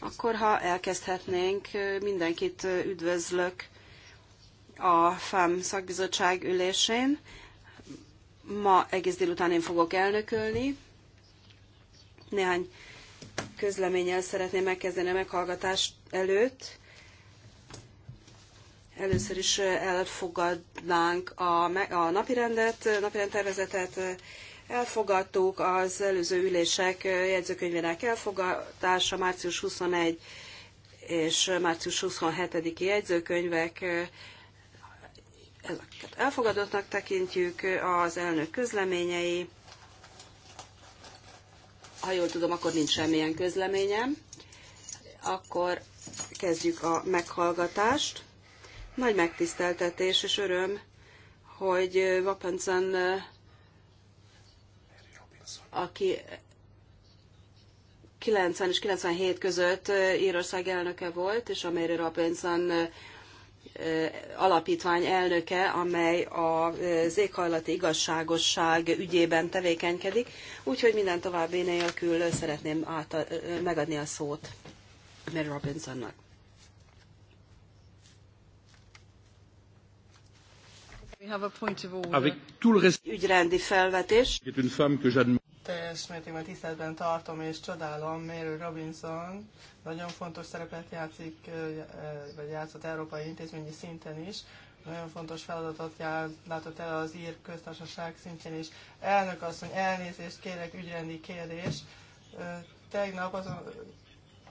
Akkor, ha elkezdhetnénk, mindenkit üdvözlök a FAM szakbizottság ülésén. Ma egész délután én fogok elnökölni. Néhány közleménnyel szeretném megkezdeni a meghallgatást előtt. Először is elfogadnánk a, a napirendet, napirendtervezetet, elfogadtuk, az előző ülések jegyzőkönyvének elfogadása március 21 és március 27-i jegyzőkönyvek eh, ezeket elfogadottnak tekintjük, az elnök közleményei. Ha jól tudom, akkor nincs semmilyen közleményem. Akkor kezdjük a meghallgatást. Nagy megtiszteltetés és öröm, hogy Vapencen eh, aki 90 és 97 között Írország elnöke volt, és a Mary Robinson alapítvány elnöke, amely az éghajlati igazságosság ügyében tevékenykedik, úgyhogy minden további nélkül szeretném át, megadni a szót Mary Robinsonnak. Avec tout le Ügyrendi felvetés teljes mértékben tiszteletben tartom és csodálom Mary Robinson, nagyon fontos szerepet játszik, vagy játszott európai intézményi szinten is, nagyon fontos feladatot jár, látott el az ír köztársaság szintjén is. Elnök asszony, elnézést kérek, ügyrendi kérdés. Tegnap azon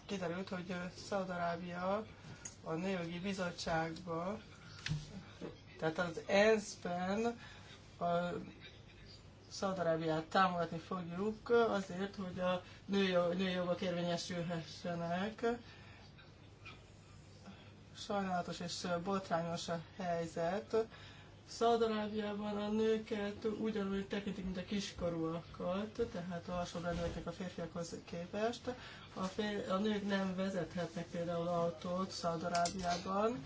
kiderült, hogy Szaudarábia a Nőjogi Bizottságban, tehát az ENSZ-ben Szaudarábiát támogatni fogjuk azért, hogy a nőjogok érvényesülhessenek. Sajnálatos és botrányos a helyzet. Szaudarábiában a nőket ugyanúgy tekintik, mint a kiskorúakat, tehát a rendőrnek a férfiakhoz képest. A, fér, a nők nem vezethetnek például autót Szaudarábiában.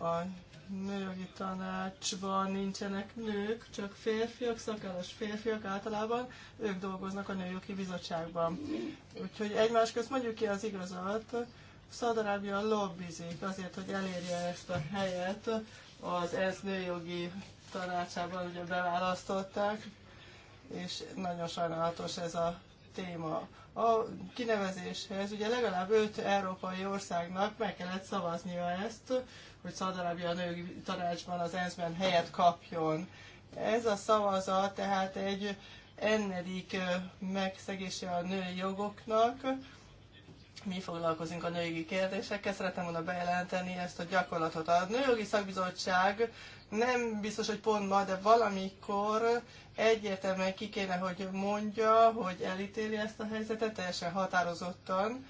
A tanács tanácsban nincsenek nők, csak férfiak, szakállas férfiak általában, ők dolgoznak a nőjogi bizottságban. Úgyhogy egymás közt mondjuk ki az igazat, Szadarábia lobbizik azért, hogy elérje ezt a helyet az ENSZ nőjogi tanácsában ugye beválasztották, és nagyon sajnálatos ez a téma. A kinevezéshez ugye legalább öt európai országnak meg kellett szavaznia ezt, hogy Szadarabia a női tanácsban, az ENSZ-ben helyet kapjon. Ez a szavazat tehát egy ennedik megszegése a női jogoknak. Mi foglalkozunk a női kérdésekkel, szeretem volna bejelenteni ezt a gyakorlatot. A Nőjogi Szakbizottság nem biztos, hogy pont ma, de valamikor egyértelműen ki kéne, hogy mondja, hogy elítéli ezt a helyzetet teljesen határozottan,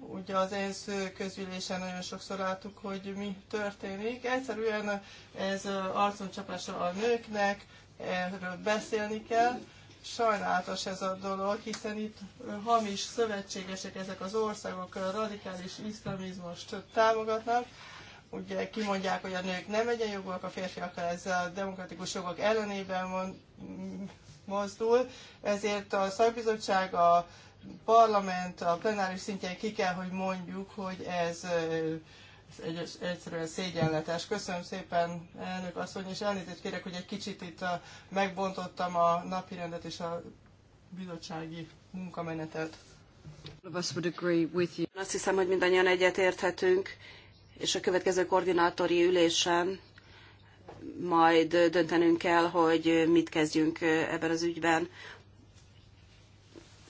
Ugye az ENSZ közülésen nagyon sokszor láttuk, hogy mi történik. Egyszerűen ez arconcsapása a nőknek, erről beszélni kell. Sajnálatos ez a dolog, hiszen itt hamis szövetségesek ezek az országok radikális iszlamizmust támogatnak. Ugye kimondják, hogy a nők nem egyenjogúak, a férfiakkal ezzel a demokratikus jogok ellenében van, mozdul, ezért a szakbizottság, a parlament a plenáris szintjén ki kell, hogy mondjuk, hogy ez egy, egyszerűen szégyenletes. Köszönöm szépen, elnök asszony, és elnézést kérek, hogy egy kicsit itt a, megbontottam a napirendet és a bizottsági munkamenetet. Azt hiszem, hogy mindannyian egyetérthetünk, és a következő koordinátori ülésen majd döntenünk kell, hogy mit kezdjünk ebben az ügyben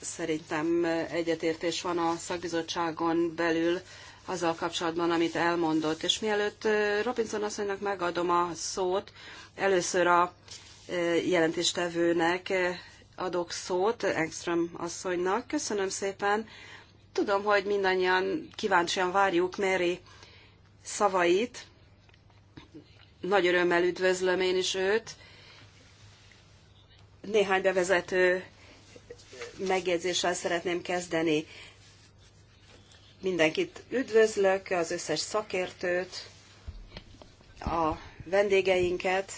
szerintem egyetértés van a szakbizottságon belül azzal kapcsolatban, amit elmondott. És mielőtt Robinson asszonynak megadom a szót, először a jelentéstevőnek adok szót, Engström asszonynak. Köszönöm szépen. Tudom, hogy mindannyian kíváncsian várjuk Mary szavait. Nagy örömmel üdvözlöm én is őt. Néhány bevezető megjegyzéssel szeretném kezdeni. Mindenkit üdvözlök, az összes szakértőt, a vendégeinket.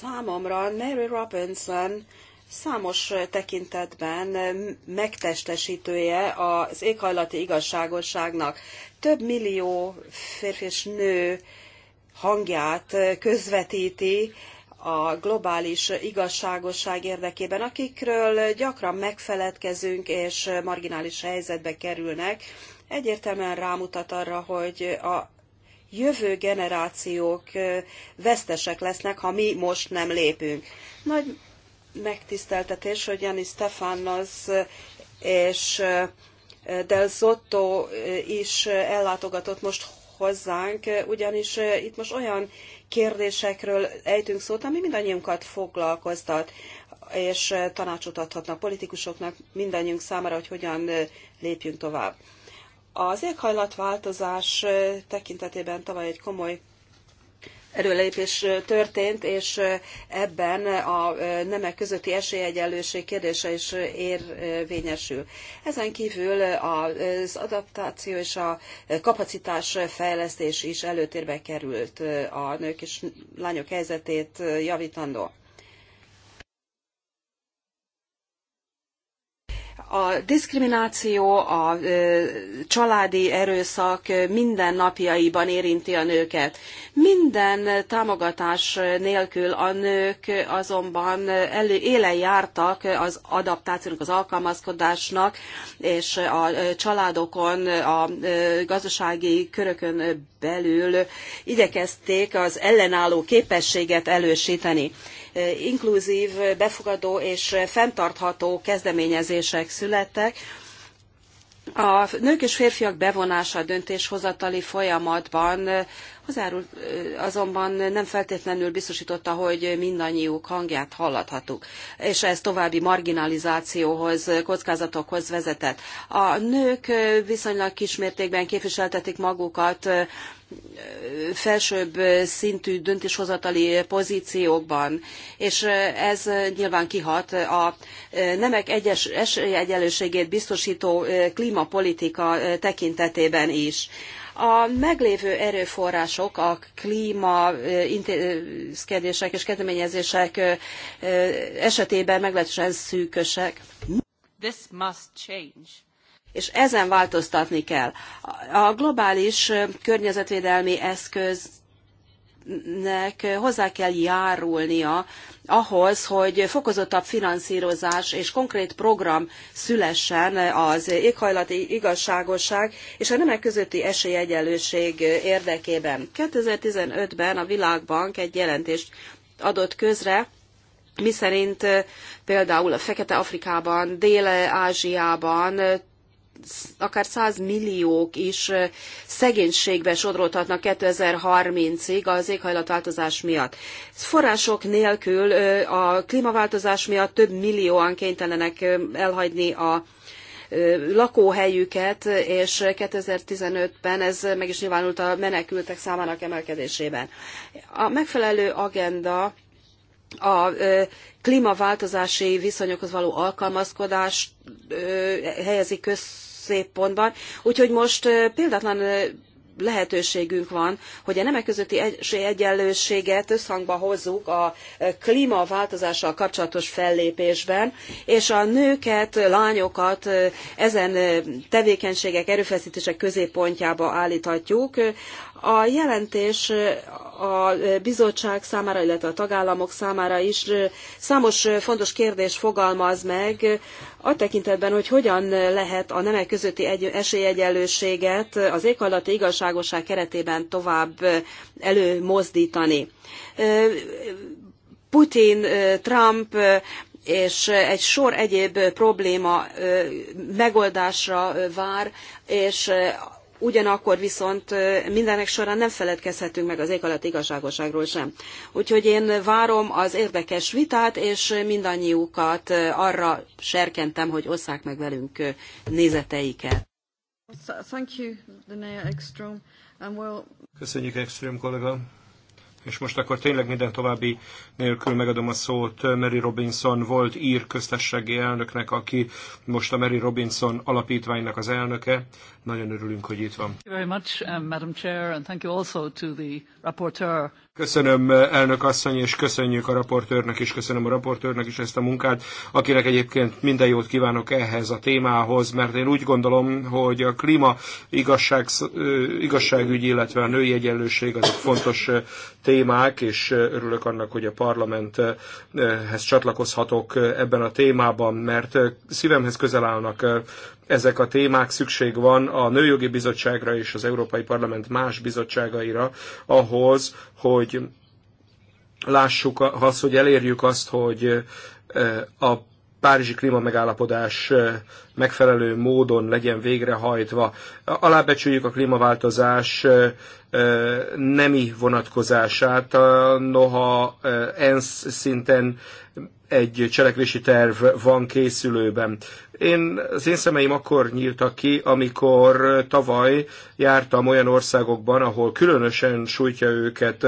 Számomra Mary Robinson számos tekintetben megtestesítője az éghajlati igazságosságnak. Több millió férfi és nő hangját közvetíti a globális igazságosság érdekében, akikről gyakran megfeledkezünk és marginális helyzetbe kerülnek, egyértelműen rámutat arra, hogy a jövő generációk vesztesek lesznek, ha mi most nem lépünk. Nagy megtiszteltetés, hogy Jani Stefanos és Del Zotto is ellátogatott most hozzánk, ugyanis eh, itt most olyan kérdésekről ejtünk szót, ami mindannyiunkat foglalkoztat, és eh, tanácsot adhatnak politikusoknak mindannyiunk számára, hogy hogyan eh, lépjünk tovább. Az éghajlatváltozás tekintetében tavaly egy komoly erőlépés történt, és ebben a nemek közötti esélyegyenlőség kérdése is érvényesül. Ezen kívül az adaptáció és a kapacitás fejlesztés is előtérbe került a nők és lányok helyzetét javítandó. A diszkrimináció, a családi erőszak minden napjaiban érinti a nőket. Minden támogatás nélkül a nők azonban elő, élen jártak az adaptációnak, az alkalmazkodásnak, és a családokon, a gazdasági körökön belül igyekezték az ellenálló képességet elősíteni inkluzív, befogadó és fenntartható kezdeményezések születtek. A nők és férfiak bevonása a döntéshozatali folyamatban az azonban nem feltétlenül biztosította, hogy mindannyiuk hangját hallathatuk, és ez további marginalizációhoz, kockázatokhoz vezetett. A nők viszonylag kismértékben képviseltetik magukat felsőbb szintű döntéshozatali pozíciókban, és ez nyilván kihat a nemek egyes esélyegyelőségét biztosító klímapolitika tekintetében is. A meglévő erőforrások, a klíma intézkedések és kezdeményezések esetében meglehetősen szűkösek. This must change és ezen változtatni kell. A globális környezetvédelmi eszköz nek hozzá kell járulnia ahhoz, hogy fokozottabb finanszírozás és konkrét program szülessen az éghajlati igazságosság és a nemek közötti esélyegyenlőség érdekében. 2015-ben a Világbank egy jelentést adott közre, miszerint például a Fekete Afrikában, Dél-Ázsiában akár 100 milliók is szegénységbe sodródhatnak 2030-ig az éghajlatváltozás miatt. Források nélkül a klímaváltozás miatt több millióan kénytelenek elhagyni a lakóhelyüket, és 2015-ben ez meg is nyilvánult a menekültek számának emelkedésében. A megfelelő agenda a klímaváltozási viszonyokhoz való alkalmazkodást helyezi köz pontban. Úgyhogy most példátlan lehetőségünk van, hogy a nemek közötti egyenlőséget összhangba hozzuk a klímaváltozással kapcsolatos fellépésben, és a nőket, lányokat ezen tevékenységek, erőfeszítések középpontjába állíthatjuk. A jelentés a bizottság számára, illetve a tagállamok számára is számos fontos kérdés fogalmaz meg a tekintetben, hogy hogyan lehet a nemek közötti esélyegyenlőséget az éghajlati igazságosság keretében tovább előmozdítani. Putin, Trump és egy sor egyéb probléma megoldásra vár, és ugyanakkor viszont mindenek során nem feledkezhetünk meg az ég alatt igazságoságról sem. Úgyhogy én várom az érdekes vitát, és mindannyiukat arra serkentem, hogy osszák meg velünk nézeteiket. Köszönjük, Extrém kollega. És most akkor tényleg minden további nélkül megadom a szót Mary Robinson volt ír köztességi elnöknek, aki most a Mary Robinson alapítványnak az elnöke. Nagyon örülünk, hogy itt van. Thank you very much, uh, Madam Chair, and thank you also to the rapporteur Köszönöm elnök asszony, és köszönjük a raportőrnek, és köszönöm a raportőrnek is ezt a munkát, akinek egyébként minden jót kívánok ehhez a témához, mert én úgy gondolom, hogy a klíma igazság, igazságügy, illetve a női egyenlőség azok fontos témák, és örülök annak, hogy a parlamenthez csatlakozhatok ebben a témában, mert szívemhez közel állnak ezek a témák szükség van a Nőjogi Bizottságra és az Európai Parlament más bizottságaira ahhoz, hogy lássuk azt, hogy elérjük azt, hogy a Párizsi klímamegállapodás megfelelő módon legyen végrehajtva. Alábecsüljük a klímaváltozás nemi vonatkozását, noha ENSZ szinten egy cselekvési terv van készülőben. Én, az én szemeim akkor nyíltak ki, amikor tavaly jártam olyan országokban, ahol különösen sújtja őket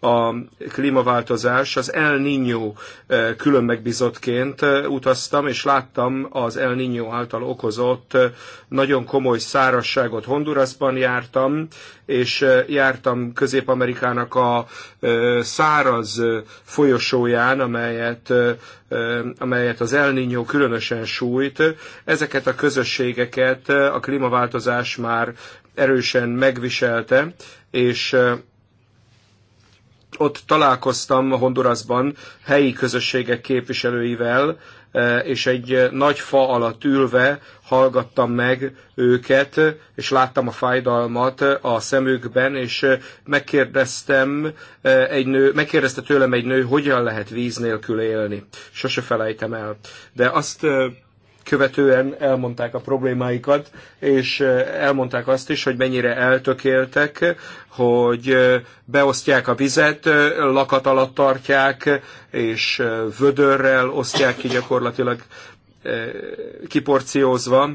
a klímaváltozás. Az El Niño eh, külön megbizottként eh, utaztam, és láttam az El Niño által okozott eh, nagyon komoly szárazságot. Hondurasban jártam, és jártam Közép-Amerikának a száraz folyosóján, amelyet, amelyet az El Niño különösen sújt, Ezeket a közösségeket a klímaváltozás már erősen megviselte, és ott találkoztam Hondurasban helyi közösségek képviselőivel, és egy nagy fa alatt ülve hallgattam meg őket, és láttam a fájdalmat a szemükben, és megkérdeztem egy nő, megkérdezte tőlem egy nő, hogyan lehet víz nélkül élni. Sose felejtem el. De azt követően elmondták a problémáikat, és elmondták azt is, hogy mennyire eltökéltek, hogy beosztják a vizet, lakat alatt tartják, és vödörrel osztják ki gyakorlatilag kiporciózva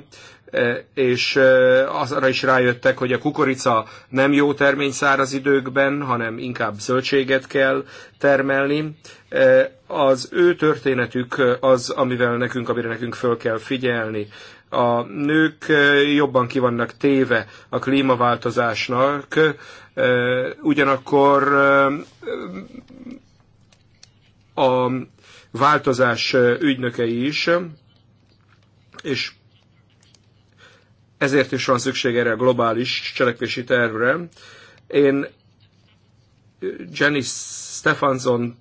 E, és e, azra is rájöttek, hogy a kukorica nem jó termény száraz időkben, hanem inkább zöldséget kell termelni. E, az ő történetük az, amivel nekünk, amire nekünk föl kell figyelni a nők jobban kivannak téve a klímaváltozásnak, ugyanakkor a változás ügynökei is, és ezért is van szükség erre a globális cselekvési tervre. Én Jenny Stefanson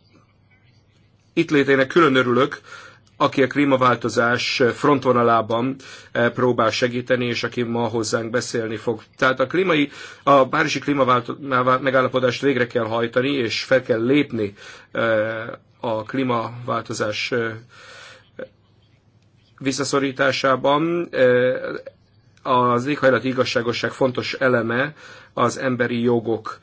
itt létének külön örülök, aki a klímaváltozás frontvonalában eh, próbál segíteni, és aki ma hozzánk beszélni fog. Tehát a, klímai, a párizsi klímaváltozás megállapodást végre kell hajtani, és fel kell lépni eh, a klímaváltozás eh, visszaszorításában az éghajlati igazságosság fontos eleme az emberi jogok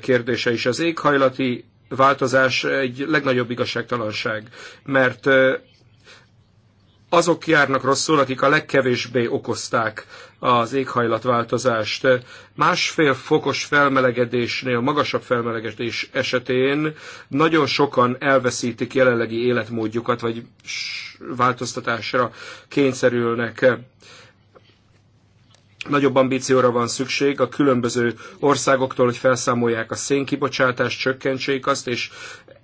kérdése is. Az éghajlati változás egy legnagyobb igazságtalanság, mert azok járnak rosszul, akik a legkevésbé okozták az éghajlatváltozást. Másfél fokos felmelegedésnél, magasabb felmelegedés esetén nagyon sokan elveszítik jelenlegi életmódjukat, vagy változtatásra kényszerülnek. Nagyobb ambícióra van szükség a különböző országoktól, hogy felszámolják a szénkibocsátást, csökkentsék azt, és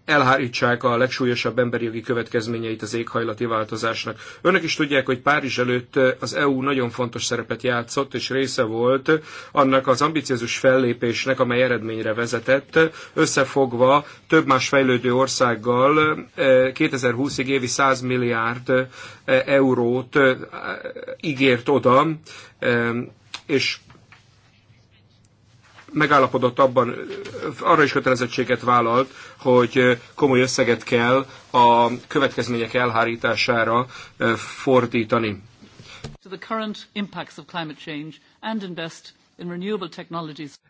elhárítsák a legsúlyosabb emberi jogi következményeit az éghajlati változásnak. Önök is tudják, hogy Párizs előtt az EU nagyon fontos szerepet játszott, és része volt annak az ambiciózus fellépésnek, amely eredményre vezetett, összefogva több más fejlődő országgal 2020-ig évi 100 milliárd eurót ígért oda, és megállapodott abban, arra is kötelezettséget vállalt, hogy komoly összeget kell a következmények elhárítására fordítani. To the current impacts of climate change and invest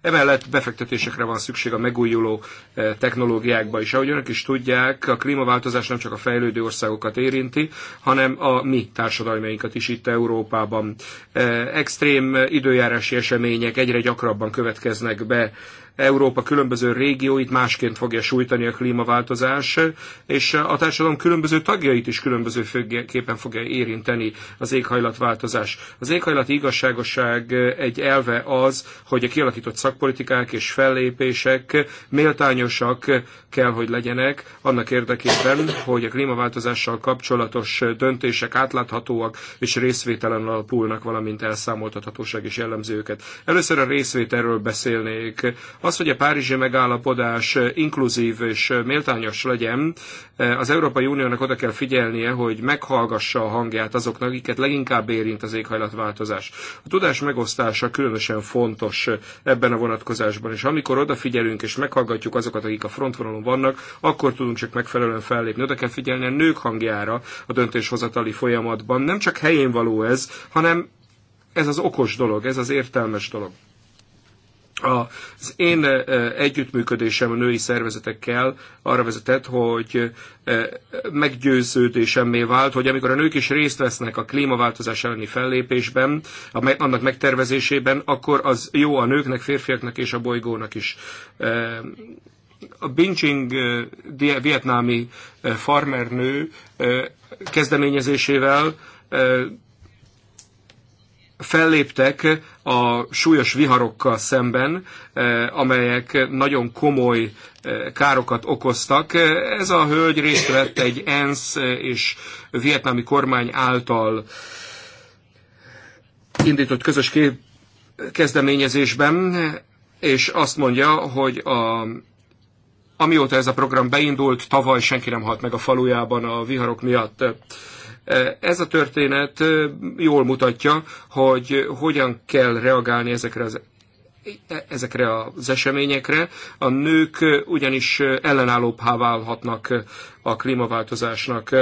Emellett befektetésekre van szükség a megújuló eh, technológiákba is. Ahogy önök is tudják, a klímaváltozás nem csak a fejlődő országokat érinti, hanem a mi társadalmainkat is itt Európában. Eh, extrém eh, időjárási események egyre gyakrabban következnek be Európa különböző régióit másként fogja sújtani a klímaváltozás, és a társadalom különböző tagjait is különböző főképpen fogja érinteni az éghajlatváltozás. Az éghajlati igazságosság egy elve az, hogy a kialakított szakpolitikák és fellépések méltányosak kell, hogy legyenek annak érdekében, hogy a klímaváltozással kapcsolatos döntések átláthatóak és részvételen alapulnak, valamint elszámoltathatóság és jellemzőket. Először a részvételről beszélnék az, hogy a Párizsi megállapodás eh, inkluzív és eh, méltányos legyen, eh, az Európai Uniónak oda kell figyelnie, hogy meghallgassa a hangját azoknak, akiket leginkább érint az éghajlatváltozás. A tudás megosztása különösen fontos ebben a vonatkozásban, és amikor odafigyelünk és meghallgatjuk azokat, akik a frontvonalon vannak, akkor tudunk csak megfelelően fellépni. Oda kell figyelni a nők hangjára a döntéshozatali folyamatban. Nem csak helyén való ez, hanem ez az okos dolog, ez az értelmes dolog. Az én együttműködésem a női szervezetekkel arra vezetett, hogy meggyőződésemmé vált, hogy amikor a nők is részt vesznek a klímaváltozás elleni fellépésben, annak megtervezésében, akkor az jó a nőknek, férfiaknak és a bolygónak is a Binching vietnámi farmernő kezdeményezésével felléptek a súlyos viharokkal szemben, eh, amelyek nagyon komoly eh, károkat okoztak. Ez a hölgy részt vett egy ENSZ eh, és vietnámi kormány által indított közös kezdeményezésben, és azt mondja, hogy a, amióta ez a program beindult, tavaly senki nem halt meg a falujában a viharok miatt. Ez a történet jól mutatja, hogy hogyan kell reagálni ezekre az ezekre az eseményekre. A nők ugyanis ellenállóbbá válhatnak a klímaváltozásnak.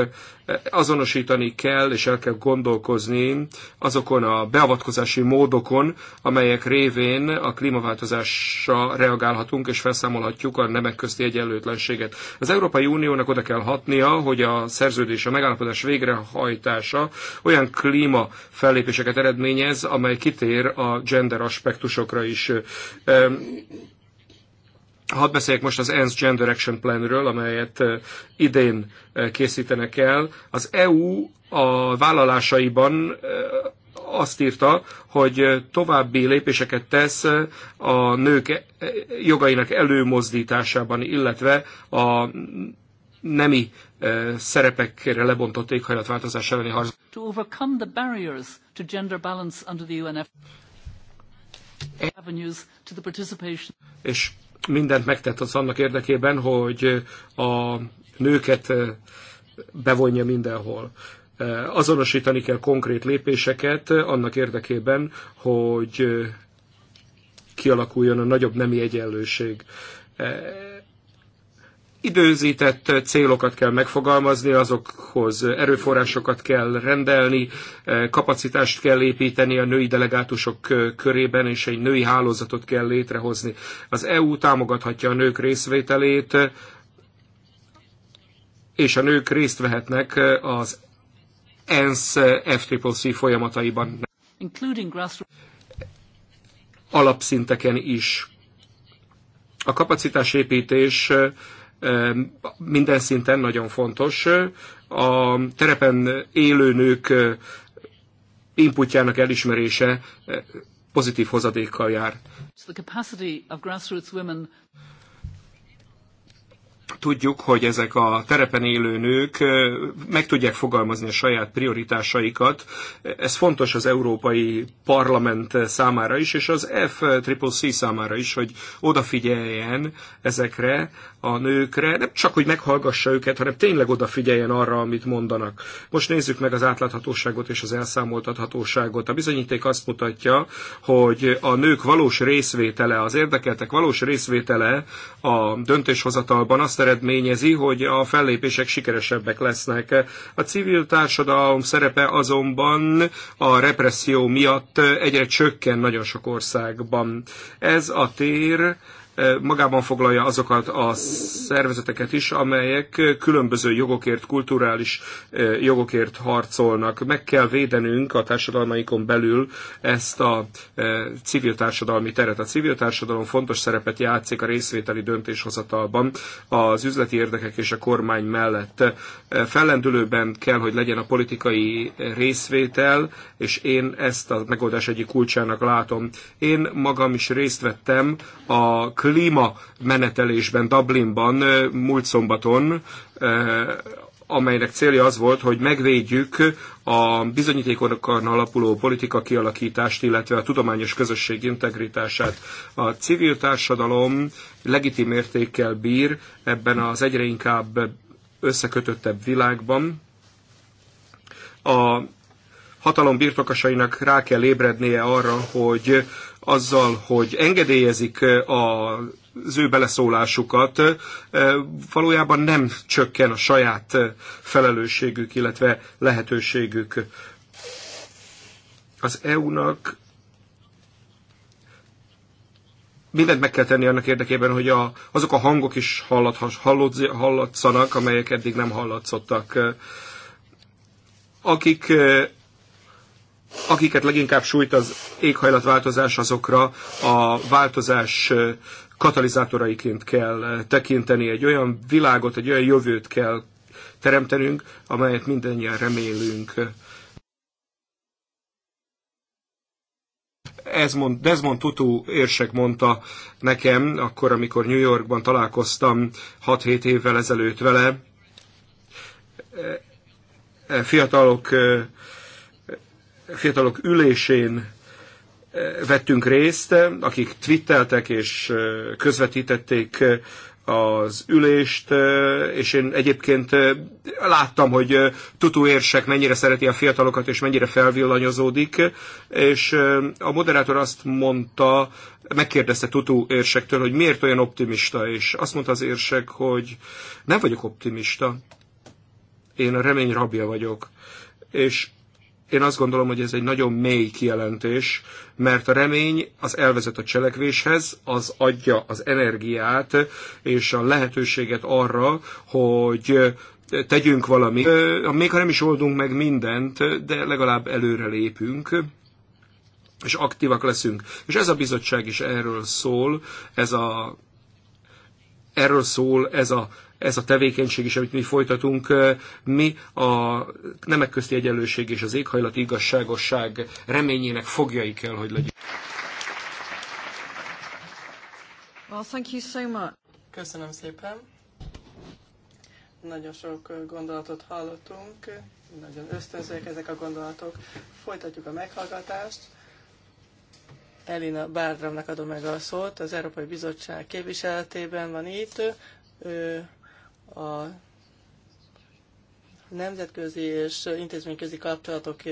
Azonosítani kell és el kell gondolkozni azokon a beavatkozási módokon, amelyek révén a klímaváltozásra reagálhatunk és felszámolhatjuk a nemek közti egyenlőtlenséget. Az Európai Uniónak oda kell hatnia, hogy a szerződés, a megállapodás végrehajtása olyan klíma fellépéseket eredményez, amely kitér a gender aspektusokra is Hadd beszéljek most az ENSZ Gender Action Planről, amelyet idén készítenek el. Az EU a vállalásaiban azt írta, hogy további lépéseket tesz a nők jogainak előmozdításában, illetve a nemi szerepekre lebontott éghajlatváltozás elleni harc. To overcome the barriers to gender balance under the UNF avenues to the participation. És mindent megtett az annak érdekében, hogy a nőket eh, bevonja mindenhol. Eh, azonosítani kell konkrét lépéseket annak érdekében, hogy eh, kialakuljon a nagyobb nemi egyenlőség időzített célokat kell megfogalmazni, azokhoz erőforrásokat kell rendelni, kapacitást kell építeni a női delegátusok körében, és egy női hálózatot kell létrehozni. Az EU támogathatja a nők részvételét, és a nők részt vehetnek az ENSZ FCCC folyamataiban, alapszinteken is. A kapacitásépítés építés minden szinten nagyon fontos. A terepen élő nők inputjának elismerése pozitív hozadékkal jár tudjuk, hogy ezek a terepen élő nők meg tudják fogalmazni a saját prioritásaikat. Ez fontos az Európai Parlament számára is, és az FCCC számára is, hogy odafigyeljen ezekre a nőkre, nem csak, hogy meghallgassa őket, hanem tényleg odafigyeljen arra, amit mondanak. Most nézzük meg az átláthatóságot és az elszámoltathatóságot. A bizonyíték azt mutatja, hogy a nők valós részvétele, az érdekeltek valós részvétele a döntéshozatalban azt eredményezi, hogy a fellépések sikeresebbek lesznek. A civil társadalom szerepe azonban a represszió miatt egyre csökken nagyon sok országban. Ez a tér, magában foglalja azokat a szervezeteket is, amelyek különböző jogokért, kulturális jogokért harcolnak. Meg kell védenünk a társadalmaikon belül ezt a civil társadalmi teret. A civil társadalom fontos szerepet játszik a részvételi döntéshozatalban az üzleti érdekek és a kormány mellett. Fellendülőben kell, hogy legyen a politikai részvétel, és én ezt a megoldás egyik kulcsának látom. Én magam is részt vettem a klíma menetelésben Dublinban múlt szombaton, amelynek célja az volt, hogy megvédjük a bizonyítékokon alapuló politika kialakítást, illetve a tudományos közösség integritását. A civil társadalom legitim értékkel bír ebben az egyre inkább összekötöttebb világban. A hatalom birtokosainak rá kell ébrednie arra, hogy azzal, hogy engedélyezik a az ő beleszólásukat, valójában nem csökken a saját felelősségük, illetve lehetőségük. Az EU-nak mindent meg kell tenni annak érdekében, hogy a, azok a hangok is hallat, hallod, hallatszanak, amelyek eddig nem hallatszottak. Akik akiket leginkább sújt az éghajlatváltozás, azokra a változás katalizátoraiként kell tekinteni. Egy olyan világot, egy olyan jövőt kell teremtenünk, amelyet mindannyian remélünk. Ez mond, Desmond Tutu érsek mondta nekem, akkor, amikor New Yorkban találkoztam 6-7 évvel ezelőtt vele, fiatalok fiatalok ülésén eh, vettünk részt, akik twitteltek és eh, közvetítették eh, az ülést, és én egyébként láttam, hogy Tutu érsek mennyire szereti a fiatalokat, és mennyire felvillanyozódik, és a moderátor azt mondta, megkérdezte Tutu érsektől, hogy miért olyan optimista, és azt mondta az érsek, hogy nem vagyok optimista, én a remény rabja vagyok, és én azt gondolom, hogy ez egy nagyon mély kijelentés, mert a remény az elvezet a cselekvéshez, az adja az energiát és a lehetőséget arra, hogy tegyünk valamit. Még ha nem is oldunk meg mindent, de legalább előre lépünk és aktívak leszünk. És ez a bizottság is erről szól, ez a, erről szól ez a ez a tevékenység is, amit mi folytatunk, mi a nemek közti egyenlőség és az éghajlati igazságosság reményének fogjai kell, hogy legyünk. Well, thank you so much. Köszönöm szépen. Nagyon sok gondolatot hallottunk, nagyon ösztönzőek ezek a gondolatok. Folytatjuk a meghallgatást. Elina Bárdramnak adom meg a szót, az Európai Bizottság képviseletében van itt. Ö, a nemzetközi és intézményközi kapcsolatok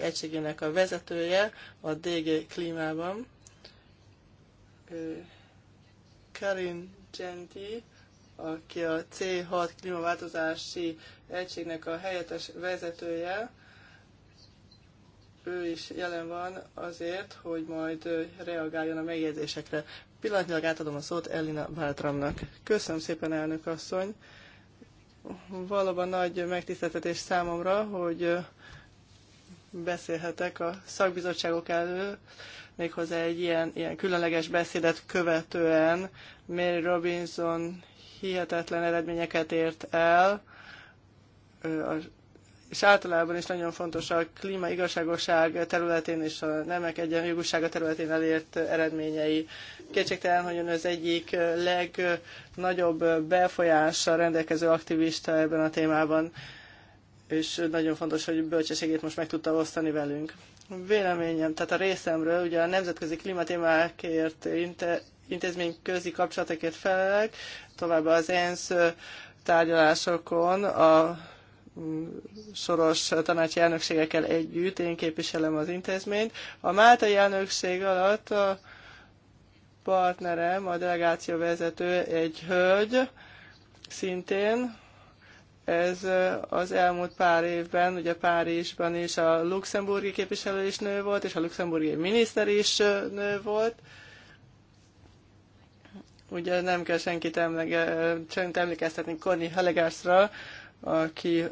egységének a vezetője a DG Klímában. Karin Genti, aki a C6 klímaváltozási egységnek a helyettes vezetője, ő is jelen van azért, hogy majd reagáljon a megjegyzésekre. Pillanatnyilag átadom a szót Elina Bátramnak. Köszönöm szépen, elnök asszony. Valóban nagy megtiszteltetés számomra, hogy beszélhetek a szakbizottságok elő, méghozzá egy ilyen, ilyen különleges beszédet követően Mary Robinson hihetetlen eredményeket ért el a és általában is nagyon fontos a klíma igazságoság területén és a nemek egyenjogúsága területén elért eredményei. Kétségtelen, hogy ön az egyik legnagyobb befolyással rendelkező aktivista ebben a témában, és nagyon fontos, hogy bölcsességét most meg tudta osztani velünk. Véleményem, tehát a részemről, ugye a nemzetközi klímatémákért intézmény közi kapcsolatokért felelek, továbbá az ENSZ tárgyalásokon a soros tanácsi elnökségekkel együtt, én képviselem az intézményt. A Máltai elnökség alatt a partnerem, a delegáció vezető egy hölgy, szintén ez az elmúlt pár évben, ugye Párizsban is a luxemburgi képviselő is nő volt, és a luxemburgi miniszter is nő volt. Ugye nem kell senkit emlékeztetni Conny Helegászra, aki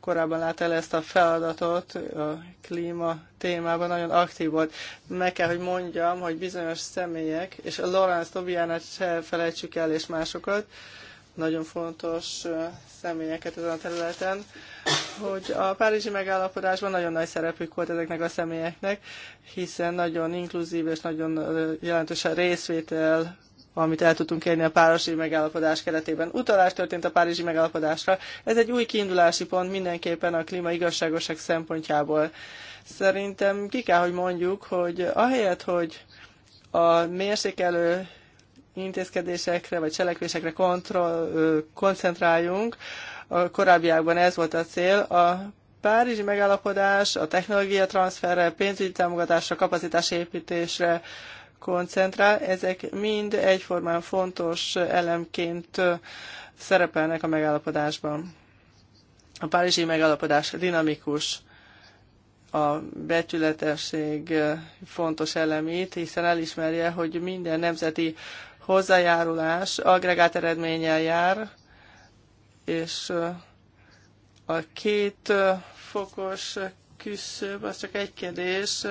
korábban látta el ezt a feladatot a klíma témában, nagyon aktív volt. Meg kell, hogy mondjam, hogy bizonyos személyek, és Lorenz Tobiánát se felejtsük el, és másokat, nagyon fontos személyeket ezen a területen, hogy a Párizsi megállapodásban nagyon nagy szerepük volt ezeknek a személyeknek, hiszen nagyon inkluzív és nagyon jelentős a részvétel amit el tudtunk érni a párizsi megállapodás keretében. Utalás történt a párizsi megállapodásra. Ez egy új kiindulási pont mindenképpen a klíma igazságosak szempontjából. Szerintem ki kell, hogy mondjuk, hogy ahelyett, hogy a mérsékelő intézkedésekre vagy cselekvésekre kontrol, koncentráljunk, a korábbiakban ez volt a cél, a Párizsi megállapodás a technológia transferre, pénzügyi támogatásra, kapacitásépítésre, koncentrál, ezek mind egyformán fontos elemként szerepelnek a megállapodásban. A párizsi megállapodás dinamikus, a becsületesség fontos elemét, hiszen elismerje, hogy minden nemzeti hozzájárulás agregát eredménnyel jár, és a két fokos küszöb, az csak egy kérdés.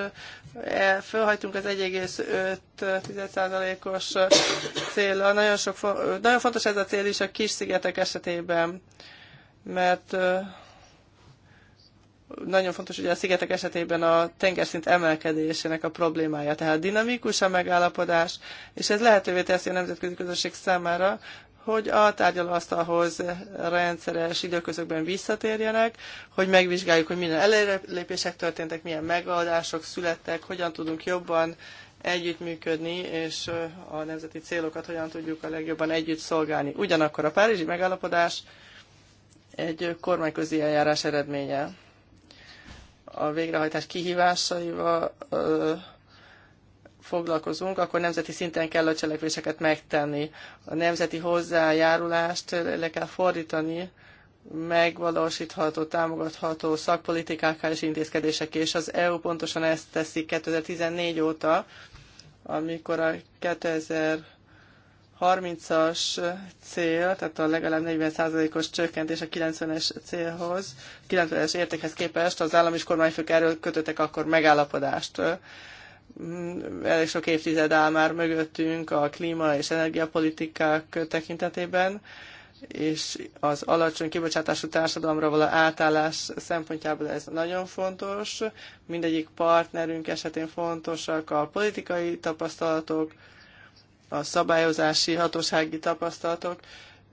E, Fölhajtunk az 1,5%-os célra. Nagyon, sok, nagyon fontos ez a cél is a kis szigetek esetében, mert nagyon fontos hogy a szigetek esetében a tengerszint emelkedésének a problémája, tehát dinamikus a megállapodás, és ez lehetővé teszi a nemzetközi közösség számára, hogy a tárgyalóasztalhoz rendszeres időközökben visszatérjenek, hogy megvizsgáljuk, hogy milyen előrelépések történtek, milyen megoldások születtek, hogyan tudunk jobban együttműködni, és a nemzeti célokat hogyan tudjuk a legjobban együtt szolgálni. Ugyanakkor a Párizsi megállapodás egy kormányközi eljárás eredménye. A végrehajtás kihívásaival foglalkozunk, akkor nemzeti szinten kell a cselekvéseket megtenni. A nemzeti hozzájárulást le kell fordítani megvalósítható, támogatható szakpolitikákká és intézkedések, és az EU pontosan ezt teszi 2014 óta, amikor a 2030-as cél, tehát a legalább 40%-os csökkentés a 90-es célhoz, 90-es értékhez képest az állam és kormányfők erről kötöttek akkor megállapodást elég sok évtized áll már mögöttünk a klíma és energiapolitikák tekintetében, és az alacsony kibocsátású társadalomra való átállás szempontjából ez nagyon fontos. Mindegyik partnerünk esetén fontosak a politikai tapasztalatok, a szabályozási, hatósági tapasztalatok.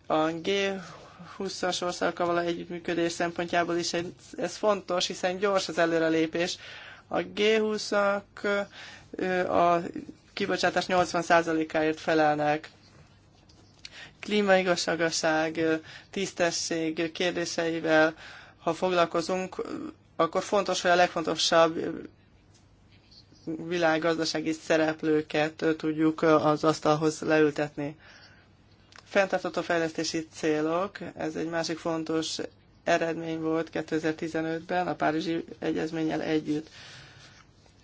A G20-as országokkal való együttműködés szempontjából is ez fontos, hiszen gyors az előrelépés, a G20-ak a kibocsátás 80%-áért felelnek. Klímaigazságoság, tisztesség kérdéseivel, ha foglalkozunk, akkor fontos, hogy a legfontosabb világgazdasági szereplőket tudjuk az asztalhoz leültetni. Fentartató fejlesztési célok, ez egy másik fontos eredmény volt 2015-ben a Párizsi Egyezménnyel együtt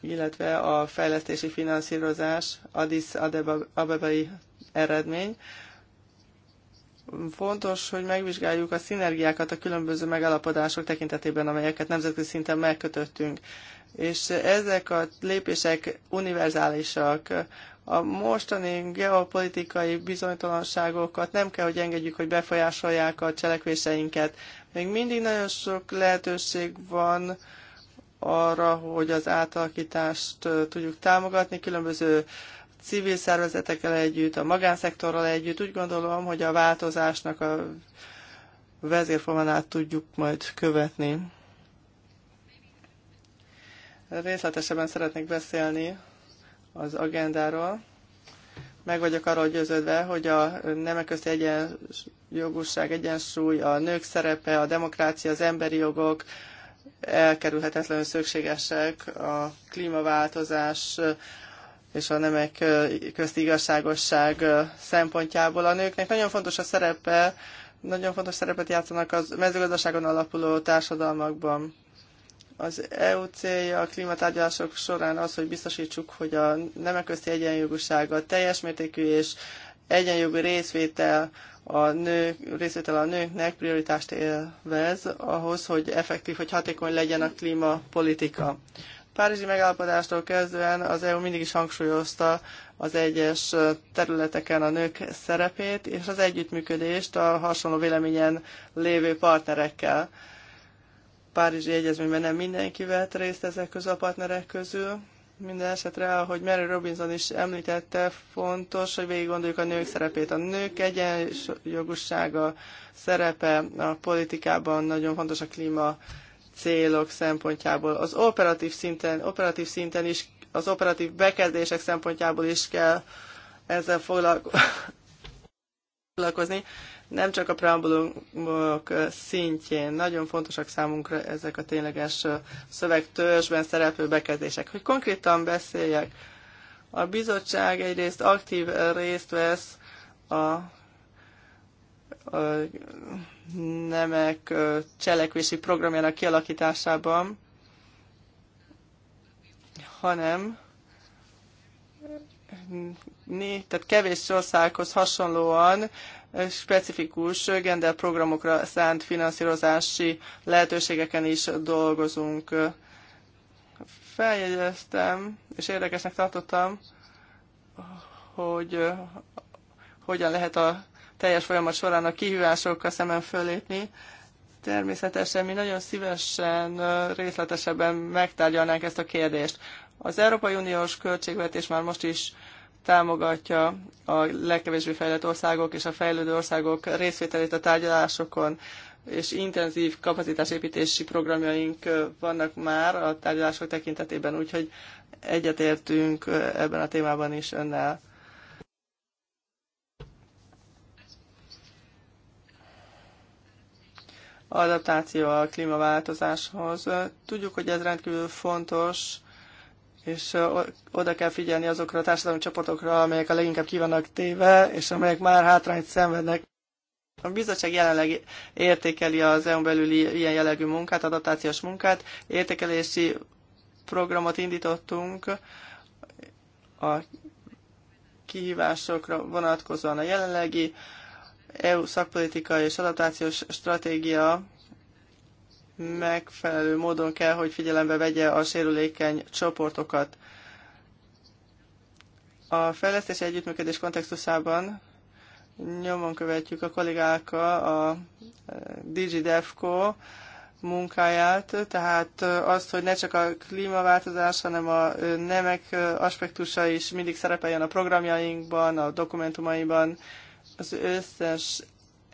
illetve a fejlesztési finanszírozás, Addis Abebai eredmény. Fontos, hogy megvizsgáljuk a szinergiákat a különböző megalapodások tekintetében, amelyeket nemzetközi szinten megkötöttünk. És ezek a lépések univerzálisak. A mostani geopolitikai bizonytalanságokat nem kell, hogy engedjük, hogy befolyásolják a cselekvéseinket. Még mindig nagyon sok lehetőség van, arra, hogy az átalakítást tudjuk támogatni különböző civil szervezetekkel együtt, a magánszektorral együtt. Úgy gondolom, hogy a változásnak a vezérfonalát tudjuk majd követni. Részletesebben szeretnék beszélni az agendáról. Meg vagyok arról győződve, hogy a nemek közti jogusság, egyensúly, a nők szerepe, a demokrácia, az emberi jogok, elkerülhetetlenül szükségesek a klímaváltozás és a nemek közti igazságosság szempontjából. A nőknek nagyon fontos a szerepe, nagyon fontos szerepet játszanak az mezőgazdaságon alapuló társadalmakban. Az EU célja a klímatárgyalások során az, hogy biztosítsuk, hogy a nemek közti egyenjogúsága teljes mértékű és egyenjogú részvétel a nők, részvétel a nőknek prioritást élvez ahhoz, hogy effektív, hogy hatékony legyen a klímapolitika. Párizsi megállapodástól kezdően az EU mindig is hangsúlyozta az egyes területeken a nők szerepét és az együttműködést a hasonló véleményen lévő partnerekkel. Párizsi Egyezményben nem mindenki vett részt ezek közül a partnerek közül, minden esetre, ahogy Mary Robinson is említette, fontos, hogy végig gondoljuk a nők szerepét. A nők egyenjogúsága szerepe a politikában nagyon fontos a klíma célok szempontjából. Az operatív szinten, operatív szinten is, az operatív bekezdések szempontjából is kell ezzel foglalkozni nem csak a preambulumok szintjén, nagyon fontosak számunkra ezek a tényleges szövegtörzsben szereplő bekezdések. Hogy konkrétan beszéljek, a bizottság egyrészt aktív részt vesz a, a nemek cselekvési programjának kialakításában, hanem né, tehát kevés országhoz hasonlóan specifikus gender programokra szánt finanszírozási lehetőségeken is dolgozunk. Feljegyeztem, és érdekesnek tartottam, hogy hogyan lehet a teljes folyamat során a kihívásokkal szemben fölépni. Természetesen mi nagyon szívesen részletesebben megtárgyalnánk ezt a kérdést. Az Európai Uniós költségvetés már most is támogatja a legkevésbé fejlett országok és a fejlődő országok részvételét a tárgyalásokon, és intenzív kapacitásépítési programjaink vannak már a tárgyalások tekintetében, úgyhogy egyetértünk ebben a témában is önnel. adaptáció a klímaváltozáshoz. Tudjuk, hogy ez rendkívül fontos és oda kell figyelni azokra a társadalmi csoportokra, amelyek a leginkább kivannak téve, és amelyek már hátrányt szenvednek. A bizottság jelenleg értékeli az EU-n belüli ilyen jellegű munkát, adaptációs munkát. Értékelési programot indítottunk a kihívásokra vonatkozóan a jelenlegi EU szakpolitika és adaptációs stratégia megfelelő módon kell, hogy figyelembe vegye a sérülékeny csoportokat. A fejlesztési együttműködés kontextusában nyomon követjük a kollégákkal a e, DigiDevCo munkáját, tehát azt, hogy ne csak a klímaváltozás, hanem a e, nemek e, aspektusa is mindig szerepeljen a programjainkban, a dokumentumaiban, az összes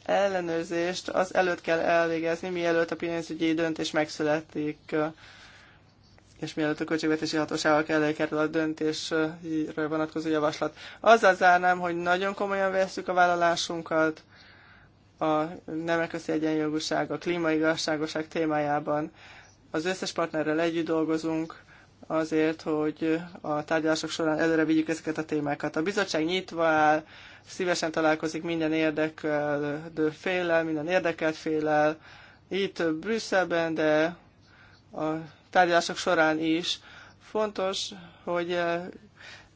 ellenőrzést az előtt kell elvégezni, mielőtt a pénzügyi döntés megszületik, és mielőtt a költségvetési hatóságok elé kerül a döntésről vonatkozó javaslat. Azzal zárnám, hogy nagyon komolyan veszük a vállalásunkat a nemeközi egyenjogúság, a klímaigazságoság témájában. Az összes partnerrel együtt dolgozunk, azért, hogy a tárgyalások során előre vigyük ezeket a témákat. A bizottság nyitva áll, szívesen találkozik minden érdeklődő félel, minden érdekelt félel, itt Brüsszelben, de a tárgyalások során is. Fontos, hogy eh,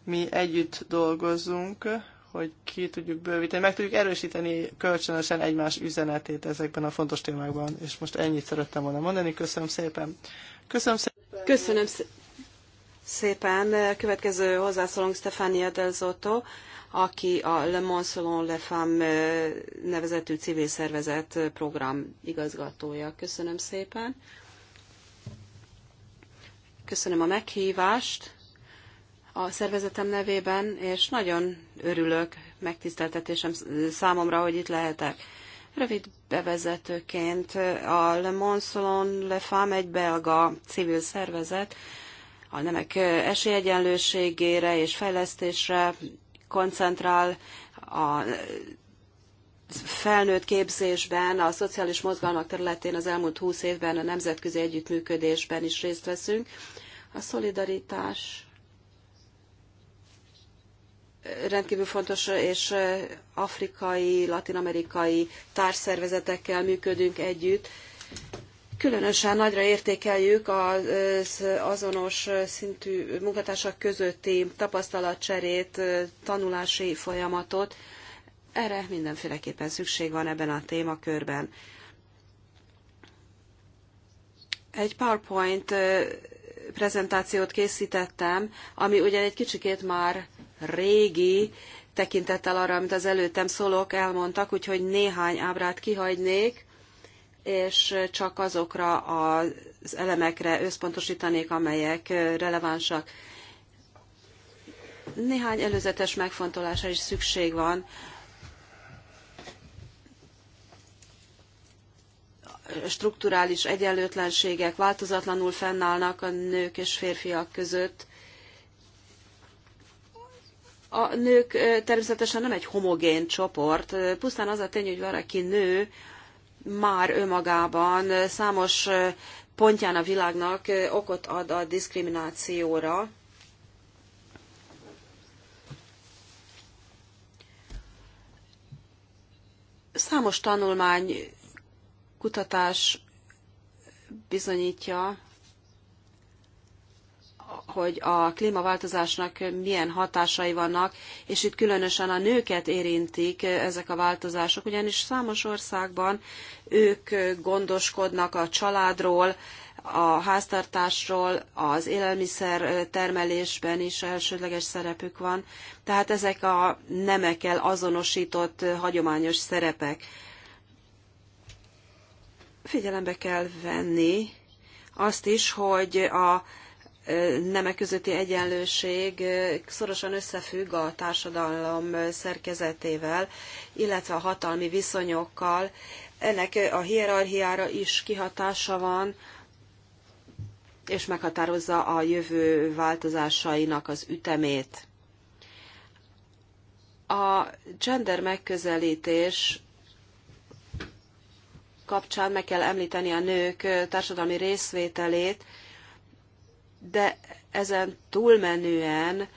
mi együtt dolgozzunk, hogy ki tudjuk bővíteni, meg tudjuk erősíteni kölcsönösen egymás üzenetét ezekben a fontos témákban. És most ennyit szerettem volna mondani. Köszönöm szépen. Köszönöm szépen. Köszönöm szépen szépen. Következő hozzászólónk Stefania Del Zotto, aki a Le Mans Salon Le Femme eh, nevezetű civil szervezet eh, program igazgatója. Köszönöm szépen. Köszönöm a meghívást a szervezetem nevében, és nagyon örülök, megtiszteltetésem számomra, hogy itt lehetek. Rövid bevezetőként eh, a Le Mans Salon Le Femme egy belga civil szervezet, a nemek esélyegyenlőségére és fejlesztésre koncentrál, a felnőtt képzésben, a szociális mozgalmak területén az elmúlt húsz évben a nemzetközi együttműködésben is részt veszünk. A szolidaritás rendkívül fontos, és afrikai, latinamerikai társszervezetekkel működünk együtt, Különösen nagyra értékeljük az azonos szintű munkatársak közötti tapasztalatcserét, tanulási folyamatot. Erre mindenféleképpen szükség van ebben a témakörben. Egy PowerPoint prezentációt készítettem, ami ugyan egy kicsikét már régi, tekintettel arra, amit az előttem szólók elmondtak, úgyhogy néhány ábrát kihagynék és csak azokra az elemekre összpontosítanék, amelyek relevánsak. Néhány előzetes megfontolásra is szükség van. Strukturális egyenlőtlenségek változatlanul fennállnak a nők és férfiak között. A nők eh, természetesen nem egy homogén csoport, eh, pusztán az a tény, hogy valaki nő, már önmagában számos pontján a világnak okot ad a diszkriminációra. Számos tanulmány, kutatás bizonyítja, hogy a klímaváltozásnak milyen hatásai vannak, és itt különösen a nőket érintik ezek a változások, ugyanis számos országban ők gondoskodnak a családról, a háztartásról, az élelmiszer termelésben is elsődleges szerepük van. Tehát ezek a nemekkel azonosított hagyományos szerepek. Figyelembe kell venni azt is, hogy a nemek közötti egyenlőség szorosan összefügg a társadalom szerkezetével, illetve a hatalmi viszonyokkal. Ennek a hierarchiára is kihatása van, és meghatározza a jövő változásainak az ütemét. A gender megközelítés kapcsán meg kell említeni a nők társadalmi részvételét, de ezen túlmenően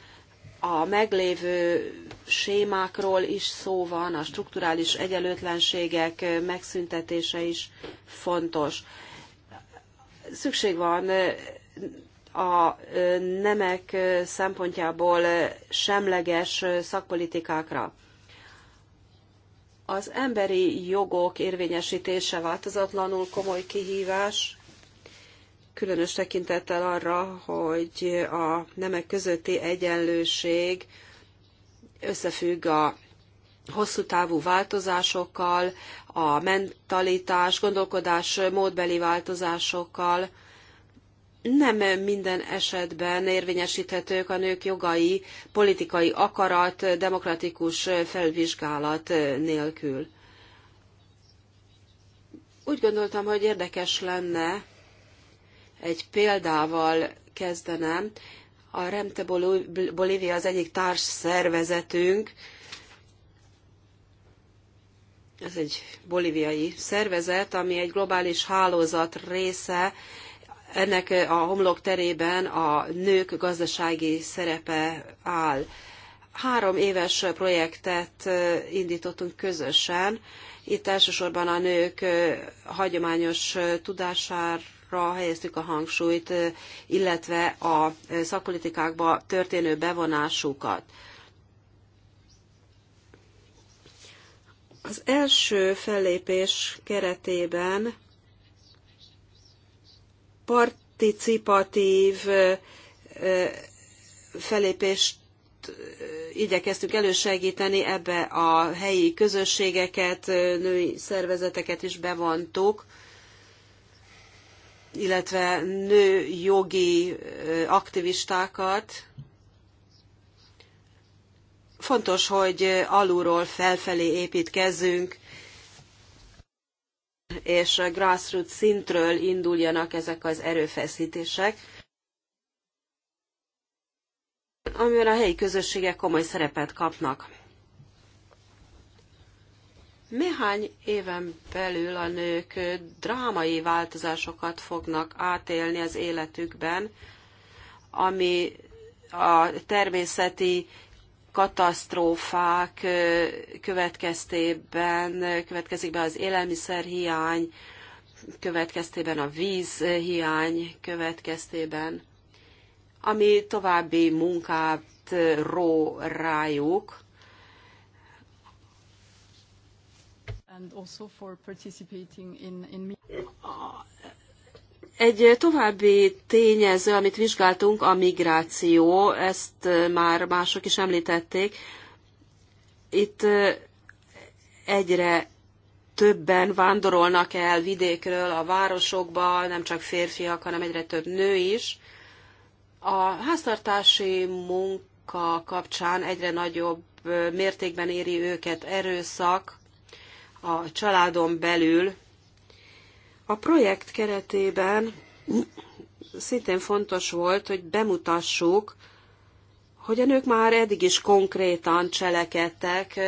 a meglévő sémákról is szó van, a strukturális egyenlőtlenségek megszüntetése is fontos. Szükség van a nemek szempontjából semleges szakpolitikákra. Az emberi jogok érvényesítése változatlanul komoly kihívás, különös tekintettel arra, hogy a nemek közötti egyenlőség összefügg a hosszú távú változásokkal, a mentalitás, gondolkodás módbeli változásokkal. Nem minden esetben érvényesíthetők a nők jogai, politikai akarat, demokratikus felvizsgálat nélkül. Úgy gondoltam, hogy érdekes lenne egy példával kezdenem. A Remte Bolívia az egyik társ szervezetünk, ez egy bolíviai szervezet, ami egy globális hálózat része, ennek a homlok terében a nők gazdasági szerepe áll. Három éves projektet indítottunk közösen. Itt elsősorban a nők hagyományos tudására ra helyeztük a hangsúlyt, illetve a szakpolitikákba történő bevonásukat. Az első fellépés keretében participatív felépést igyekeztünk elősegíteni, ebbe a helyi közösségeket, női szervezeteket is bevontuk illetve nő jogi aktivistákat. Fontos, hogy alulról felfelé építkezzünk, és grassroots szintről induljanak ezek az erőfeszítések, amiben a helyi közösségek komoly szerepet kapnak. Néhány éven belül a nők drámai változásokat fognak átélni az életükben, ami a természeti katasztrófák következtében következik be az élelmiszerhiány, következtében a vízhiány következtében, ami további munkát ró rájuk, and also for participating in, in... Egy további tényező, amit vizsgáltunk, a migráció, ezt eh, már mások is említették. Itt eh, egyre többen vándorolnak el vidékről a városokba, nem csak férfiak, hanem egyre több nő is. A háztartási munka kapcsán egyre nagyobb eh, mértékben éri őket erőszak, a családon belül. A projekt keretében szintén fontos volt, hogy bemutassuk, hogy a nők már eddig is konkrétan cselekedtek,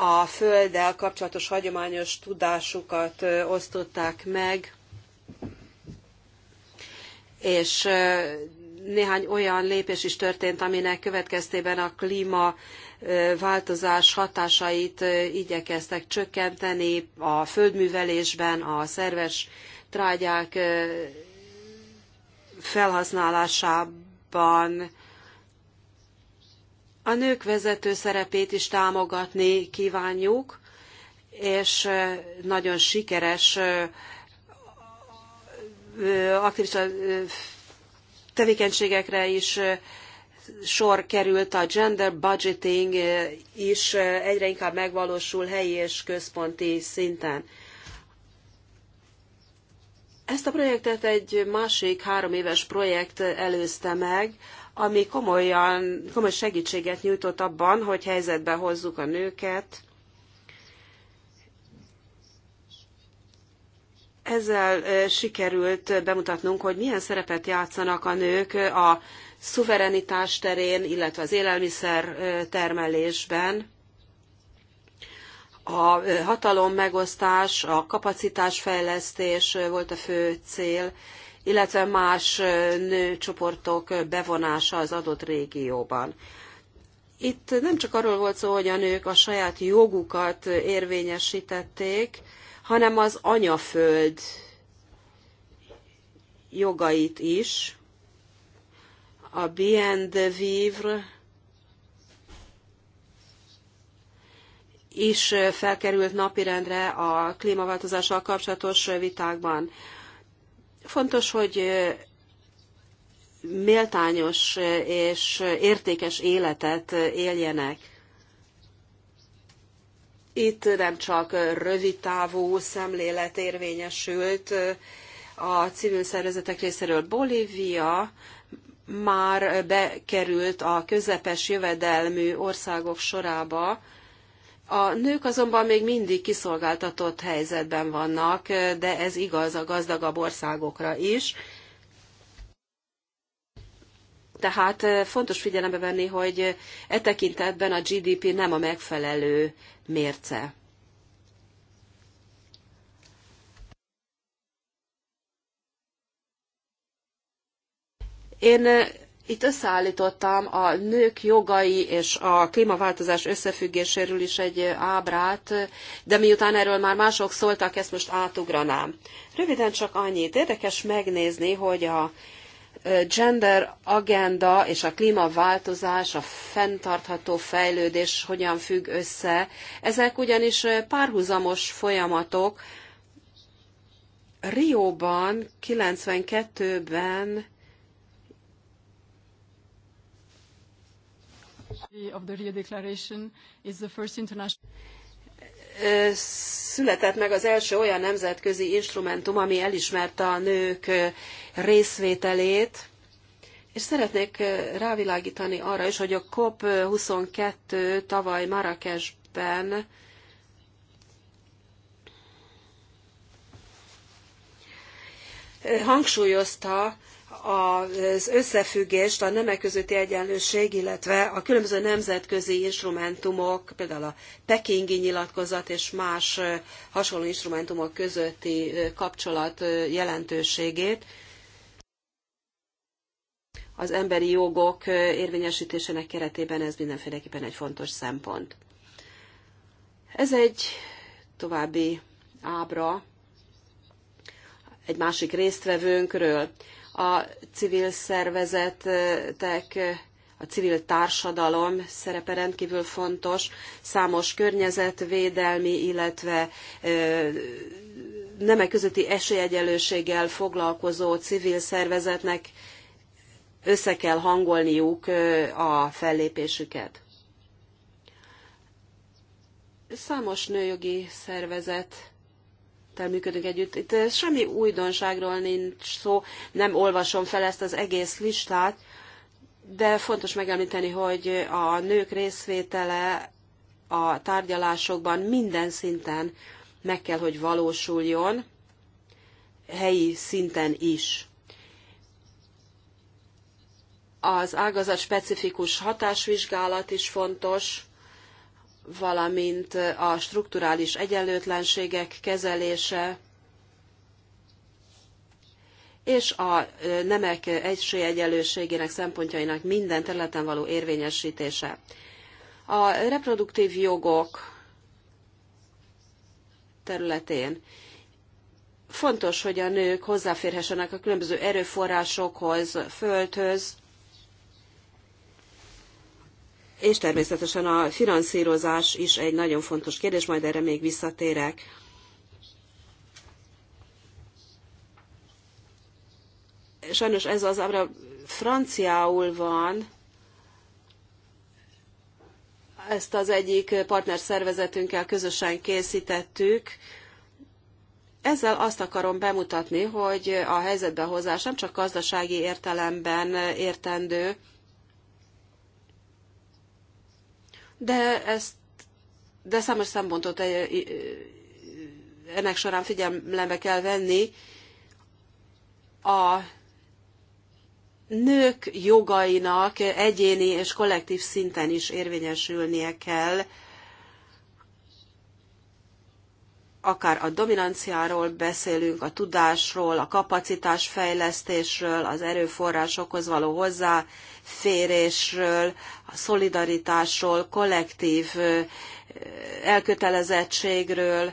a földdel kapcsolatos hagyományos tudásukat osztották meg, és néhány olyan lépés is történt, aminek következtében a klíma változás hatásait igyekeztek csökkenteni a földművelésben, a szerves trágyák felhasználásában, a nők vezető szerepét is támogatni kívánjuk, és nagyon sikeres aktivista tevékenységekre is sor került, a gender budgeting eh, is eh, egyre inkább megvalósul helyi és központi szinten. Ezt a projektet egy másik három éves projekt előzte meg, ami komolyan, komoly segítséget nyújtott abban, hogy helyzetbe hozzuk a nőket. Ezzel eh, sikerült bemutatnunk, hogy milyen szerepet játszanak a nők a szuverenitás terén, illetve az élelmiszer termelésben a hatalom megosztás, a kapacitásfejlesztés volt a fő cél, illetve más nőcsoportok bevonása az adott régióban. Itt nem csak arról volt szó, hogy a nők a saját jogukat érvényesítették, hanem az anyaföld jogait is, a bien de vivre is felkerült napirendre a klímaváltozással kapcsolatos vitákban. Fontos, hogy méltányos és értékes életet éljenek. Itt nem csak rövidtávú szemlélet érvényesült a civil szervezetek részéről. Bolívia már bekerült a közepes jövedelmű országok sorába, a nők azonban még mindig kiszolgáltatott helyzetben vannak, de ez igaz a gazdagabb országokra is. Tehát eh, fontos figyelembe venni, hogy e tekintetben a GDP nem a megfelelő mérce. Én eh, itt összeállítottam a nők jogai és a klímaváltozás összefüggéséről is egy eh, ábrát, de miután erről már mások szóltak, ezt most átugranám. Röviden csak annyit. Érdekes megnézni, hogy a eh, gender agenda és a klímaváltozás, a fenntartható fejlődés hogyan függ össze. Ezek ugyanis párhuzamos folyamatok. Rióban 92-ben Született meg az első olyan nemzetközi instrumentum, ami elismerte a nők részvételét, és szeretnék rávilágítani arra is, hogy a COP22 tavaly Marrakesben hangsúlyozta az összefüggést a nemek közötti egyenlőség, illetve a különböző nemzetközi instrumentumok, például a pekingi nyilatkozat és más hasonló instrumentumok közötti kapcsolat jelentőségét az emberi jogok érvényesítésének keretében ez mindenféleképpen egy fontos szempont. Ez egy további ábra egy másik résztvevőnkről a civil szervezetek, a civil társadalom szerepe rendkívül fontos, számos környezetvédelmi, illetve nemek közötti esélyegyelőséggel foglalkozó civil szervezetnek össze kell hangolniuk a fellépésüket. Számos nőjogi szervezet tel működünk együtt. Itt eh, semmi újdonságról nincs szó, nem olvasom fel ezt az egész listát, de fontos megemlíteni, hogy a nők részvétele a tárgyalásokban minden szinten meg kell, hogy valósuljon, helyi szinten is. Az ágazat specifikus hatásvizsgálat is fontos, valamint a strukturális egyenlőtlenségek kezelése, és a nemek esélyegyenlőségének szempontjainak minden területen való érvényesítése. A reproduktív jogok területén fontos, hogy a nők hozzáférhessenek a különböző erőforrásokhoz, földhöz, és természetesen a finanszírozás is egy nagyon fontos kérdés, majd erre még visszatérek. Sajnos ez az ábra franciául van, ezt az egyik partnerszervezetünkkel közösen készítettük. Ezzel azt akarom bemutatni, hogy a helyzetbehozás nem csak gazdasági értelemben értendő, de ezt de számos szempontot eh, eh, ennek során figyelembe kell venni. A nők jogainak egyéni és kollektív szinten is érvényesülnie kell, akár a dominanciáról beszélünk, a tudásról, a kapacitásfejlesztésről, az erőforrásokhoz való hozzáférésről, a szolidaritásról, kollektív elkötelezettségről,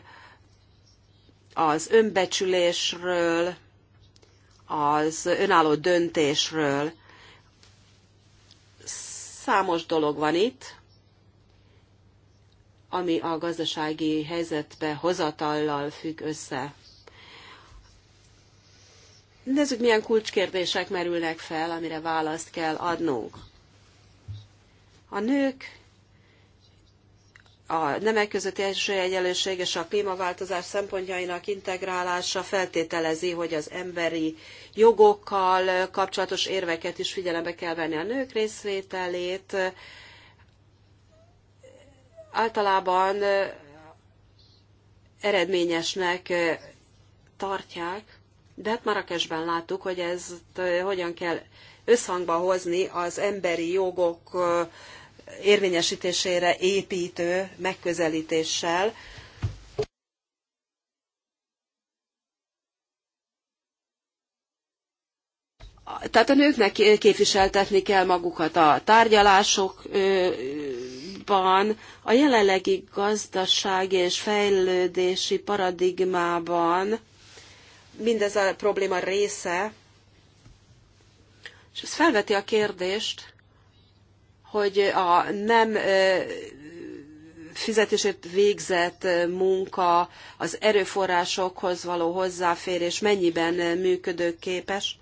az önbecsülésről, az önálló döntésről. Számos dolog van itt, ami a gazdasági helyzetbe hozatallal függ össze. Nézzük, milyen kulcskérdések merülnek fel, amire választ kell adnunk. A nők, a nemek közötti egyenlőség és a klímaváltozás szempontjainak integrálása feltételezi, hogy az emberi jogokkal kapcsolatos érveket is figyelembe kell venni a nők részvételét, általában eredményesnek tartják, de hát Marrakesben láttuk, hogy ezt hogyan kell összhangba hozni az emberi jogok érvényesítésére építő megközelítéssel. Tehát a nőknek képviseltetni kell magukat a tárgyalások Európában a jelenlegi gazdaság és fejlődési paradigmában mindez a probléma része, és ez felveti a kérdést, hogy a nem fizetését végzett munka, az erőforrásokhoz való hozzáférés mennyiben működőképes.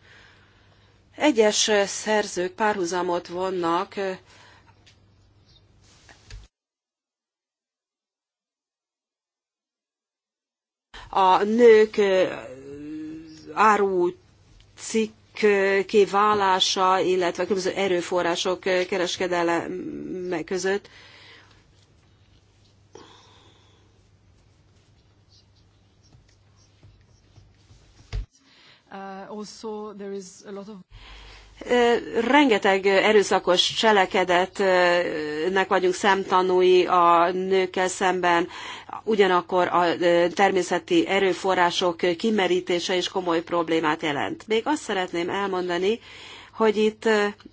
Egyes szerzők párhuzamot vonnak a nők áru cikk kiválása, illetve különböző erőforrások kereskedelme között. Uh, also there is a lot of Rengeteg erőszakos cselekedetnek vagyunk szemtanúi a nőkkel szemben, ugyanakkor a természeti erőforrások kimerítése is komoly problémát jelent. Még azt szeretném elmondani, hogy itt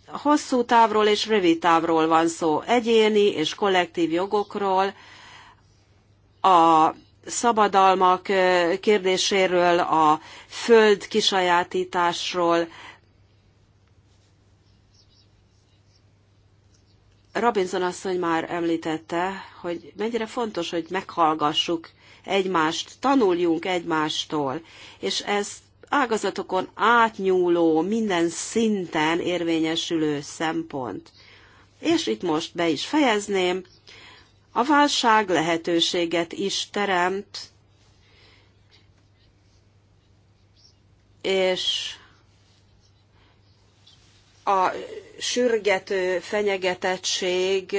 hosszú távról és rövid távról van szó, egyéni és kollektív jogokról, a szabadalmak kérdéséről, a föld kisajátításról, Robinson asszony már említette, hogy mennyire fontos, hogy meghallgassuk egymást, tanuljunk egymástól, és ez ágazatokon átnyúló, minden szinten érvényesülő szempont. És itt most be is fejezném, a válság lehetőséget is teremt, és a sürgető fenyegetettség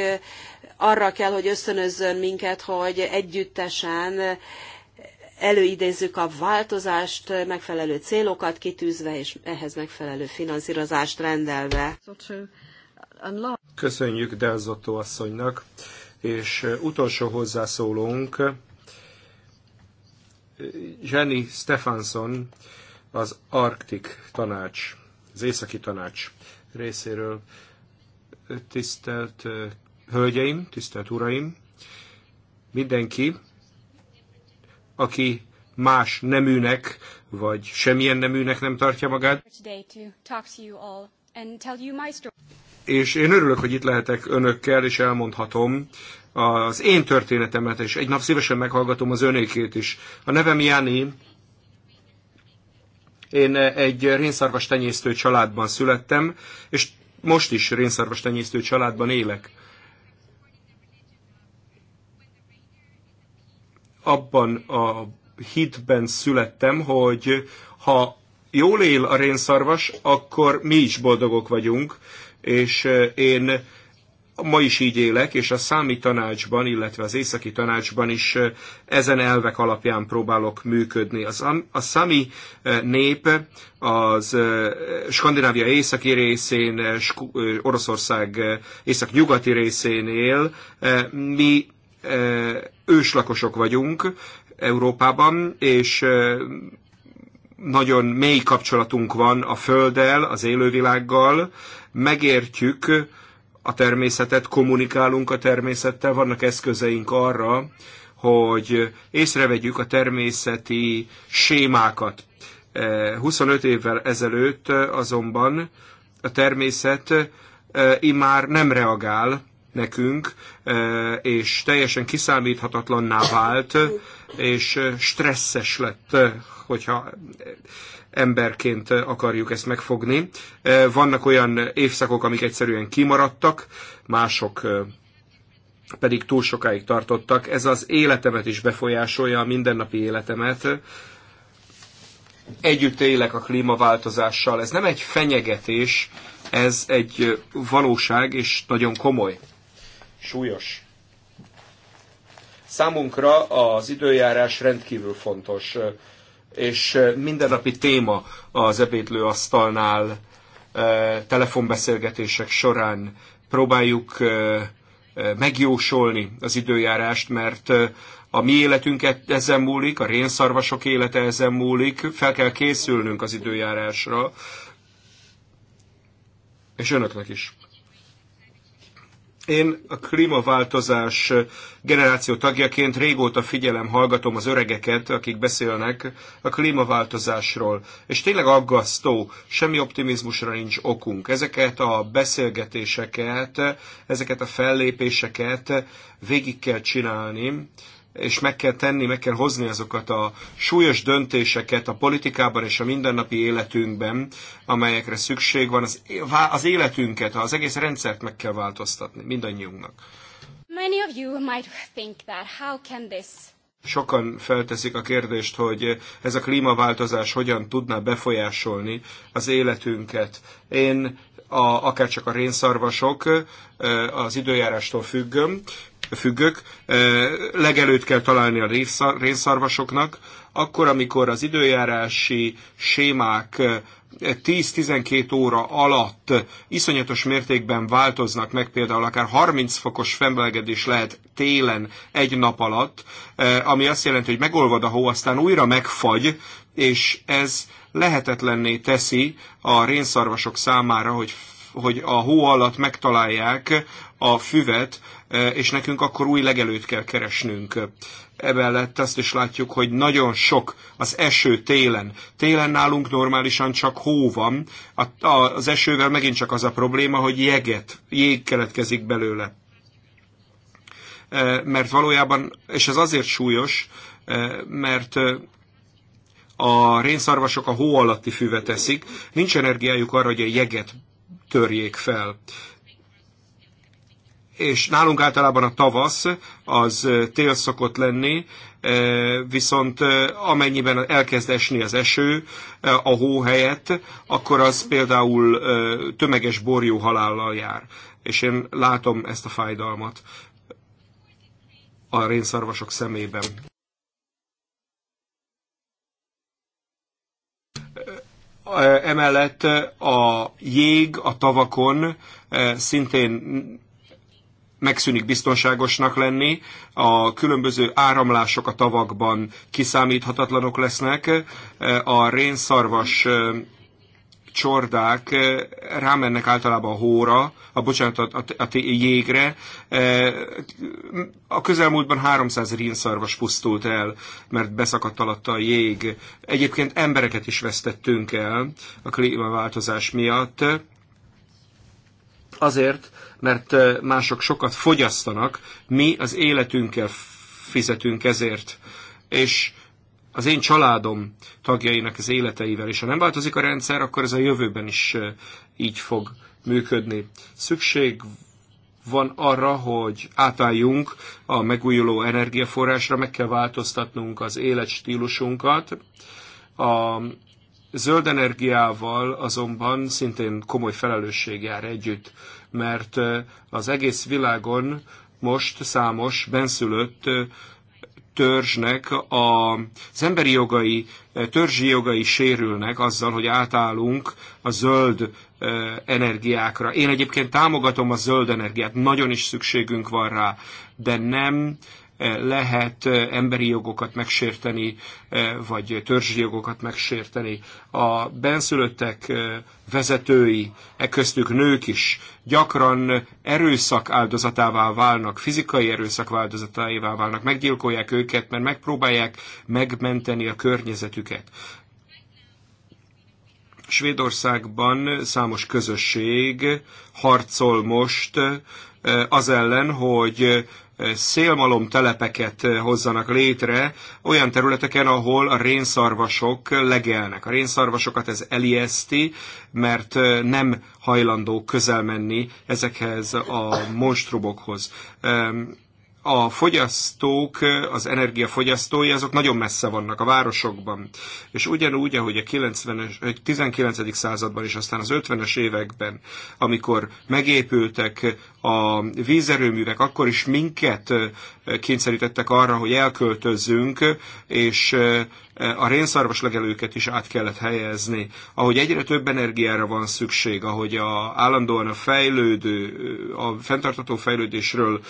arra kell, hogy ösztönözzön minket, hogy együttesen előidézzük a változást, megfelelő célokat kitűzve, és ehhez megfelelő finanszírozást rendelve. Köszönjük Delzotto asszonynak, és utolsó hozzászólónk, Jenny Stefanson, az Arktik tanács, az északi tanács részéről. Tisztelt hölgyeim, tisztelt uraim, mindenki, aki más neműnek, vagy semmilyen neműnek nem tartja magát. És én örülök, hogy itt lehetek önökkel, és elmondhatom az én történetemet, és egy nap szívesen meghallgatom az önékét is. A nevem Jani, én eh, egy rénszarvas tenyésztő családban születtem, és most is rénszarvas tenyésztő családban élek. Abban a hitben születtem, hogy ha jól él a rénszarvas, akkor mi is boldogok vagyunk, és eh, én ma is így élek, és a számi tanácsban, illetve az északi tanácsban is ezen elvek alapján próbálok működni. Az, a számi nép az Skandinávia északi részén, Oroszország észak-nyugati részén él. Mi őslakosok vagyunk Európában, és nagyon mély kapcsolatunk van a Földdel, az élővilággal, megértjük, a természetet, kommunikálunk a természettel, vannak eszközeink arra, hogy észrevegyük a természeti sémákat. 25 eh, évvel ezelőtt eh, azonban a természet eh, immár nem reagál nekünk, e, és teljesen kiszámíthatatlanná vált, és stresszes lett, e, hogyha emberként akarjuk ezt megfogni. E, vannak olyan évszakok, amik egyszerűen kimaradtak, mások pedig túl sokáig tartottak. Ez az életemet is befolyásolja, a mindennapi életemet. Együtt élek a klímaváltozással. Ez nem egy fenyegetés, ez egy valóság, és nagyon komoly súlyos. Számunkra az időjárás rendkívül fontos, és mindennapi téma az ebédlőasztalnál, telefonbeszélgetések során próbáljuk megjósolni az időjárást, mert a mi életünket ezen múlik, a rénszarvasok élete ezen múlik, fel kell készülnünk az időjárásra, és önöknek is. Én a klímaváltozás generáció tagjaként régóta figyelem, hallgatom az öregeket, akik beszélnek a klímaváltozásról. És tényleg aggasztó, semmi optimizmusra nincs okunk. Ezeket a beszélgetéseket, ezeket a fellépéseket végig kell csinálni, és meg kell tenni, meg kell hozni azokat a súlyos döntéseket a politikában és a mindennapi életünkben, amelyekre szükség van, az, az életünket, az egész rendszert meg kell változtatni, mindannyiunknak. Many of you might think that how can this Sokan felteszik a kérdést, hogy ez a klímaváltozás hogyan tudná befolyásolni az életünket. Én a, akár csak a rénszarvasok az időjárástól függöm, függök, legelőtt kell találni a rénszarvasoknak, akkor, amikor az időjárási sémák 10-12 óra alatt iszonyatos mértékben változnak meg, például akár 30 fokos fennbelegedés lehet télen egy nap alatt, ami azt jelenti, hogy megolvad a hó, aztán újra megfagy, és ez lehetetlenné teszi a rénszarvasok számára, hogy hogy a hó alatt megtalálják a füvet, e, és nekünk akkor új legelőt kell keresnünk. Ebellett azt is látjuk, hogy nagyon sok az eső télen. Télen nálunk normálisan csak hó van, a, a, az esővel megint csak az a probléma, hogy jeget, jég keletkezik belőle. E, mert valójában, és ez azért súlyos, e, mert a rénszarvasok a hó alatti füvet eszik, nincs energiájuk arra, hogy a jeget törjék fel és nálunk általában a tavasz az tél szokott lenni, viszont amennyiben elkezd esni az eső a hó helyett, akkor az például tömeges borjú halállal jár. És én látom ezt a fájdalmat a rénszarvasok szemében. Emellett a jég a tavakon szintén megszűnik biztonságosnak lenni, a különböző áramlások a tavakban kiszámíthatatlanok lesznek, a rénszarvas csordák rámennek általában a hóra, a bocsánat, a, a, a jégre. A közelmúltban 300 rinszarvas pusztult el, mert beszakadt alatta a jég. Egyébként embereket is vesztettünk el a klímaváltozás miatt. Azért, mert mások sokat fogyasztanak, mi az életünkkel fizetünk ezért. És az én családom tagjainak az életeivel, és ha nem változik a rendszer, akkor ez a jövőben is így fog működni. Szükség van arra, hogy átálljunk a megújuló energiaforrásra, meg kell változtatnunk az életstílusunkat. A zöld energiával azonban szintén komoly felelősség jár együtt mert az egész világon most számos benszülött törzsnek az emberi jogai, törzsi jogai sérülnek azzal, hogy átállunk a zöld energiákra. Én egyébként támogatom a zöld energiát, nagyon is szükségünk van rá, de nem lehet emberi jogokat megsérteni, vagy törzsi jogokat megsérteni. A benszülöttek vezetői, e köztük nők is gyakran erőszak áldozatává válnak, fizikai erőszak áldozataivá válnak, meggyilkolják őket, mert megpróbálják megmenteni a környezetüket. Svédországban számos közösség harcol most az ellen, hogy szélmalom telepeket eh, hozzanak létre olyan területeken, ahol a rénszarvasok legelnek. A rénszarvasokat ez elieszti, mert eh, nem hajlandó közel menni ezekhez a monstrumokhoz a fogyasztók, az energiafogyasztói, azok nagyon messze vannak a városokban. És ugyanúgy, ahogy a 90 19. században is, aztán az 50-es években, amikor megépültek a vízerőművek, akkor is minket kényszerítettek arra, hogy elköltözzünk, és a rénszarvas legelőket is át kellett helyezni. Ahogy egyre több energiára van szükség, ahogy a, állandóan a fejlődő, a fenntartató fejlődésről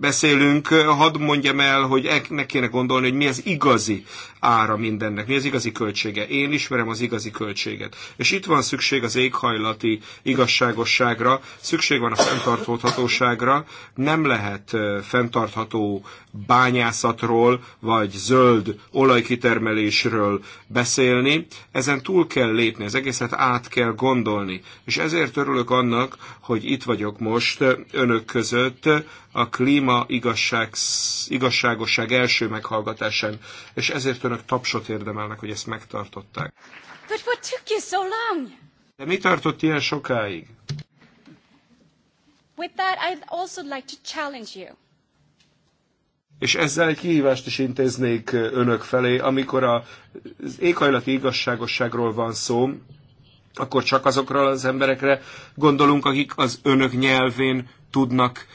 beszélünk, hadd mondjam el, hogy e- meg kéne gondolni, hogy mi az igazi ára mindennek, mi az igazi költsége. Én ismerem az igazi költséget. És itt van szükség az éghajlati igazságosságra, szükség van a fenntarthatóságra, nem lehet fenntartható bányászatról, vagy zöld olajkitermelésről beszélni. Ezen túl kell lépni, az egészet át kell gondolni. És ezért örülök annak, hogy itt vagyok most önök között a klíma igazság, igazságosság első meghallgatásán, és ezért önök tapsot érdemelnek, hogy ezt megtartották. But what took you so long? De mi tartott ilyen sokáig? With that, I'd also like to challenge you. És ezzel egy kihívást is intéznék önök felé, amikor az éghajlati igazságosságról van szó, akkor csak azokról az emberekre gondolunk, akik az önök nyelvén tudnak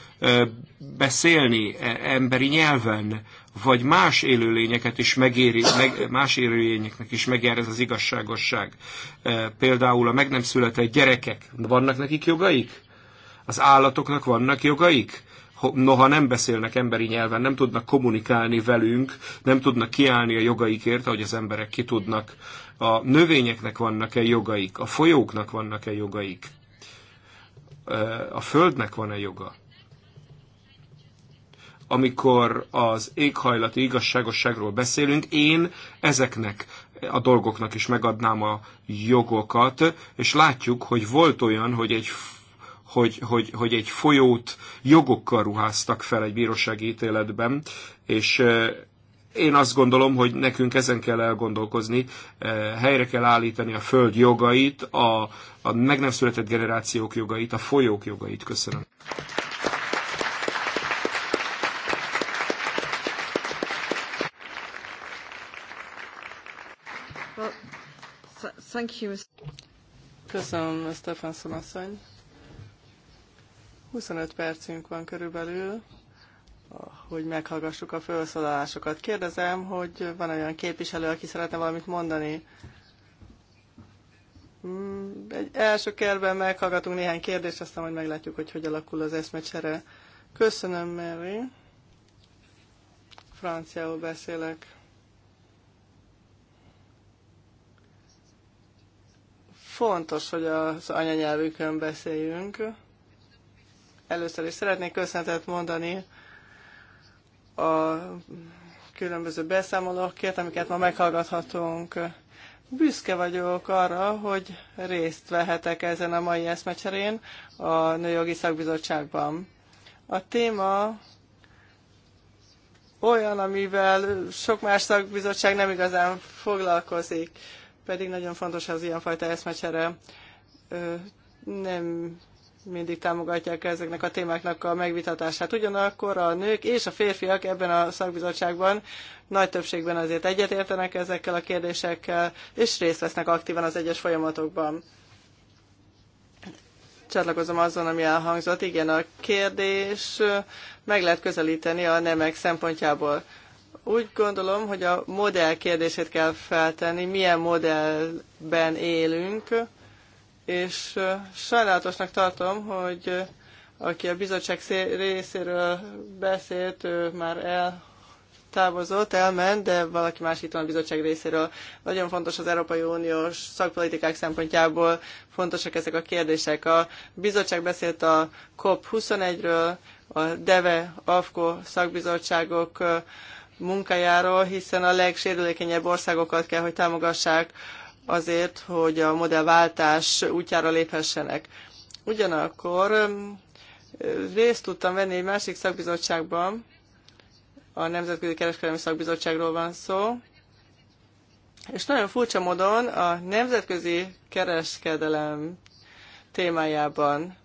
beszélni e, emberi nyelven, vagy más élőlényeket is megéri, meg, más élőlényeknek is megér ez az igazságosság. Például a meg nem született gyerekek, vannak nekik jogaik? Az állatoknak vannak jogaik? noha nem beszélnek emberi nyelven, nem tudnak kommunikálni velünk, nem tudnak kiállni a jogaikért, ahogy az emberek ki tudnak. A növényeknek vannak-e jogaik, a folyóknak vannak-e jogaik, a földnek van-e joga amikor az éghajlati igazságosságról beszélünk, én ezeknek a dolgoknak is megadnám a jogokat, és látjuk, hogy volt olyan, hogy egy hogy, hogy, hogy egy folyót jogokkal ruháztak fel egy bírósági ítéletben, és én azt gondolom, hogy nekünk ezen kell elgondolkozni, helyre kell állítani a föld jogait, a, a meg nem született generációk jogait, a folyók jogait. Köszönöm. Köszönöm, Stefanson asszony. 25 percünk van körülbelül, hogy meghallgassuk a felszólalásokat. Kérdezem, hogy van -e olyan képviselő, aki szeretne valamit mondani. Mm, egy első kérben meghallgatunk néhány kérdést, aztán majd meglátjuk, hogy hogy alakul az eszmecsere. Köszönöm, Mary. Franciául beszélek. fontos, hogy az anyanyelvükön beszéljünk. Először is szeretnék köszönetet mondani a különböző beszámolókért, amiket ma meghallgathatunk. Büszke vagyok arra, hogy részt vehetek ezen a mai eszmecserén a Nőjogi Szakbizottságban. A téma olyan, amivel sok más szakbizottság nem igazán foglalkozik pedig nagyon fontos az ilyenfajta eszmecsere. Nem mindig támogatják ezeknek a témáknak a megvitatását. Ugyanakkor a nők és a férfiak ebben a szakbizottságban nagy többségben azért egyetértenek ezekkel a kérdésekkel, és részt vesznek aktívan az egyes folyamatokban. Csatlakozom azon, ami elhangzott. Igen, a kérdés meg lehet közelíteni a nemek szempontjából. Úgy gondolom, hogy a modell kérdését kell feltenni, milyen modellben élünk, és sajnálatosnak tartom, hogy aki a bizottság részéről beszélt, ő már eltávozott, elment, de valaki más itt van a bizottság részéről. Nagyon fontos az Európai Uniós szakpolitikák szempontjából, fontosak ezek a kérdések. A bizottság beszélt a COP21-ről, a DEVE, AFKO szakbizottságok munkájáról, hiszen a legsérülékenyebb országokat kell, hogy támogassák azért, hogy a modellváltás útjára léphessenek. Ugyanakkor részt tudtam venni egy másik szakbizottságban, a Nemzetközi Kereskedelmi Szakbizottságról van szó, és nagyon furcsa módon a nemzetközi kereskedelem témájában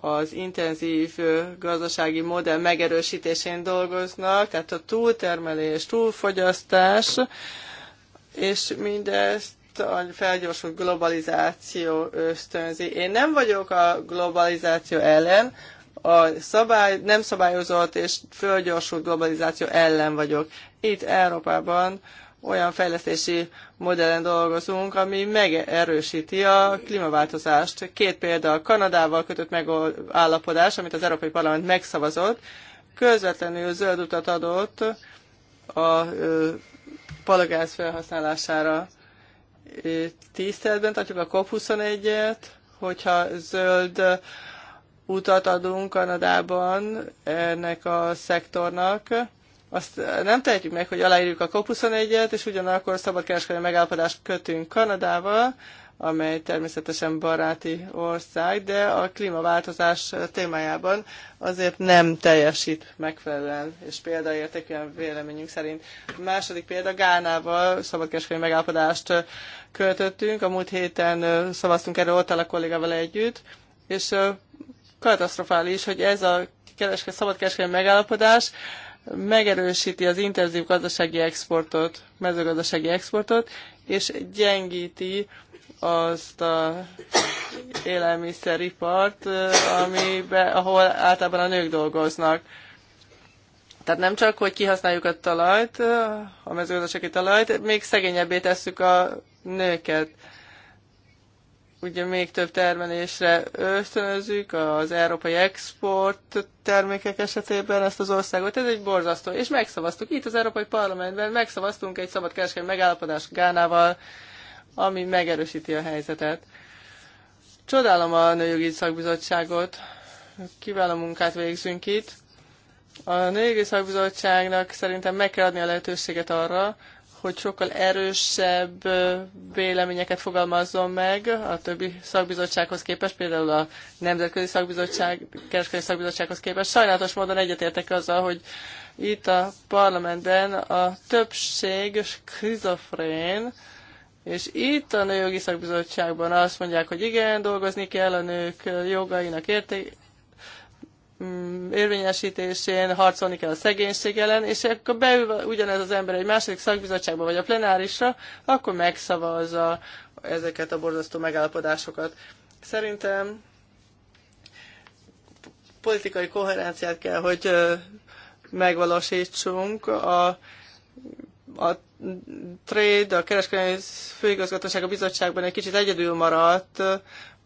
az intenzív gazdasági modell megerősítésén dolgoznak, tehát a túltermelés, túlfogyasztás, és mindezt a felgyorsult globalizáció ösztönzi. Én nem vagyok a globalizáció ellen, a szabály, nem szabályozott és fölgyorsult globalizáció ellen vagyok. Itt Európában olyan fejlesztési modellen dolgozunk, ami megerősíti a klímaváltozást. Két példa a Kanadával kötött megállapodás, amit az Európai Parlament megszavazott, közvetlenül zöld utat adott a palagáz felhasználására. Tiszteletben tartjuk a COP21-et, hogyha zöld utat adunk Kanadában ennek a szektornak, azt nem tehetjük meg, hogy aláírjuk a COP21-et, és ugyanakkor szabadkereskedelmi megállapodást kötünk Kanadával, amely természetesen baráti ország, de a klímaváltozás témájában azért nem teljesít megfelelően és példaértékűen véleményünk szerint. A második példa Gánával szabadkereskedelmi megállapodást költöttünk, a múlt héten szavaztunk erről ott a kollégával együtt, és katasztrofális, hogy ez a kereske, szabadkereskedelmi megállapodás megerősíti az intenzív gazdasági exportot, mezőgazdasági exportot, és gyengíti azt a élelmiszeripart, amibe, ahol általában a nők dolgoznak. Tehát nem csak, hogy kihasználjuk a talajt, a mezőgazdasági talajt, még szegényebbé tesszük a nőket ugye még több termelésre ösztönözzük az európai export termékek esetében ezt az országot. Ez egy borzasztó. És megszavaztuk itt az Európai Parlamentben, megszavaztunk egy szabadkereskedelmi megállapodást Gánával, ami megerősíti a helyzetet. Csodálom a Nőjogi Szakbizottságot, kiváló munkát végzünk itt. A Nőjogi Szakbizottságnak szerintem meg kell adni a lehetőséget arra, hogy sokkal erősebb véleményeket fogalmazzon meg a többi szakbizottsághoz képest, például a Nemzetközi Szakbizottság, Kereskedelmi Szakbizottsághoz képest. Sajnálatos módon egyetértek azzal, hogy itt a parlamentben a többség skizofrén, és itt a Nőjogi Szakbizottságban azt mondják, hogy igen, dolgozni kell a nők jogainak érté- Mm, érvényesítésén harcolni kell a szegénység ellen, és akkor beül ugyanez az ember egy második szakbizottságba vagy a plenárisra, akkor megszavazza ezeket a borzasztó megállapodásokat. Szerintem politikai koherenciát kell, hogy megvalósítsunk. A, a trade, a kereskedelmi főigazgatóság a bizottságban egy kicsit egyedül maradt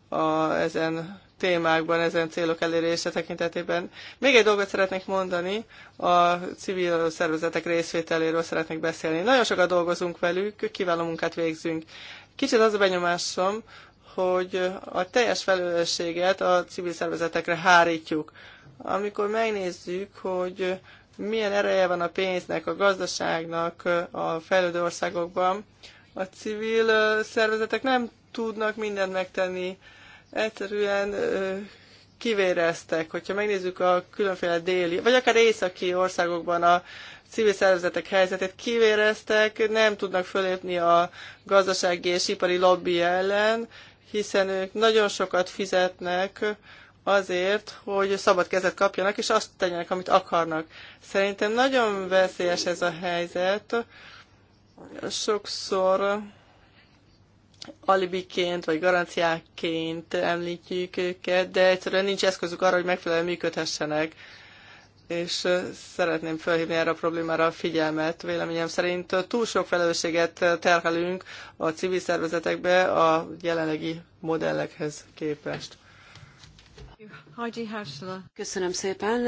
a, ezen témákban, ezen célok elérése tekintetében. Még egy dolgot szeretnék mondani, a civil szervezetek részvételéről szeretnék beszélni. Nagyon sokat dolgozunk velük, kiváló munkát végzünk. Kicsit az a benyomásom, hogy a teljes felelősséget a civil szervezetekre hárítjuk. Amikor megnézzük, hogy milyen ereje van a pénznek, a gazdaságnak a fejlődő országokban, a civil szervezetek nem tudnak mindent megtenni egyszerűen kivéreztek. Hogyha megnézzük a különféle déli, vagy akár északi országokban a civil szervezetek helyzetét kivéreztek, nem tudnak fölépni a gazdasági és ipari lobby ellen, hiszen ők nagyon sokat fizetnek azért, hogy szabad kezet kapjanak, és azt tegyenek, amit akarnak. Szerintem nagyon veszélyes ez a helyzet. Sokszor alibiként vagy garanciáként említjük őket, de egyszerűen nincs eszközük arra, hogy megfelelően működhessenek. És szeretném felhívni erre a problémára a figyelmet. Véleményem szerint túl sok felelősséget terhelünk a civil szervezetekbe a jelenlegi modellekhez képest. Köszönöm szépen,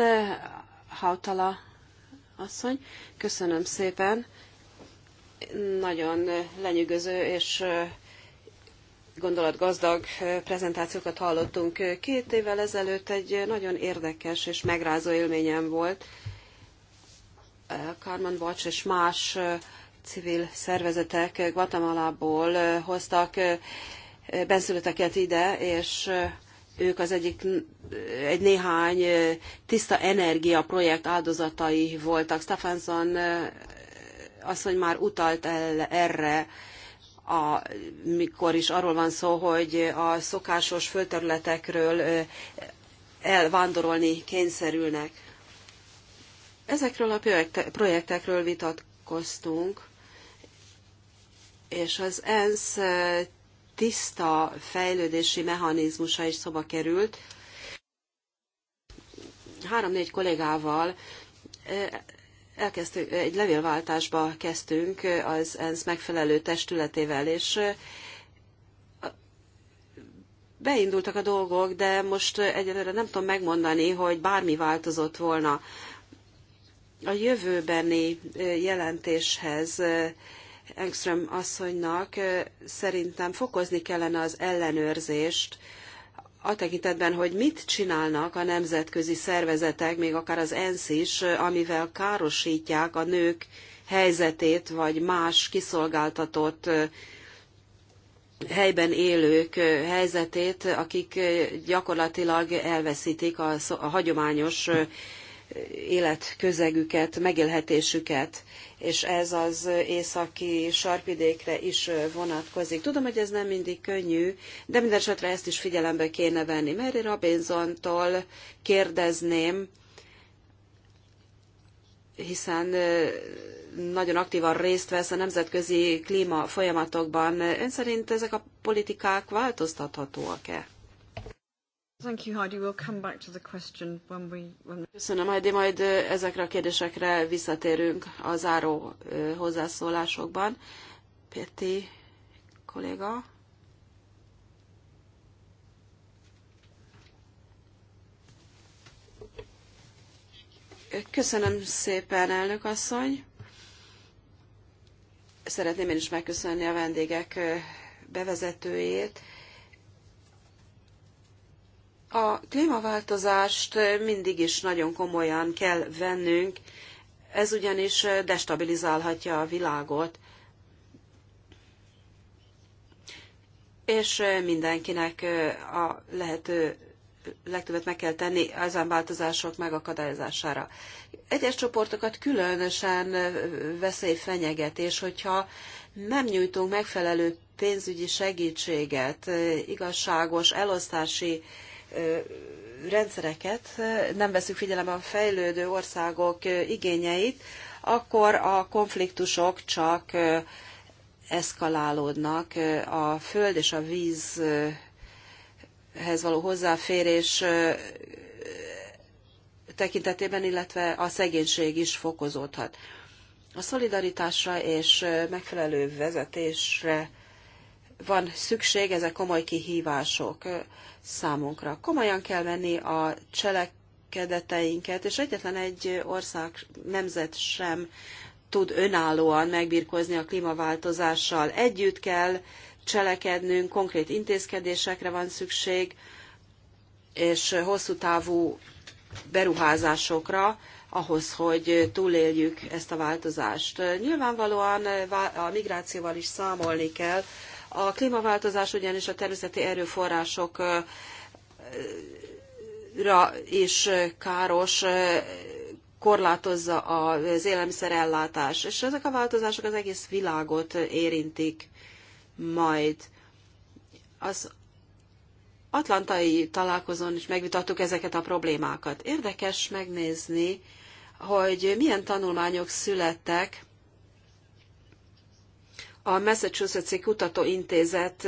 Hautala asszony. Köszönöm szépen. Nagyon lenyűgöző és gondolatgazdag eh, prezentációkat hallottunk. Két évvel ezelőtt egy nagyon érdekes és megrázó élményem volt. Eh, Carmen Watch és más eh, civil szervezetek Guatemalából hoztak benszülöteket ide, és ők az egyik, egy néhány tiszta energia projekt áldozatai voltak. Stephenson hogy már utalt el erre, amikor is arról van szó, hogy a szokásos földterületekről elvándorolni kényszerülnek. Ezekről a projektekről vitatkoztunk, és az ENSZ tiszta fejlődési mechanizmusa is szoba került. Három-négy kollégával elkezdtünk, egy levélváltásba kezdtünk az ENSZ megfelelő testületével, és beindultak a dolgok, de most egyelőre nem tudom megmondani, hogy bármi változott volna. A jövőbeni jelentéshez Engström asszonynak szerintem fokozni kellene az ellenőrzést, a tekintetben, hogy mit csinálnak a nemzetközi szervezetek, még akár az ENSZ is, amivel károsítják a nők helyzetét, vagy más kiszolgáltatott helyben élők helyzetét, akik gyakorlatilag elveszítik a, hagyományos életközegüket, megélhetésüket, és ez az északi sarkvidékre is vonatkozik. Tudom, hogy ez nem mindig könnyű, de minden esetre ezt is figyelembe kéne venni. Mary Robinson-tól kérdezném, hiszen nagyon aktívan részt vesz a nemzetközi klíma folyamatokban. Ön szerint ezek a politikák változtathatóak-e? Thank you, Heidi. We'll come back to the question when we... When... Köszönöm, Heidi. Majd ezekre a kérdésekre visszatérünk a záró hozzászólásokban. Péti kolléga. Köszönöm szépen, elnök asszony. Szeretném én is megköszönni a vendégek bevezetőjét. A klímaváltozást mindig is nagyon komolyan kell vennünk, ez ugyanis destabilizálhatja a világot, és mindenkinek a lehető legtöbbet meg kell tenni ezen változások megakadályozására. Egyes csoportokat különösen veszély fenyegetés, hogyha nem nyújtunk megfelelő pénzügyi segítséget, igazságos elosztási rendszereket, nem veszük figyelembe a fejlődő országok igényeit, akkor a konfliktusok csak eszkalálódnak. A föld és a vízhez való hozzáférés tekintetében, illetve a szegénység is fokozódhat. A szolidaritásra és megfelelő vezetésre van szükség, ezek komoly kihívások számunkra. Komolyan kell venni a cselekedeteinket, és egyetlen egy ország nemzet sem tud önállóan megbirkózni a klímaváltozással. Együtt kell cselekednünk, konkrét intézkedésekre van szükség, és hosszú távú beruházásokra, ahhoz, hogy túléljük ezt a változást. Nyilvánvalóan a migrációval is számolni kell, a klímaváltozás ugyanis a természeti erőforrásokra is káros, korlátozza az élelmiszerellátás, és ezek a változások az egész világot érintik majd. Az atlantai találkozón is megvitattuk ezeket a problémákat. Érdekes megnézni, hogy milyen tanulmányok születtek a Massachusetts-i Kutatóintézet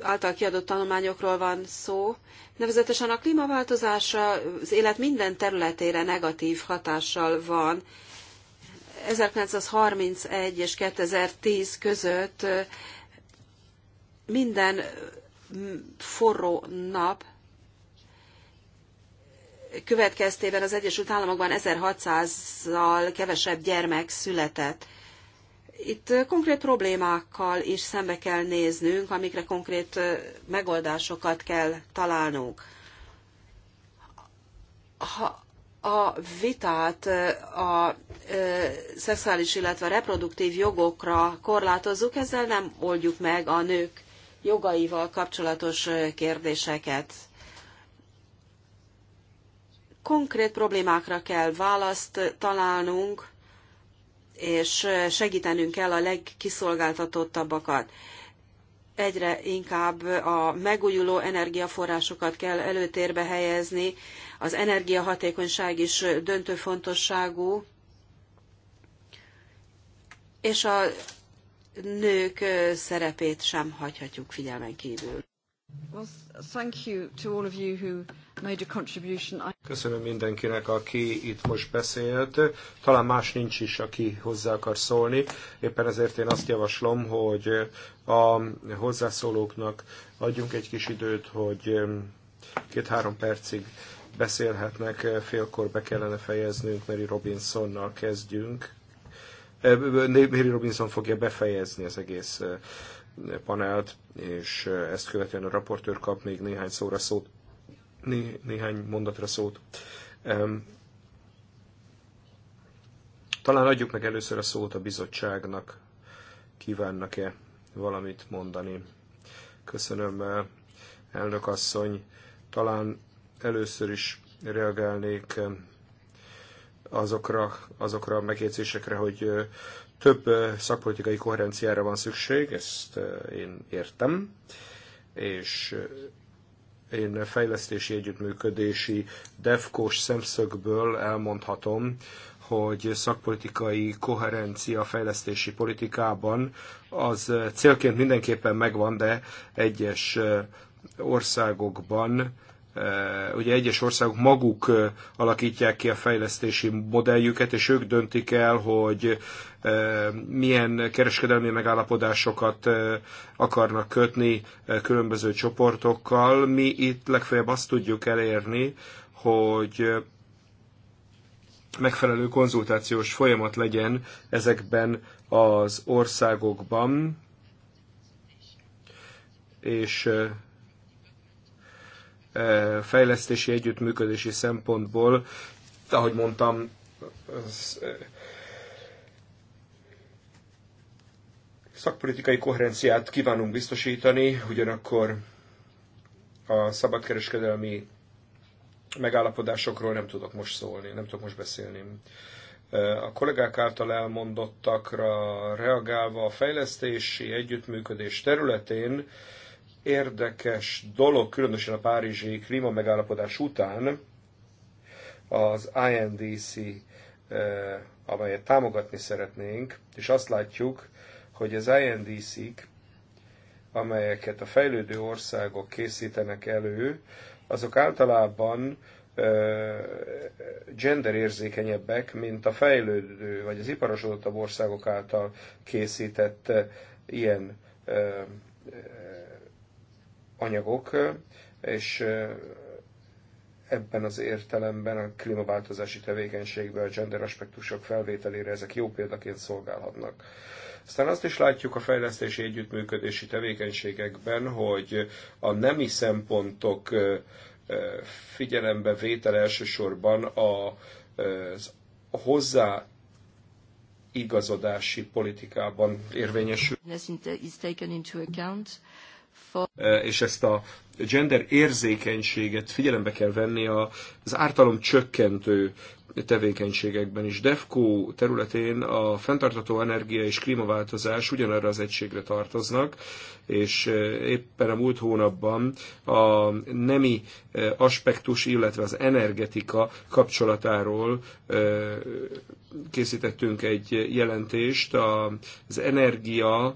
által kiadott tanulmányokról van szó, nevezetesen a klímaváltozása az élet minden területére negatív hatással van. 1931 és 2010 között minden forró nap következtében az Egyesült Államokban 1600-zal kevesebb gyermek született. Itt konkrét problémákkal is szembe kell néznünk, amikre konkrét megoldásokat kell találnunk. Ha a vitát a szexuális, illetve a reproduktív jogokra korlátozzuk, ezzel nem oldjuk meg a nők jogaival kapcsolatos kérdéseket konkrét problémákra kell választ találnunk, és segítenünk kell a legkiszolgáltatottabbakat. Egyre inkább a megújuló energiaforrásokat kell előtérbe helyezni, az energiahatékonyság is döntő fontosságú, és a nők szerepét sem hagyhatjuk figyelmen kívül. Well, thank you to all of you who Köszönöm mindenkinek, aki itt most beszélt. Talán más nincs is, aki hozzá akar szólni. Éppen ezért én azt javaslom, hogy a hozzászólóknak adjunk egy kis időt, hogy két-három percig beszélhetnek, félkor be kellene fejeznünk, Mary Robinsonnal kezdjünk. Mary Robinson fogja befejezni az egész panelt, és ezt követően a raportőr kap még néhány szóra szót né, néhány mondatra szót. Talán adjuk meg először a szót a bizottságnak. Kívánnak-e valamit mondani? Köszönöm, eh, elnök asszony. Talán először is reagálnék azokra, azokra a megjegyzésekre, hogy eh, több eh, szakpolitikai koherenciára van szükség, ezt én értem, és én fejlesztési együttműködési defco szemszögből elmondhatom, hogy szakpolitikai koherencia fejlesztési politikában az célként mindenképpen megvan, de egyes országokban Eh, ugye egyes országok maguk eh, alakítják ki a fejlesztési modelljüket, és ők döntik el, hogy eh, milyen kereskedelmi megállapodásokat akarnak kötni különböző csoportokkal. Mi itt legfeljebb azt tudjuk elérni, hogy megfelelő konzultációs folyamat legyen ezekben az országokban, és fejlesztési együttműködési szempontból, ahogy mondtam, az, szakpolitikai koherenciát kívánunk biztosítani, ugyanakkor a szabadkereskedelmi megállapodásokról nem tudok most szólni, nem tudok most beszélni. A kollégák által elmondottakra reagálva a fejlesztési együttműködés területén érdekes dolog, különösen a párizsi klímamegállapodás után az INDC, eh, amelyet támogatni szeretnénk, és azt látjuk, hogy az INDC-k, amelyeket a fejlődő országok készítenek elő, azok általában eh, genderérzékenyebbek, mint a fejlődő vagy az iparosodottabb országok által készített eh, ilyen anyagok, és ebben az értelemben a klímaváltozási tevékenységben a gender aspektusok felvételére ezek jó példaként szolgálhatnak. Aztán azt is látjuk a fejlesztési együttműködési tevékenységekben, hogy a nemi szempontok figyelembe vétel elsősorban a, a hozzá igazodási politikában érvényesül. Eh, és ezt a gender érzékenységet figyelembe kell venni az ártalom csökkentő tevékenységekben is. DEFCO területén a fenntartató energia és klímaváltozás ugyanarra az egységre tartoznak, és eh, éppen a múlt hónapban a nemi eh, aspektus, illetve az energetika kapcsolatáról eh, készítettünk egy jelentést. Az energia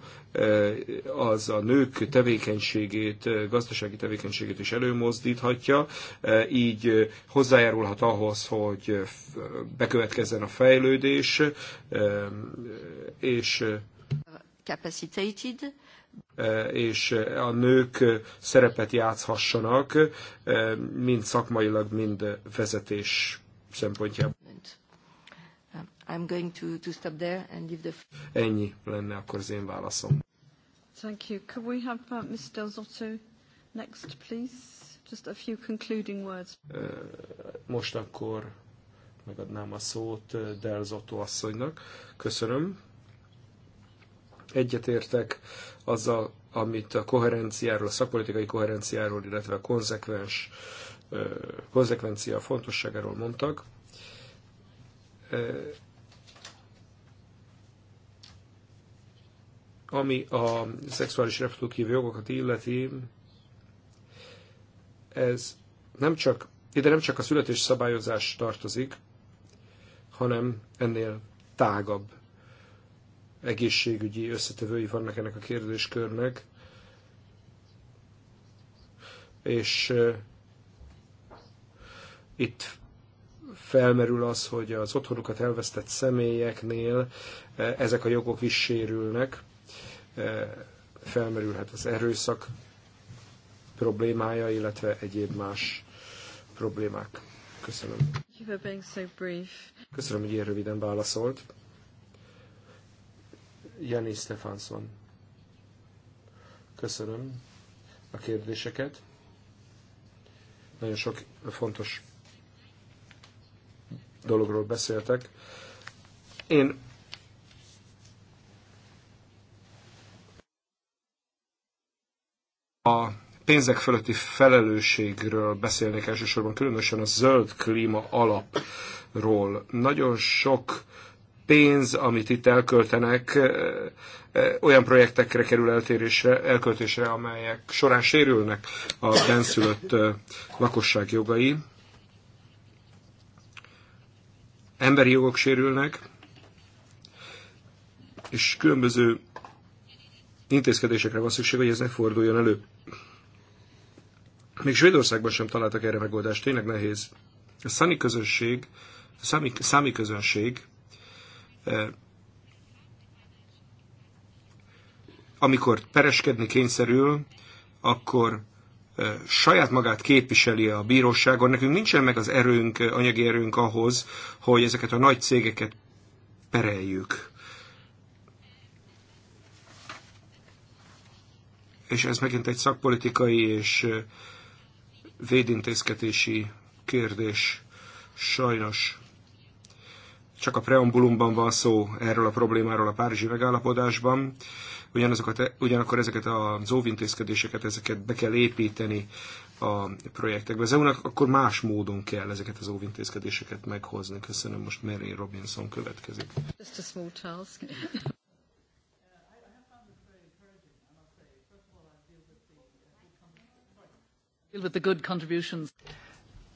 az a nők tevékenységét, gazdasági tevékenységét is előmozdíthatja, e, így e, hozzájárulhat ahhoz, hogy e, bekövetkezzen a fejlődés, és capacitated, és a nők szerepet játszhassanak, mind szakmailag, mind vezetés szempontjából. Um, I'm going to, to stop there and give the... Ennyi lenne akkor az én válaszom. Thank you. Could we have uh, Mr. Delzotto? Next, please. Just a few concluding words. Most akkor megadnám a szót Delzotto asszonynak. Köszönöm. Egyetértek azzal, amit a koherenciáról, a szakpolitikai koherenciáról, illetve a konzekvens, konzekvencia fontosságáról mondtak. Ami a szexuális reproduktív jogokat illeti, ez nem csak, ide nem csak a születés szabályozás tartozik, hanem ennél tágabb egészségügyi összetevői vannak ennek a kérdéskörnek, és itt felmerül az, hogy az otthonukat elvesztett személyeknél ezek a jogok is sérülnek, felmerülhet az erőszak problémája, illetve egyéb más problémák. Köszönöm. Köszönöm, hogy ilyen röviden válaszolt. Jani Stefansson. Köszönöm a kérdéseket. Nagyon sok fontos dologról beszéltek. Én a pénzek fölötti felelősségről beszélnék elsősorban, különösen a zöld klíma alapról. Nagyon sok pénz, amit itt elköltenek, olyan projektekre kerül eltérésre, elköltésre, amelyek során sérülnek a benszülött lakosság jogai. Emberi jogok sérülnek, és különböző intézkedésekre van szükség, hogy ez ne forduljon elő. Még Svédországban sem találtak erre megoldást, tényleg nehéz. A számi közönség, a számi, számi közönség, eh, amikor pereskedni kényszerül, akkor eh, saját magát képviseli a bíróságon. Nekünk nincsen meg az erőnk, anyagi erőnk ahhoz, hogy ezeket a nagy cégeket pereljük. És ez megint egy szakpolitikai és eh, védintézkedési kérdés sajnos csak a preambulumban van szó erről a problémáról a Párizsi megállapodásban, ugyanazokat, e- ugyanakkor ezeket az óvintézkedéseket, ezeket be kell építeni a projektekbe. Az EU-nak akkor más módon kell ezeket az óvintézkedéseket meghozni. Köszönöm, most Mary Robinson következik.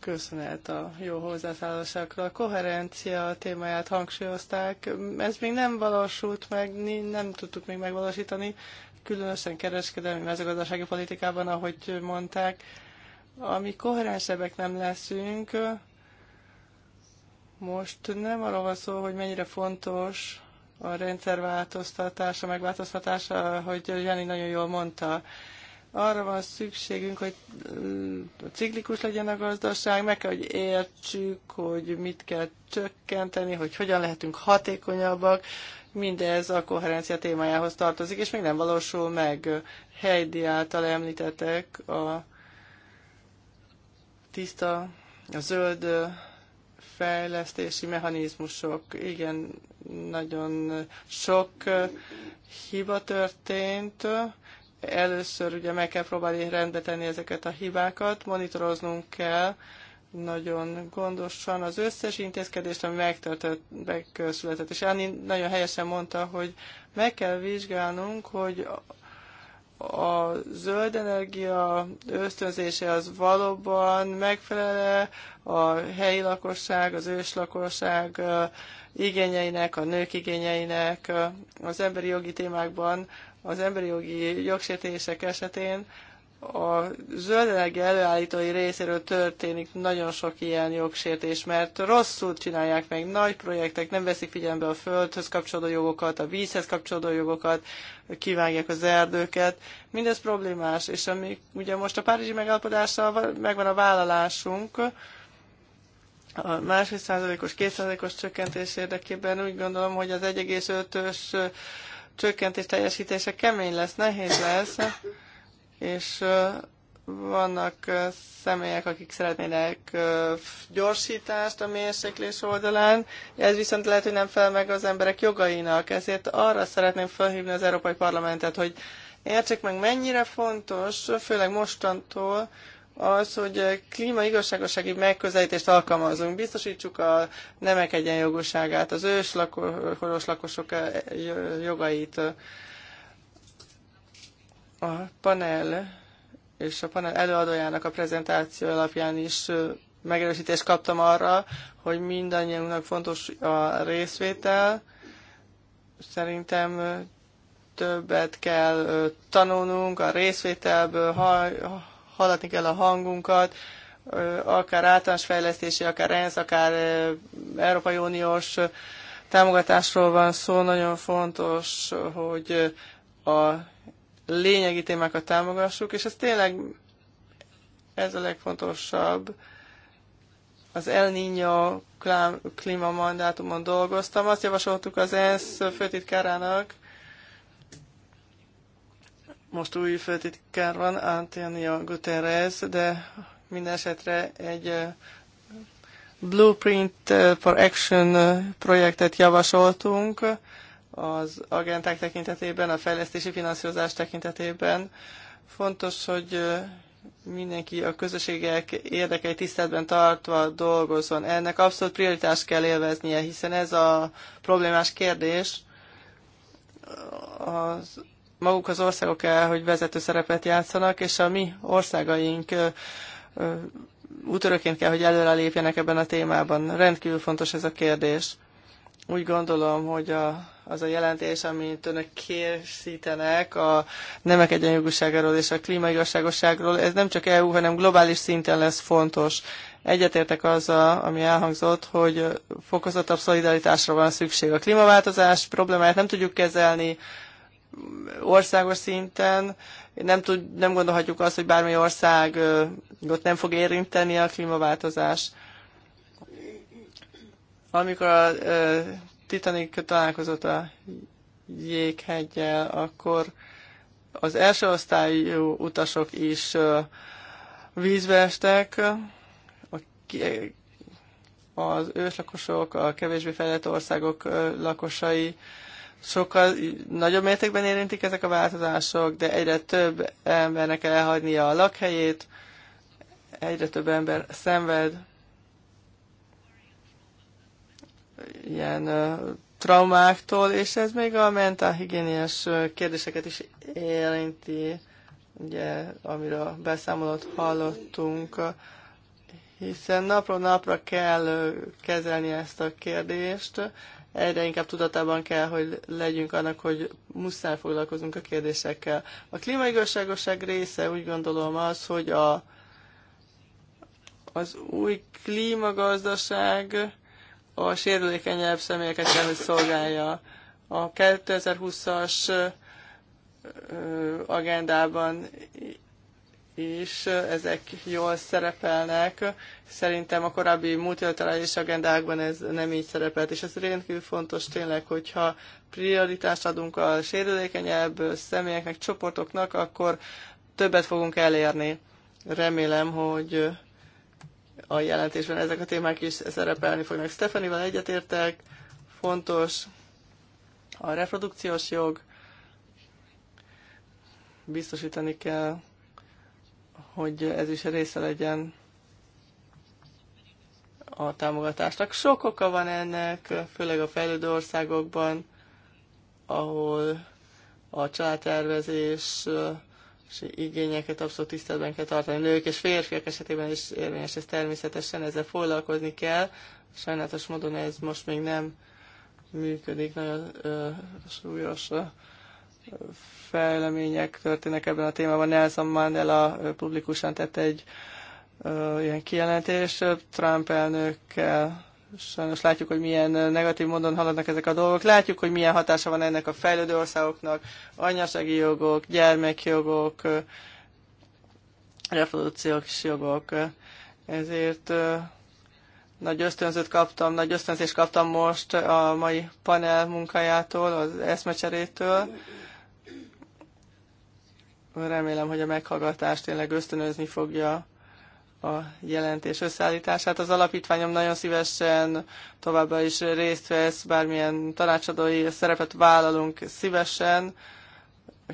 Köszönet a jó hozzászállásokra. Koherencia témáját hangsúlyozták. Ez még nem valósult meg, nem tudtuk még megvalósítani, különösen kereskedelmi mezőgazdasági politikában, ahogy mondták. Ami koherensebbek nem leszünk, most nem arról van szó, hogy mennyire fontos a rendszer változtatása, megváltoztatása, hogy Jani nagyon jól mondta, arra van szükségünk, hogy ciklikus legyen a gazdaság, meg kell, hogy értsük, hogy mit kell csökkenteni, hogy hogyan lehetünk hatékonyabbak. Mindez a koherencia témájához tartozik, és még nem valósul meg. Heidi által említetek a tiszta, a zöld fejlesztési mechanizmusok. Igen, nagyon sok hiba történt, Először ugye meg kell próbálni rendbe tenni ezeket a hibákat, monitoroznunk kell nagyon gondosan az összes intézkedést, ami megtörtént, megszületett. És Anni nagyon helyesen mondta, hogy meg kell vizsgálnunk, hogy a zöld energia ösztönzése az valóban megfelele a helyi lakosság, az őslakosság igényeinek, a nők igényeinek, az emberi jogi témákban az emberi jogi jogsértések esetén a zöld energia előállítói részéről történik nagyon sok ilyen jogsértés, mert rosszul csinálják meg nagy projektek, nem veszik figyelembe a földhöz kapcsolódó jogokat, a vízhez kapcsolódó jogokat, kivágják az erdőket. Mindez problémás, és ami ugye most a Párizsi megállapodással megvan a vállalásunk, a másfél százalékos, kétszázalékos csökkentés érdekében úgy gondolom, hogy az 1,5-ös csökkentés teljesítése kemény lesz, nehéz lesz, és vannak személyek, akik szeretnének gyorsítást a mérséklés oldalán, ez viszont lehet, hogy nem fel meg az emberek jogainak, ezért arra szeretném felhívni az Európai Parlamentet, hogy értsék meg, mennyire fontos, főleg mostantól, az, hogy klímaigazságosági megközelítést alkalmazunk, biztosítsuk a nemek egyenjogúságát, az őslakos lakosok eh, jogait. A panel és a panel előadójának a prezentáció alapján is eh, megerősítést kaptam arra, hogy mindannyiunknak fontos a részvétel. Szerintem eh, többet kell tanulnunk a részvételből, hallatni kell a hangunkat, akár általános fejlesztési, akár ENSZ, akár Európai Uniós támogatásról van szó, nagyon fontos, hogy a lényegi témákat támogassuk, és ez tényleg ez a legfontosabb. Az El Niño klímamandátumon dolgoztam, azt javasoltuk az ENSZ főtitkárának, most új főtitkár van, Antonio Guterres, de minden esetre egy Blueprint for Action projektet javasoltunk az agenták tekintetében, a fejlesztési finanszírozás tekintetében. Fontos, hogy mindenki a közösségek érdekei tiszteletben tartva dolgozzon. Ennek abszolút prioritást kell élveznie, hiszen ez a problémás kérdés az maguk az országok el, hogy vezető szerepet játszanak, és a mi országaink útöröként kell, hogy előrelépjenek ebben a témában. Rendkívül fontos ez a kérdés. Úgy gondolom, hogy a, az a jelentés, amit önök készítenek a nemek egyenjogúságáról és a klímaigazságosságról, ez nem csak EU, hanem globális szinten lesz fontos. Egyetértek azzal, ami elhangzott, hogy fokozottabb szolidaritásra van szükség. A klímaváltozás problémáját nem tudjuk kezelni országos szinten. Nem, tud, nem gondolhatjuk azt, hogy bármely országot nem fog érinteni a klímaváltozás. Amikor a Titanic találkozott a jéghegyel, akkor az első osztályú utasok is vízbe estek, az őslakosok, a kevésbé fejlett országok lakosai sokkal nagyobb mértékben érintik ezek a változások, de egyre több embernek elhagynia a lakhelyét, egyre több ember szenved ilyen traumáktól, és ez még a mentálhigiéniás kérdéseket is érinti, ugye, amiről beszámolót hallottunk, hiszen napról napra kell kezelni ezt a kérdést, egyre inkább tudatában kell, hogy legyünk annak, hogy muszáj foglalkozunk a kérdésekkel. A klímaigazságoság része úgy gondolom az, hogy a, az új klímagazdaság a sérülékenyebb személyeket kell, hogy szolgálja. A 2020-as agendában és ezek jól szerepelnek. Szerintem a korábbi multilaterális agendákban ez nem így szerepelt, és ez rendkívül fontos tényleg, hogyha prioritást adunk a sérülékenyebb személyeknek, csoportoknak, akkor többet fogunk elérni. Remélem, hogy a jelentésben ezek a témák is szerepelni fognak. Stefanival egyetértek, fontos a reprodukciós jog, biztosítani kell hogy ez is része legyen a támogatásnak. Sok oka van ennek, főleg a fejlődő országokban, ahol a családtervezés és igényeket abszolút tiszteletben kell tartani. Nők és férfiak esetében is érvényes, ez természetesen ezzel foglalkozni kell. Sajnálatos módon ez most még nem működik nagyon ö, fejlemények történnek ebben a témában. Nelson Mandela publikusan tett egy ö, ilyen kijelentést Trump elnökkel. Sajnos látjuk, hogy milyen negatív módon haladnak ezek a dolgok. Látjuk, hogy milyen hatása van ennek a fejlődő országoknak, anyasági jogok, gyermekjogok, reprodukciós jogok. Ezért ö, nagy ösztönzőt kaptam, nagy ösztönzést kaptam most a mai panel munkájától, az eszmecserétől. Remélem, hogy a meghallgatás tényleg ösztönözni fogja a jelentés összeállítását. Az alapítványom nagyon szívesen továbbá is részt vesz, bármilyen tanácsadói szerepet vállalunk szívesen,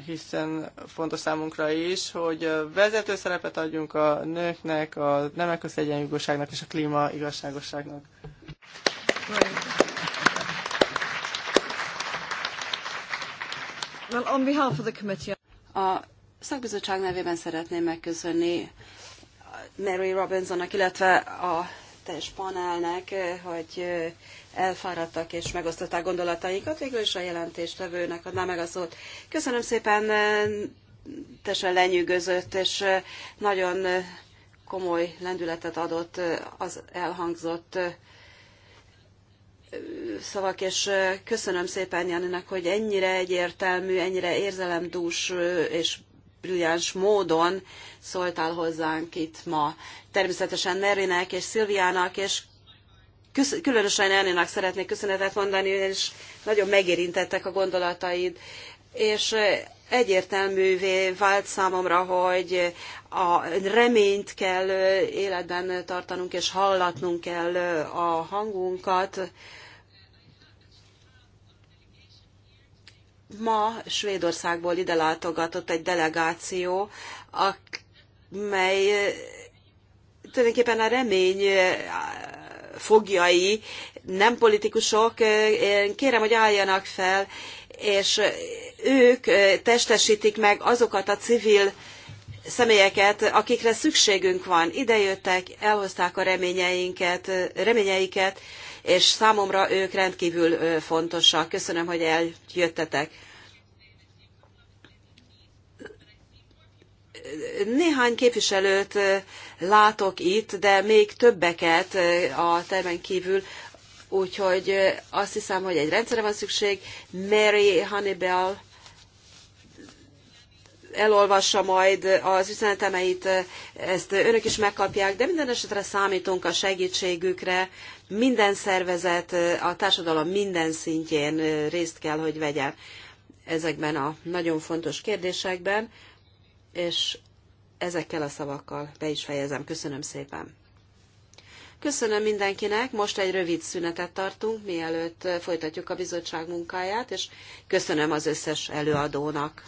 hiszen fontos számunkra is, hogy vezető szerepet adjunk a nőknek, a nemek egyenjogúságnak és a klíma igazságosságnak. Well, on behalf of the committee... A szakbizottság nevében szeretném megköszönni Mary Robinsonnak, illetve a teljes panelnek, hogy elfáradtak és megosztották gondolatainkat. Végül is a jelentéstevőnek adná meg a szót. Köszönöm szépen, teljesen lenyűgözött, és nagyon komoly lendületet adott az elhangzott szavak, és köszönöm szépen Janinak, hogy ennyire egyértelmű, ennyire érzelemdús és brilliáns módon szóltál hozzánk itt ma. Természetesen Nerinek és Szilviának, és különösen Nerinek szeretnék köszönetet mondani, és nagyon megérintettek a gondolataid. És egyértelművé vált számomra, hogy a reményt kell életben tartanunk, és hallatnunk kell a hangunkat, Ma Svédországból ide látogatott egy delegáció, amely eh, tulajdonképpen a remény eh, fogjai, nem politikusok, eh, én kérem, hogy álljanak fel, és ők testesítik meg azokat a civil személyeket, akikre szükségünk van. Ide jöttek, elhozták a reményeinket, reményeiket, és számomra ők rendkívül fontosak. Köszönöm, hogy eljöttetek. Néhány képviselőt látok itt, de még többeket a termen kívül, úgyhogy azt hiszem, hogy egy rendszerre van szükség. Mary Hannibal elolvassa majd az üzenetemeit, ezt önök is megkapják, de minden esetre számítunk a segítségükre, minden szervezet, a társadalom minden szintjén részt kell, hogy vegyen ezekben a nagyon fontos kérdésekben, és ezekkel a szavakkal be is fejezem. Köszönöm szépen! Köszönöm mindenkinek, most egy rövid szünetet tartunk, mielőtt folytatjuk a bizottság munkáját, és köszönöm az összes előadónak.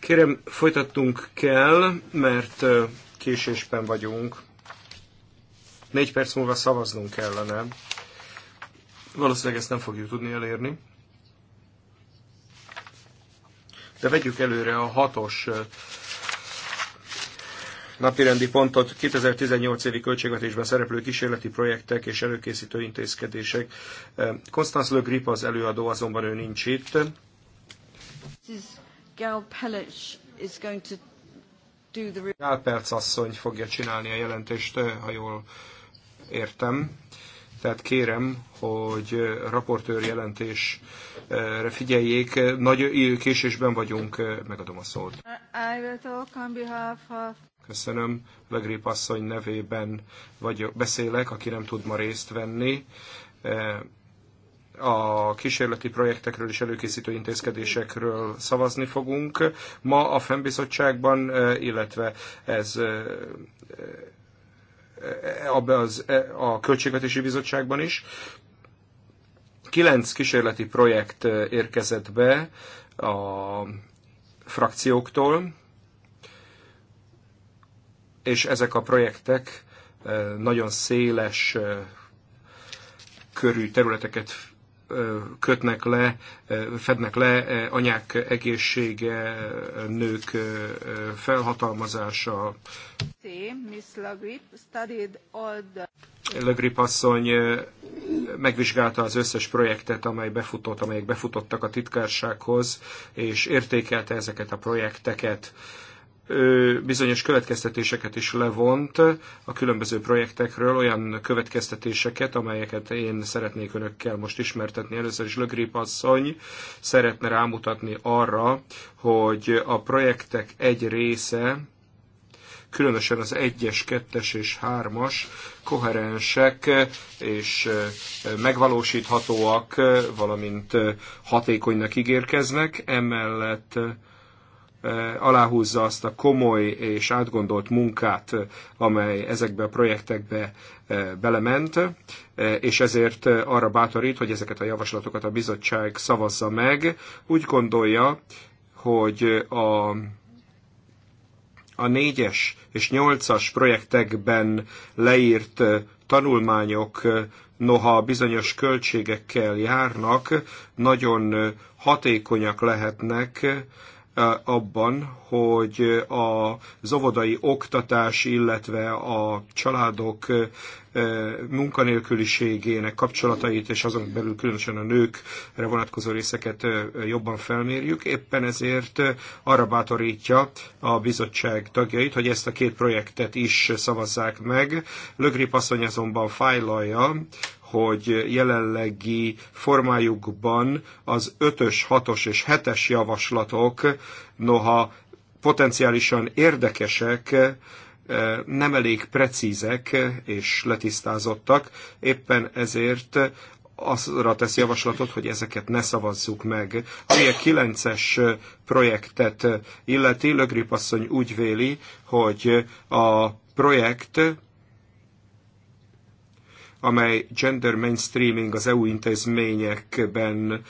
Kérem, folytatunk kell, mert késésben vagyunk. Négy perc múlva szavaznunk kellene. Valószínűleg ezt nem fogjuk tudni elérni. De vegyük előre a hatos napirendi pontot 2018 évi költségvetésben szereplő kísérleti projektek és előkészítő intézkedések. Konstanz eh, Le Grip az előadó, azonban ő nincs itt. Gál Perc asszony fogja csinálni a jelentést, eh, ha jól értem. Tehát kérem, hogy eh, raportőr jelentésre figyeljék. Nagy késésben vagyunk, megadom a szót. I will talk on behalf of Köszönöm. Legrép asszony nevében vagyok, beszélek, aki nem tud ma részt venni. Eh, a kísérleti projektekről és előkészítő intézkedésekről szavazni fogunk. Ma a fennbizottságban, eh, illetve ez eh, a Költségvetési Bizottságban is. Kilenc kísérleti projekt érkezett be a frakcióktól, és ezek a projektek nagyon széles körű területeket kötnek le, fednek le, anyák egészsége, nők felhatalmazása. Le Grip asszony megvizsgálta az összes projektet, amely befutott, amelyek befutottak a titkársághoz, és értékelte ezeket a projekteket bizonyos következtetéseket is levont a különböző projektekről, olyan következtetéseket, amelyeket én szeretnék önökkel most ismertetni. Először is Lögrip asszony szeretne rámutatni arra, hogy a projektek egy része, különösen az 1-es, 2-es és 3-as koherensek és megvalósíthatóak, valamint hatékonynak ígérkeznek, emellett aláhúzza azt a komoly és átgondolt munkát, amely ezekbe a projektekbe belement, és ezért arra bátorít, hogy ezeket a javaslatokat a bizottság szavazza meg. Úgy gondolja, hogy a a négyes és nyolcas projektekben leírt tanulmányok noha bizonyos költségekkel járnak, nagyon hatékonyak lehetnek abban, hogy a zavodai oktatás, illetve a családok munkanélküliségének kapcsolatait, és azon belül különösen a nőkre vonatkozó részeket jobban felmérjük. Éppen ezért arra bátorítja a bizottság tagjait, hogy ezt a két projektet is szavazzák meg. Lögrip asszony azonban fájlalja, hogy jelenlegi formájukban az 5-ös, 6-os és 7-es javaslatok, noha potenciálisan érdekesek, eh, nem elég precízek és letisztázottak, éppen ezért azra tesz javaslatot, hogy ezeket ne szavazzuk meg. Ami a 9-es projektet illeti, Lögrip asszony úgy véli, hogy a projekt amely gender mainstreaming az EU intézményekben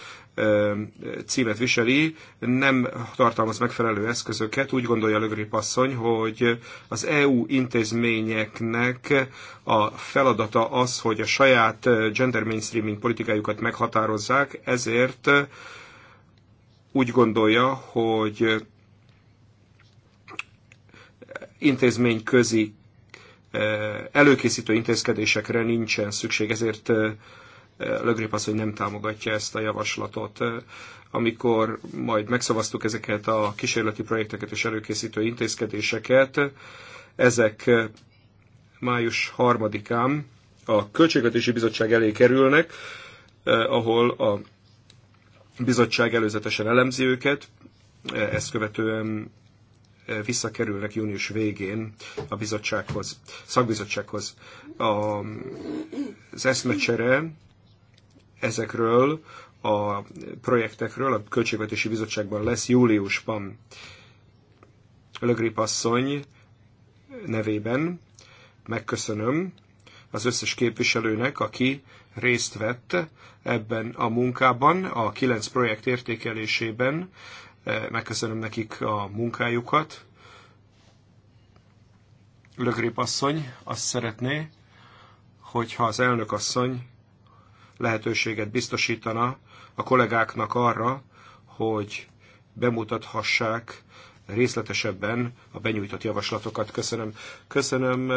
címet viseli, nem tartalmaz megfelelő eszközöket. Úgy gondolja Lögrip Passzony, hogy az EU intézményeknek a feladata az, hogy a saját gender mainstreaming politikájukat meghatározzák, ezért úgy gondolja, hogy intézményközi előkészítő intézkedésekre nincsen szükség, ezért Lögrép az, hogy nem támogatja ezt a javaslatot. Amikor majd megszavaztuk ezeket a kísérleti projekteket és előkészítő intézkedéseket, ezek május 3-án a Költségvetési Bizottság elé kerülnek, ahol a bizottság előzetesen elemzi őket, ezt követően visszakerülnek június végén a bizottsághoz, szakbizottsághoz. A, az eszmecsere ezekről a projektekről a Költségvetési Bizottságban lesz júliusban. Lögrip asszony nevében megköszönöm az összes képviselőnek, aki részt vett ebben a munkában, a kilenc projekt értékelésében, megköszönöm nekik a munkájukat. Lögrép asszony azt szeretné, hogyha az elnök asszony lehetőséget biztosítana a kollégáknak arra, hogy bemutathassák részletesebben a benyújtott javaslatokat. Köszönöm, Köszönöm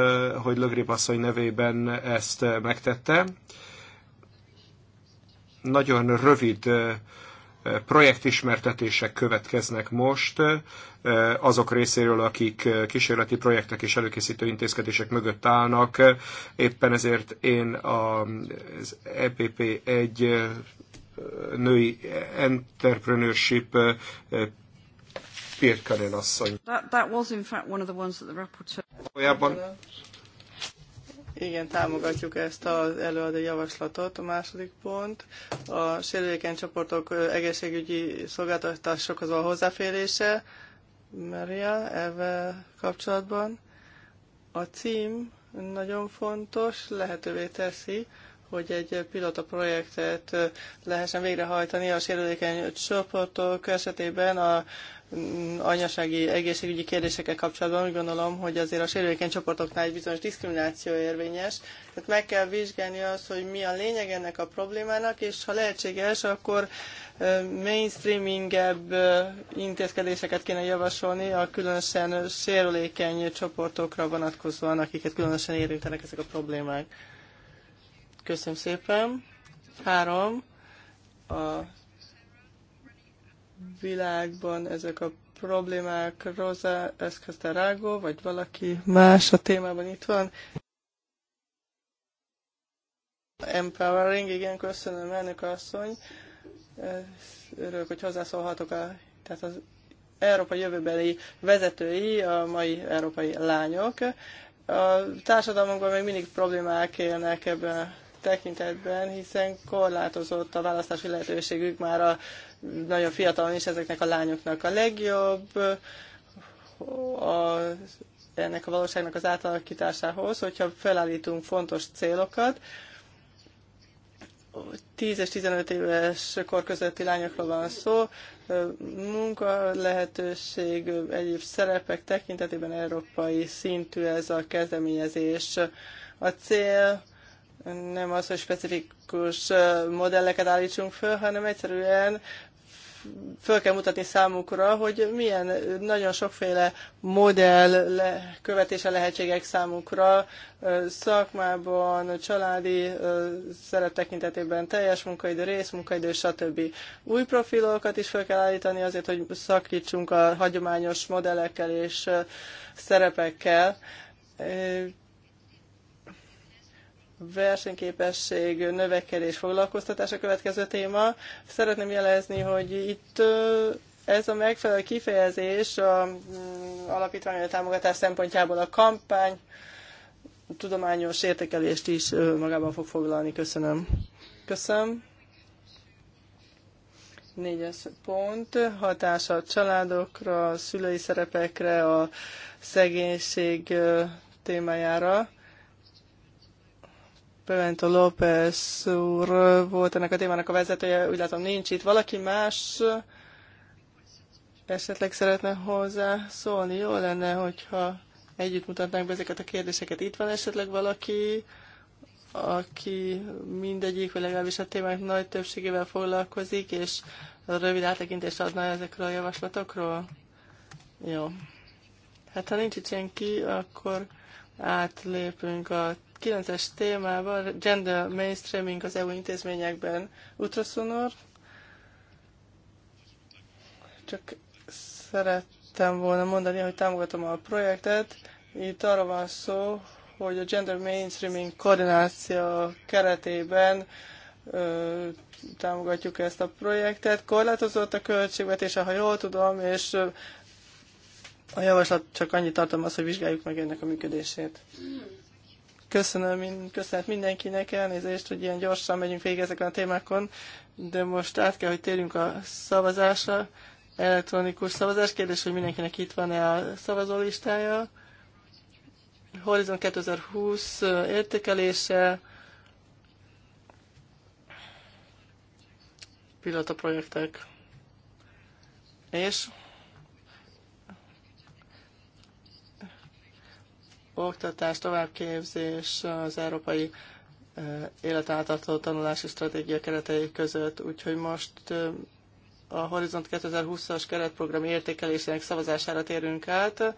hogy Lögrép asszony nevében ezt megtette. Nagyon rövid projektismertetések következnek most eh, azok részéről, akik eh, kísérleti projektek és előkészítő intézkedések mögött állnak. Eh, éppen ezért én az EPP egy női entrepreneurship Pirkanen asszony. That, that was in fact one of the ones that the rapporteur... Igen, támogatjuk ezt az előadó javaslatot. A második pont a sérülékeny csoportok egészségügyi szolgáltatásokhoz való hozzáférése. Maria, ezzel kapcsolatban a cím nagyon fontos, lehetővé teszi, hogy egy pilota projektet lehessen végrehajtani a sérülékeny csoportok esetében a anyasági egészségügyi kérdésekkel kapcsolatban úgy gondolom, hogy azért a sérülékeny csoportoknál egy bizonyos diszkrimináció érvényes. Tehát meg kell vizsgálni azt, hogy mi a lényeg ennek a problémának, és ha lehetséges, akkor mainstreamingebb intézkedéseket kéne javasolni a különösen sérülékeny csoportokra vonatkozóan, akiket különösen érintenek ezek a problémák. Köszönöm szépen. Három. A világban ezek a problémák, Rosa Eszkeszterágó, vagy valaki más a témában itt van. Empowering, igen, köszönöm, elnök asszony. Örülök, hogy hozzászólhatok a, tehát az Európa jövőbeli vezetői, a mai európai lányok. A társadalmunkban még mindig problémák élnek ebben a tekintetben, hiszen korlátozott a választási lehetőségük már a nagyon fiatalon is ezeknek a lányoknak a legjobb a, ennek a valóságnak az átalakításához, hogyha felállítunk fontos célokat, 10 és 15 éves kor közötti lányokról van szó, munka lehetőség, egyéb szerepek tekintetében európai szintű ez a kezdeményezés. A cél nem az, hogy specifikus modelleket állítsunk föl, hanem egyszerűen föl kell mutatni számukra, hogy milyen nagyon sokféle modell le, követése lehetségek számukra szakmában, családi szerep tekintetében teljes munkaidő, részmunkaidő, stb. Új profilokat is fel kell állítani azért, hogy szakítsunk a hagyományos modellekkel és szerepekkel versenyképesség, növekedés, foglalkoztatás a következő téma. Szeretném jelezni, hogy itt ez a megfelelő kifejezés a mm, alapítványi támogatás szempontjából a kampány tudományos értékelést is magában fog foglalni. Köszönöm. Köszönöm. Négyes pont, hatása a családokra, a szülői szerepekre, a szegénység témájára. Pimento López úr volt ennek a témának a vezetője, úgy látom nincs itt. Valaki más esetleg szeretne hozzá szólni? Jó lenne, hogyha együtt mutatnánk be ezeket a kérdéseket. Itt van esetleg valaki, aki mindegyik, vagy legalábbis a témák nagy többségével foglalkozik, és a rövid áttekintést adna ezekről a javaslatokról? Jó. Hát ha nincs itt senki, akkor átlépünk a 9-es témával, gender mainstreaming az EU intézményekben. Ultraszonor, csak szerettem volna mondani, hogy támogatom a projektet. Itt arra van szó, hogy a gender mainstreaming koordináció keretében ö, támogatjuk ezt a projektet. Korlátozott a költségvetése, ha jól tudom, és a javaslat csak annyit tartalmaz, hogy vizsgáljuk meg ennek a működését. Köszönöm, köszönet mindenkinek, elnézést, hogy ilyen gyorsan megyünk végig ezeken a témákon, de most át kell, hogy térjünk a szavazásra. Elektronikus szavazás. Kérdés, hogy mindenkinek itt van-e a szavazólistája. Horizon 2020 értékelése. Pilota projektek. És oktatás, továbbképzés az európai eh, életáltató tanulási stratégia keretei között. Úgyhogy most eh, a Horizont 2020-as keretprogram értékelésének szavazására térünk át.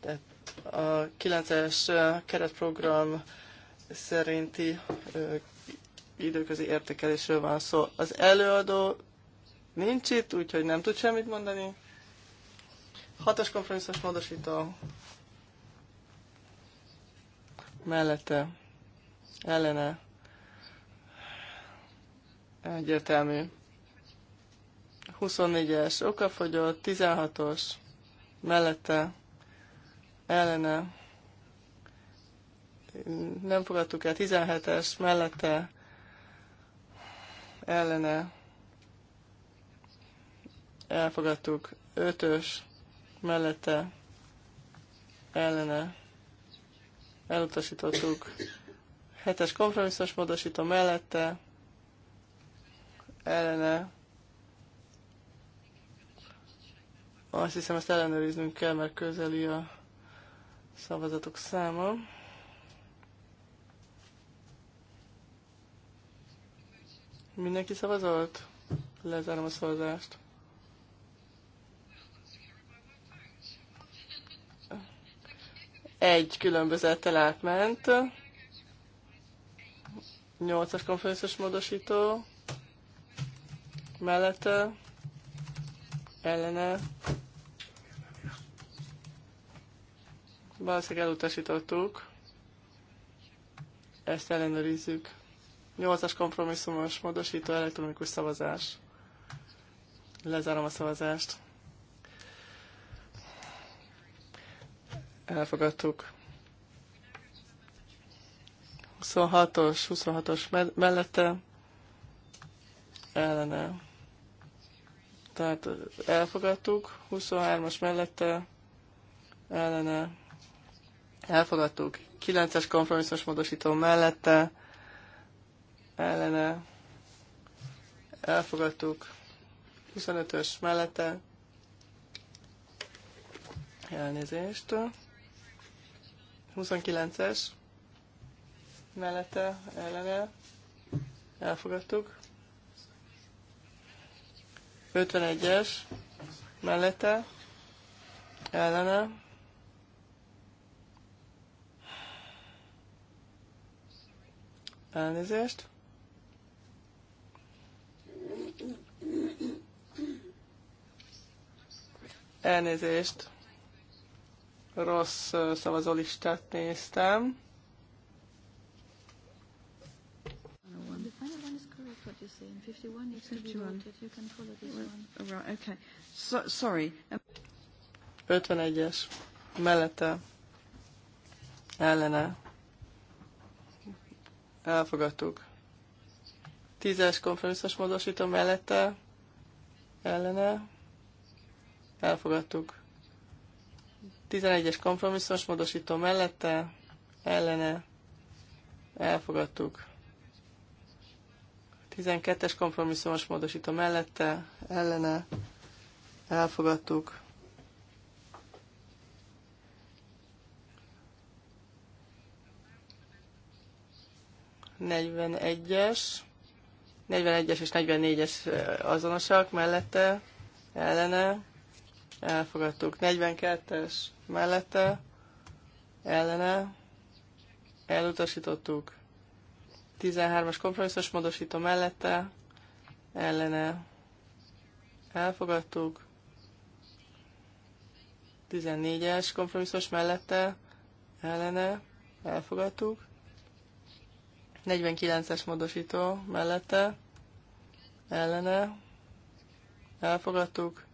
Tehát a 9-es eh, keretprogram szerinti időközi értékelésről van szó. Az előadó nincs itt, úgyhogy nem tud semmit mondani. Hatos kompromisszos módosító mellette ellene egyértelmű. 24-es okafogyott, 16-os mellette ellene nem fogadtuk el 17-es mellette ellene elfogadtuk 5-ös mellette ellene elutasítottuk. Hetes kompromisszos módosító mellette, ellene, azt hiszem ezt ellenőriznünk kell, mert közeli a szavazatok száma. Mindenki szavazott? Lezárom a szavazást. egy különbözettel átment. 8-as konferenciós módosító mellette ellene valószínűleg elutasítottuk. Ezt ellenőrizzük. 8-as kompromisszumos módosító elektronikus szavazás. Lezárom a szavazást. elfogadtuk. 26-os, 26-os mellette ellene. Tehát elfogadtuk, 23-as mellette ellene. Elfogadtuk, 9-es kompromisszos módosító mellette ellene. Elfogadtuk, 25-ös mellette elnézést. 29-es mellette ellene elfogadtuk. 51-es mellette ellene elnézést rossz szavazólistát néztem. Sorry. 51-es. Mellette. Ellene. Elfogadtuk. 10-es konferenciás módosító mellette. Ellene. Elfogadtuk. 11-es kompromisszumos módosító mellette ellene elfogadtuk. 12-es kompromisszumos módosító mellette ellene elfogadtuk. 41-es, 41-es és 44-es eh, azonosak mellette, ellene, elfogadtuk. 42-es mellette, ellene, elutasítottuk. 13-as kompromisszos módosító mellette, ellene, elfogadtuk. 14-es kompromisszos mellette, ellene, elfogadtuk. 49-es módosító mellette, ellene, elfogadtuk.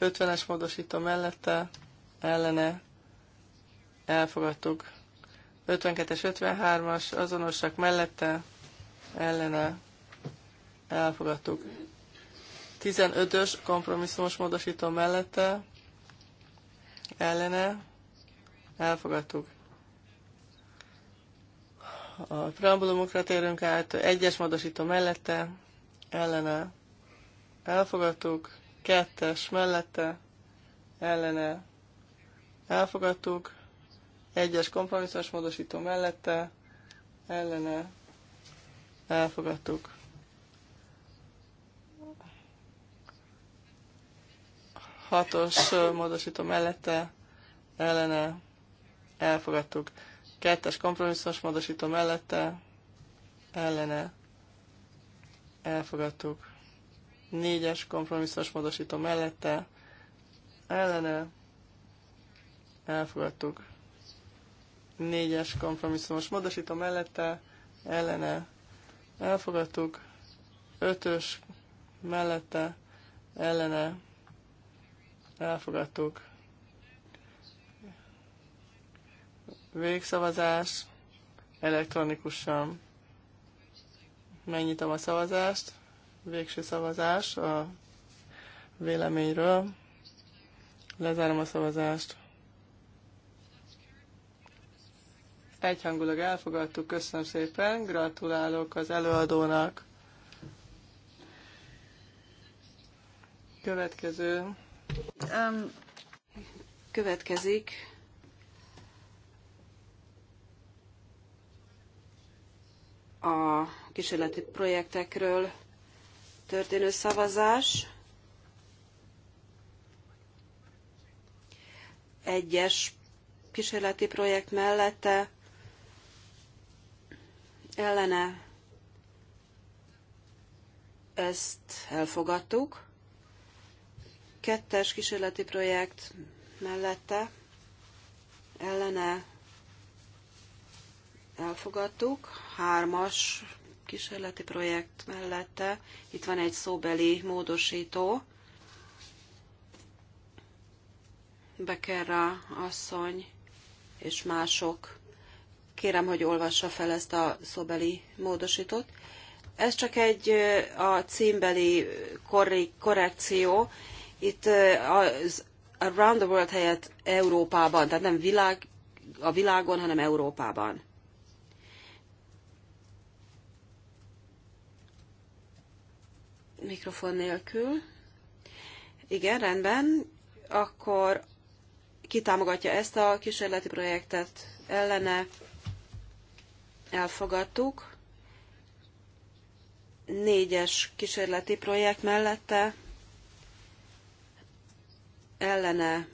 50-es módosító mellette ellene elfogadtuk. 52-es, 53-as azonosak mellette ellene elfogadtuk. 15-ös kompromisszumos módosító mellette ellene elfogadtuk. A preambulumokra térünk át, egyes módosító mellette ellene elfogadtuk. Kettes mellette ellene elfogadtuk. Egyes kompromisszumos módosító mellette ellene elfogadtuk. Hatos módosító mellette ellene elfogadtuk. Kettes kompromisszumos módosító mellette ellene elfogadtuk. Négyes kompromisszos módosító mellette ellene elfogadtuk. Négyes kompromisszumos módosító mellette ellene elfogadtuk. Ötös mellette ellene elfogadtuk. Végszavazás elektronikusan. Megnyitom a szavazást. Végső szavazás a véleményről. Lezárom a szavazást. Egyhangulag elfogadtuk, köszönöm szépen, gratulálok az előadónak. Következő. Um, következik. A kísérleti projektekről történő szavazás. Egyes kísérleti projekt mellette ellene ezt elfogadtuk. Kettes kísérleti projekt mellette ellene elfogadtuk. Hármas kísérleti projekt mellette. Itt van egy szóbeli módosító. Bekerra asszony és mások. Kérem, hogy olvassa fel ezt a szóbeli módosítót. Ez csak egy a címbeli korrekció. Itt az Around the World helyett Európában, tehát nem világ, a világon, hanem Európában. mikrofon nélkül. Igen, rendben. Akkor ki támogatja ezt a kísérleti projektet ellene? Elfogadtuk. Négyes kísérleti projekt mellette ellene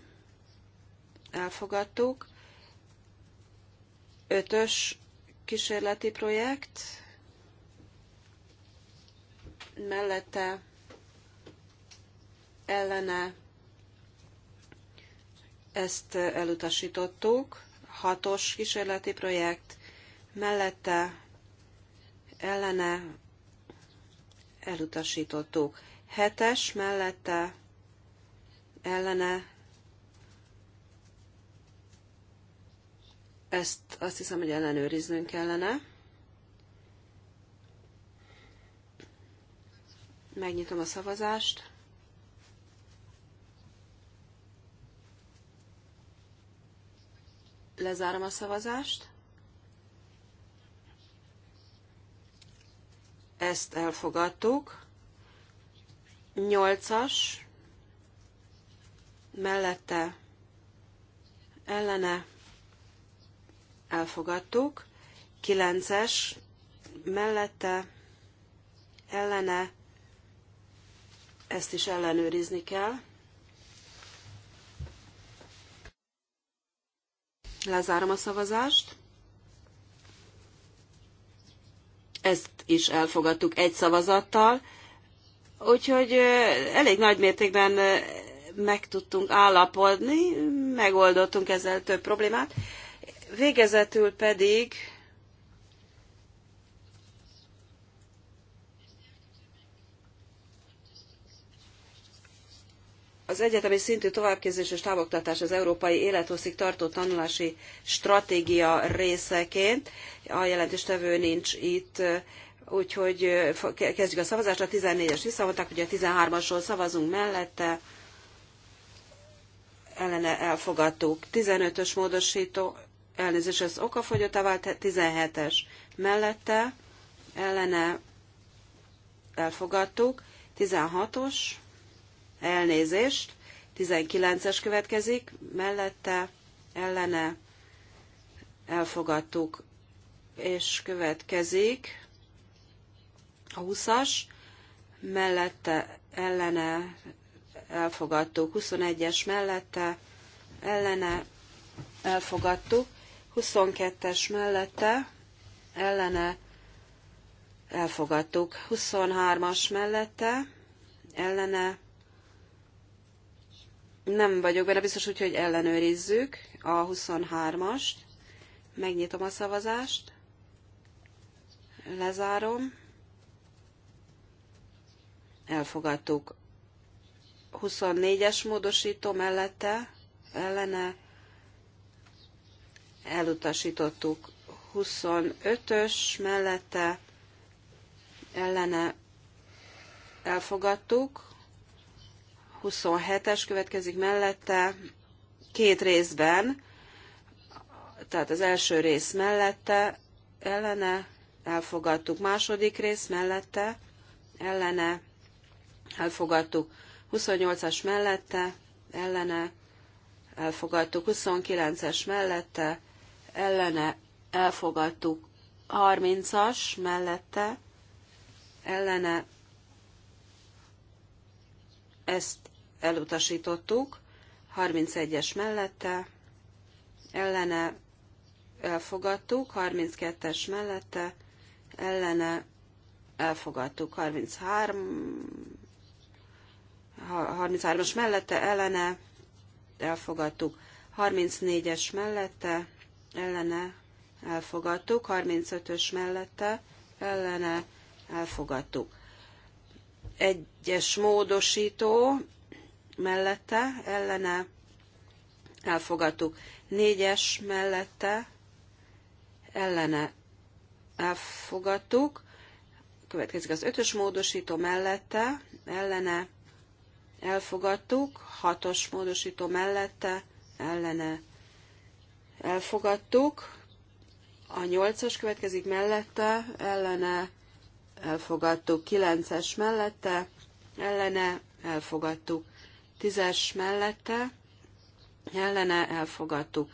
elfogadtuk. Ötös kísérleti projekt mellette ellene ezt elutasítottuk, hatos kísérleti projekt, mellette ellene elutasítottuk, hetes mellette ellene ezt azt hiszem, hogy ellenőriznünk kellene. Megnyitom a szavazást. Lezárom a szavazást. Ezt elfogadtuk. nyolcas. mellette ellene elfogadtuk, kilences. mellette ellene ezt is ellenőrizni kell. Lezárom a szavazást. Ezt is elfogadtuk egy szavazattal, úgyhogy elég nagy mértékben meg tudtunk állapodni, megoldottunk ezzel több problémát. Végezetül pedig az egyetemi szintű továbbképzés és távoktatás az európai élethosszig tartó tanulási stratégia részeként. A jelentéstevő nincs itt, úgyhogy kezdjük a szavazást. A 14-es visszavonták, ugye a 13-asról szavazunk mellette. Ellene elfogadtuk. 15-ös módosító, elnézést, ez okafogyottá vált, 17-es hát mellette. Ellene elfogadtuk. 16-os elnézést, 19-es következik, mellette, ellene, elfogadtuk, és következik a 20-as, mellette, ellene, elfogadtuk, 21-es mellette, ellene, elfogadtuk, 22-es mellette, ellene, elfogadtuk, 23-as mellette, ellene, elfogadtuk. Nem vagyok benne biztos, úgyhogy ellenőrizzük a 23-ast. Megnyitom a szavazást. Lezárom. Elfogadtuk. 24-es módosító mellette, ellene elutasítottuk. 25-ös mellette, ellene elfogadtuk. 27-es következik mellette, két részben, tehát az első rész mellette, ellene, elfogadtuk, második rész mellette, ellene, elfogadtuk, 28-as mellette, ellene, elfogadtuk, 29-es mellette, ellene, elfogadtuk, 30-as mellette, ellene, ezt elutasítottuk, 31-es mellette, ellene elfogadtuk, 32-es mellette, ellene elfogadtuk, 33 33-as mellette, ellene elfogadtuk, 34-es mellette, ellene elfogadtuk, 35-ös mellette, ellene elfogadtuk. Egyes módosító mellette, ellene elfogadtuk. Négyes mellette, ellene elfogadtuk. Következik az ötös módosító mellette, ellene elfogadtuk. Hatos módosító mellette, ellene elfogadtuk. A nyolcas következik mellette, ellene elfogadtuk. Kilences mellette, ellene elfogadtuk. Tízes mellette ellene elfogadtuk.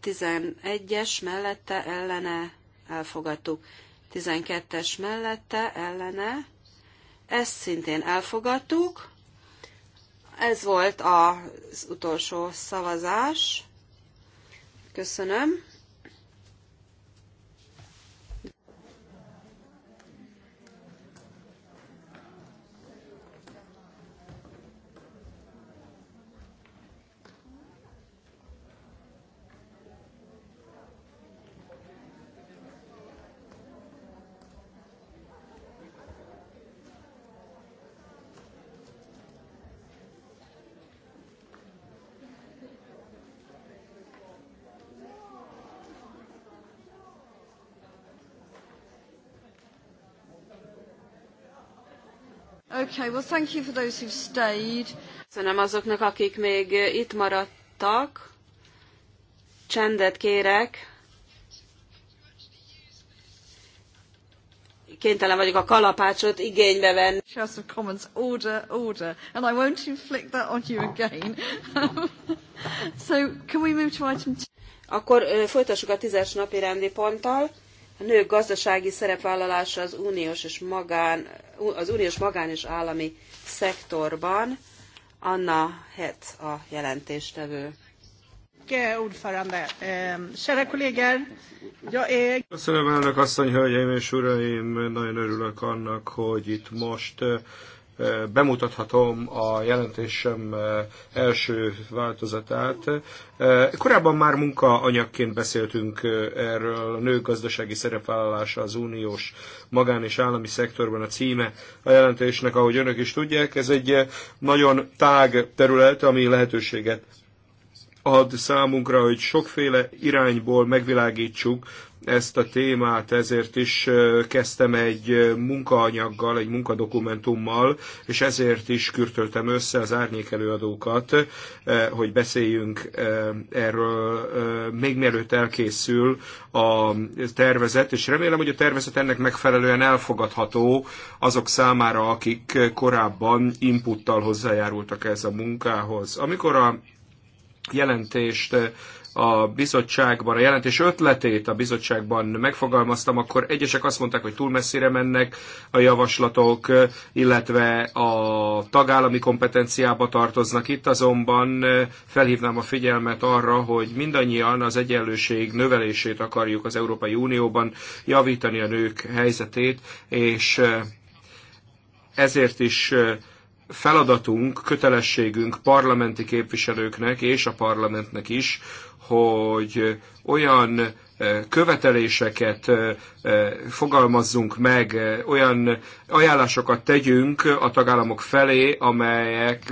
Tizenegyes mellette ellene elfogadtuk. Tizenkettes mellette ellene. Ezt szintén elfogadtuk. Ez volt az utolsó szavazás. Köszönöm. Okay, well thank you for those who've stayed. Köszönöm azoknak, akik még itt maradtak. Csendet kérek. kénytelen vagyok a kalapácsot igénybe venni. House of Commons, order, order, and I won't inflict that on you again. so, can we move to item two? Akkor folytassuk a tízes napi rendi ponttal. A nők gazdasági szerepvállalása az uniós és magán, az uniós magán és állami szektorban. Anna Het a jelentéstevő. Köszönöm elnök asszony, hölgyeim és uraim, nagyon örülök annak, hogy itt most bemutathatom a jelentésem első változatát. Korábban már munkaanyagként beszéltünk erről, a nők gazdasági szerepvállalása az uniós magán és állami szektorban a címe a jelentésnek, ahogy önök is tudják. Ez egy nagyon tág terület, ami lehetőséget ad számunkra, hogy sokféle irányból megvilágítsuk ezt a témát, ezért is kezdtem egy munkaanyaggal, egy munkadokumentummal, és ezért is kürtöltem össze az árnyékelőadókat, hogy beszéljünk erről még mielőtt elkészül a tervezet, és remélem, hogy a tervezet ennek megfelelően elfogadható azok számára, akik korábban inputtal hozzájárultak ez a munkához. Amikor a jelentést a bizottságban, a jelentés ötletét a bizottságban megfogalmaztam, akkor egyesek azt mondták, hogy túl messzire mennek a javaslatok, illetve a tagállami kompetenciába tartoznak. Itt azonban felhívnám a figyelmet arra, hogy mindannyian az egyenlőség növelését akarjuk az Európai Unióban, javítani a nők helyzetét, és ezért is feladatunk, kötelességünk parlamenti képviselőknek és a parlamentnek is, hogy olyan eh, követeléseket eh, eh, fogalmazzunk meg, olyan ajánlásokat tegyünk a tagállamok felé, amelyek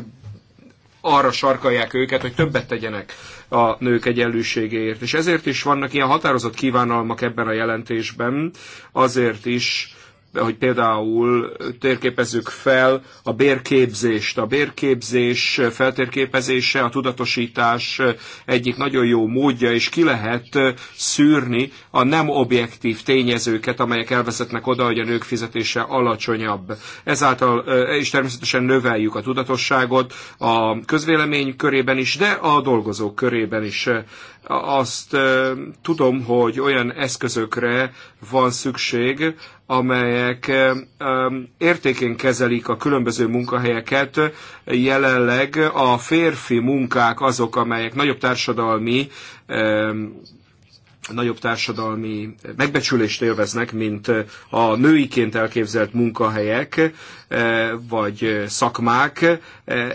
arra sarkalják őket, hogy többet tegyenek a nők egyenlőségéért. És ezért is vannak ilyen határozott kívánalmak ebben a jelentésben, azért is, hogy például térképezzük fel a bérképzést. A bérképzés feltérképezése, a tudatosítás egyik nagyon jó módja, és ki lehet szűrni a nem objektív tényezőket, amelyek elvezetnek oda, hogy a nők fizetése alacsonyabb. Ezáltal és természetesen növeljük a tudatosságot a közvélemény körében is, de a dolgozók körében is azt tudom, hogy olyan eszközökre van szükség, amelyek értékén kezelik a különböző munkahelyeket. Jelenleg a férfi munkák azok, amelyek nagyobb társadalmi nagyobb társadalmi megbecsülést élveznek, mint a nőiként elképzelt munkahelyek, E, vagy szakmák. E,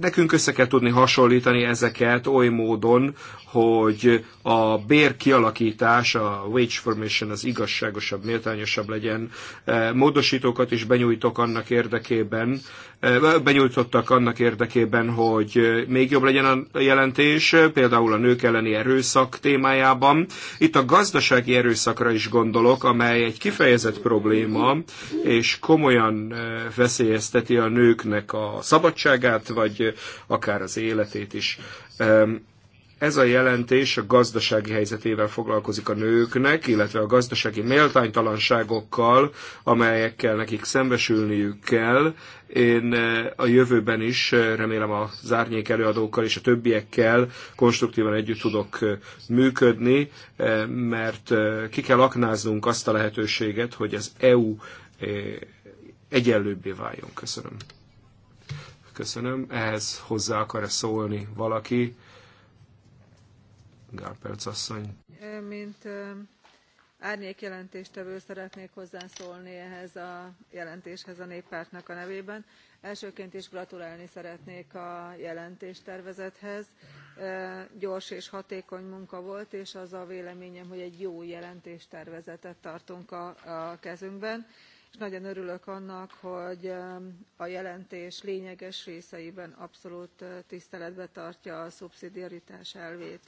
nekünk össze kell tudni hasonlítani ezeket oly módon, hogy a bér kialakítás, a wage formation az igazságosabb, méltányosabb legyen. E, módosítókat is benyújtok annak érdekében, benyújtottak annak érdekében, hogy még jobb legyen a jelentés, például a nők elleni erőszak témájában. Itt a gazdasági erőszakra is gondolok, amely egy kifejezett probléma, és komolyan veszélyezteti a nőknek a szabadságát, vagy akár az életét is. Ez a jelentés a gazdasági helyzetével foglalkozik a nőknek, illetve a gazdasági méltánytalanságokkal, amelyekkel nekik szembesülniük kell. Én eh, a jövőben is eh, remélem a zárnyék előadókkal és a többiekkel konstruktívan együtt tudok eh, működni, mert ki kell aknáznunk azt a lehetőséget, hogy az EU egyenlőbbé váljon. Köszönöm. Köszönöm. Ehhez hozzá akar -e szólni valaki? Gárperc asszony. Mint árnyék jelentéstevő szeretnék hozzászólni ehhez a jelentéshez a néppártnak a nevében. elsőként is gratulálni szeretnék a jelentéstervezethez gyors és hatékony munka volt és az a véleményem hogy egy jó jelentéstervezetet tartunk a, a kezünkben nagyon örülök annak hogy a jelentés lényeges részeiben abszolút tiszteletben tartja a szubszidiaritás elvét.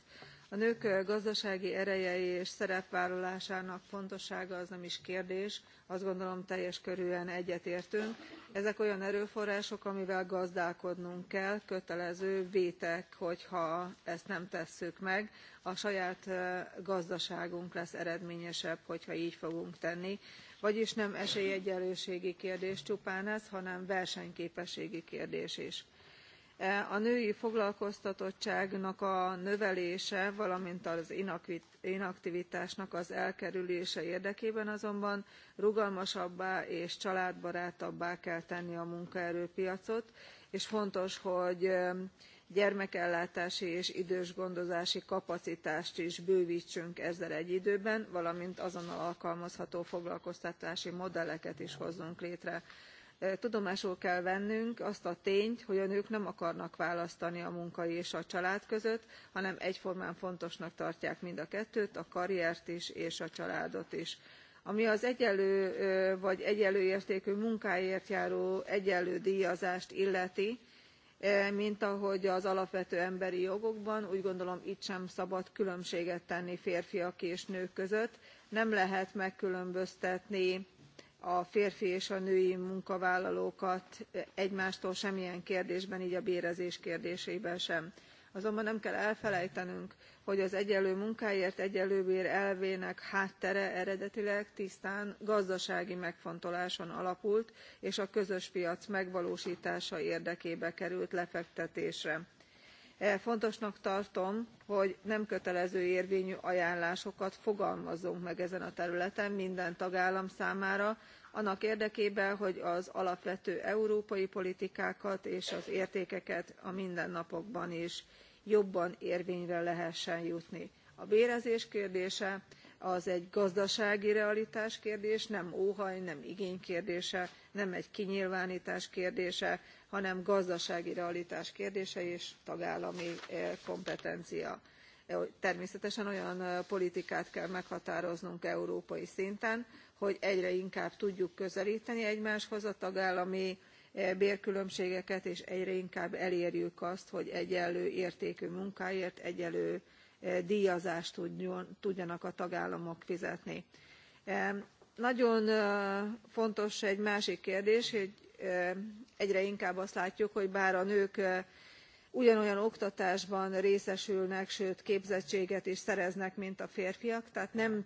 a nők gazdasági ereje és szerepvállalásának fontossága az nem is kérdés azt gondolom teljes körűen egyetértünk. ezek olyan erőforrások amivel gazdálkodnunk kell kötelező vétek hogyha ezt nem tesszük meg a saját gazdaságunk lesz eredményesebb hogyha gy fogunk tenni vagyis nem esélyegyenlőségi kérdés csupán ez hanem versenyképességi kérdés is. E, a női foglalkoztatottságnak a növelése valamint az inaktivitásnak az elkerülése érdekében azonban rugalmasabbá és családbarátabbá kell tenni a munkaerőpiacot és fontos hogy gyermekellátási és idősgondozási kapacitást is bővtsünk ezzel egy időben valamint azonnal alkalmazható foglalkoztatási modelleket is hozzunk létre. tudomásul kell vennünk azt a tényt hogy a nők nem akarnak választani a munka és a család között hanem egyformán fontosnak tartják mind a kettőt a karriert is és a családot is ami az egyenlő vagy egyenlő értékű munkáért járó egyenlő djazást illeti E, mint ahogy az alapvető emberi jogokban úgy gondolom itt sem szabad különbséget tenni férfiak és nők között nem lehet megkülönböztetni a férfi és a női munkavállalókat egymástól semmilyen kérdésben gy a bérezés kérdésében sem. azonban nem kell elfelejtenünk hogy az egyenlő munkáért egyenlő bér elvének háttere eredetileg tisztán gazdasági megfontoláson alapult és a közös piac megvalóstása érdekében került lefektetésre. E fontosnak tartom hogy nem kötelező érvényű ajánlásokat fogalmazzunk meg ezen a területen minden tagállam számára annak érdekében hogy az alapvető európai politikákat és az értékeket a mindennapokban is jobban érvényre lehessen jutni. a bérezés kérdése az egy gazdasági realitás kérdés nem óhaj nem igény kérdése nem egy kinyilvántás kérdése hanem gazdasági realitás kérdése és tagállami eh, kompetencia. Eh, természetesen olyan eh, politikát kell meghatároznunk európai szinten hogy egyre inkább tudjuk közelteni egymáshoz a tagállami E, bérkülönbségeket és egyre inkább elérjük azt hogy egyenlő értékű munkáért egyenlő e, djazást tudjanak a tagállamok fizetni. E, nagyon fontos egy másik kérdés hogy egyre inkább azt látjuk hogy bár a nők ugyanolyan oktatásban részesülnek sőt képzettséget is szereznek mint a férfiak tehát nem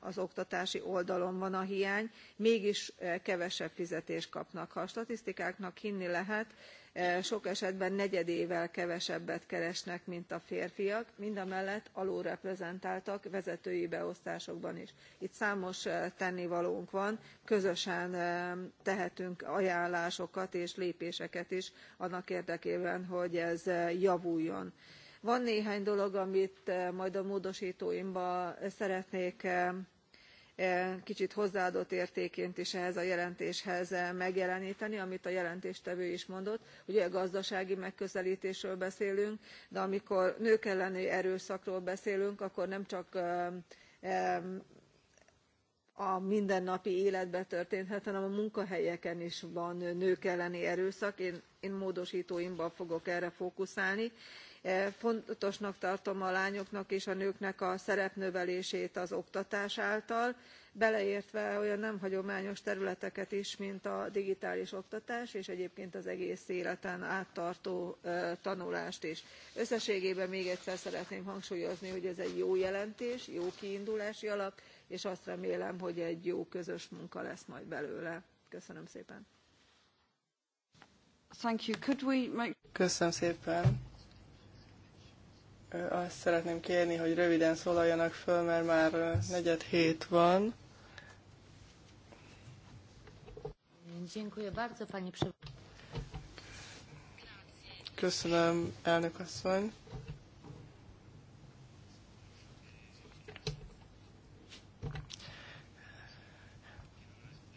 az oktatási oldalon van a hiány mégis kevesebb fizetést kapnak. ha a statisztikáknak hinni lehet sok esetben negyedével kevesebbet keresnek mint a férfiak mindamellett alulreprezentáltak vezetői beosztásokban is. itt számos tennivalónk van közösen tehetünk ajánlásokat és lépéseket is annak érdekében hogy ez javuljon van néhány dolog amit eh, majd a módostóimban szeretnék eh, eh, kicsit hozzáadott értékként is ehhez a jelentéshez megjelenteni amit a jelentéstevő is mondott ugye gazdasági megközeltésről beszélünk de amikor nők elleni erőszakról beszélünk akkor nem csak a mindennapi életben történhet hanem a munkahelyeken is van nők elleni erőszak én, módostóimban fogok erre fókuszálni E, fontosnak tartom a lányoknak és a nőknek a szerepnövelését az oktatás által beleértve olyan nem hagyományos területeket is mint a digitális oktatás és egyébként az egész életen át tartó e, tanulást is. összességében még egyszer szeretném hangsúlyozni hogy ez egy jó jelentés jó kiindulási alap és azt remélem hogy egy jó közös munka lesz majd belőle. köszönöm szépen! Köszönöm szépen! azt szeretném kérni, hogy röviden szólaljanak föl, mert már negyed hét van. Köszönöm, elnök asszony.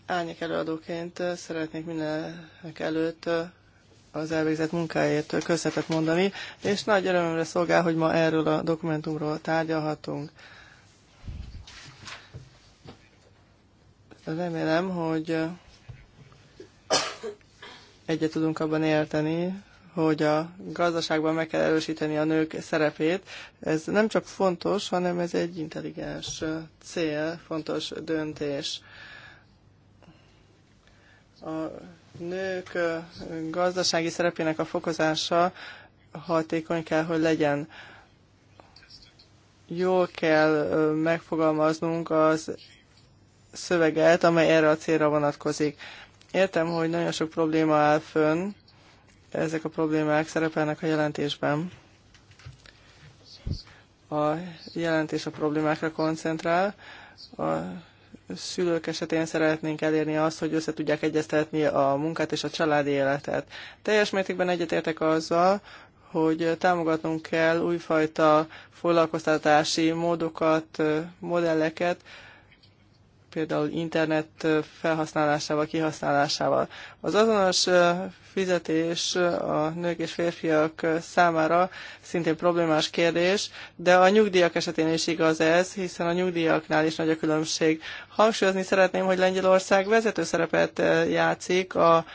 Árnyék előadóként szeretnék mindenek előtt az elvégzett munkáért köszönetet mondani, és nagy örömömre szolgál, hogy ma erről a dokumentumról tárgyalhatunk. Remélem, hogy egyet tudunk abban érteni, hogy a gazdaságban meg kell erősíteni a nők szerepét. Ez nem csak fontos, hanem ez egy intelligens cél, fontos döntés. A nők gazdasági szerepének a fokozása hatékony kell, hogy legyen. Jól kell megfogalmaznunk az szöveget, amely erre a célra vonatkozik. Értem, hogy nagyon sok probléma áll fönn, ezek a problémák szerepelnek a jelentésben. A jelentés a problémákra koncentrál, a szülők esetén szeretnénk elérni azt, hogy össze tudják egyeztetni a munkát és a családi életet. Teljes mértékben egyetértek azzal, hogy támogatnunk kell újfajta foglalkoztatási módokat, modelleket, például internet felhasználásával, kihasználásával. Az azonos fizetés a nők és férfiak számára szintén problémás kérdés, de a nyugdíjak esetén is igaz ez, hiszen a nyugdíjaknál is nagy a különbség. Hangsúlyozni szeretném, hogy Lengyelország vezető szerepet játszik a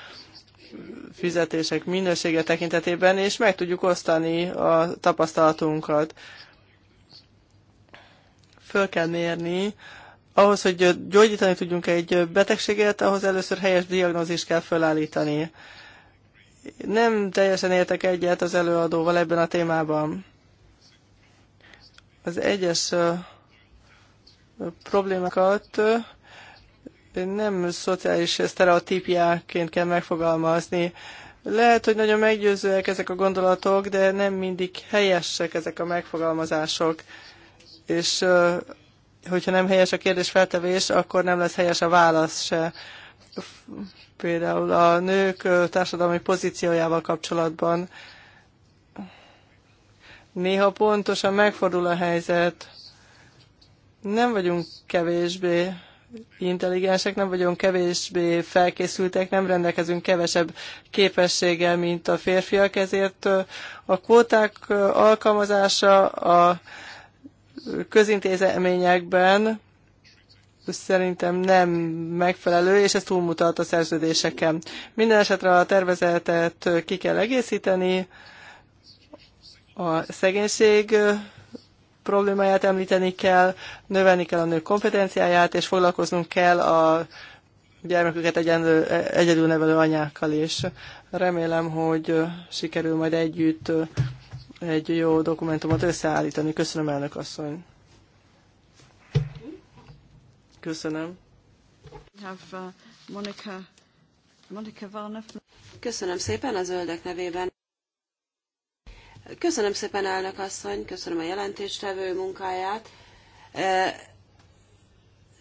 fizetések minősége tekintetében, és meg tudjuk osztani a tapasztalatunkat. Föl kell mérni ahhoz, hogy gyógyítani tudjunk egy betegséget, ahhoz először helyes diagnózist kell felállítani. Nem teljesen értek egyet az előadóval ebben a témában. Az egyes problémákat nem szociális sztereotípiáként kell megfogalmazni. Lehet, hogy nagyon meggyőzőek ezek a gondolatok, de nem mindig helyesek ezek a megfogalmazások. És hogyha nem helyes a kérdés feltevés, akkor nem lesz helyes a válasz se. Például a nők társadalmi pozíciójával kapcsolatban néha pontosan megfordul a helyzet. Nem vagyunk kevésbé intelligensek, nem vagyunk kevésbé felkészültek, nem rendelkezünk kevesebb képességgel, mint a férfiak, ezért a kvóták alkalmazása a közintézeményekben szerintem nem megfelelő, és ez túlmutat a szerződéseken. Minden esetre a tervezetet ki kell egészíteni, a szegénység problémáját említeni kell, növelni kell a nők kompetenciáját, és foglalkoznunk kell a gyermeküket egyenlő, egyedül nevelő anyákkal is. Remélem, hogy sikerül majd együtt egy jó dokumentumot összeállítani. Köszönöm, elnök asszony. Köszönöm. Köszönöm szépen a zöldek nevében. Köszönöm szépen, elnök asszony, köszönöm a jelentéstevő munkáját.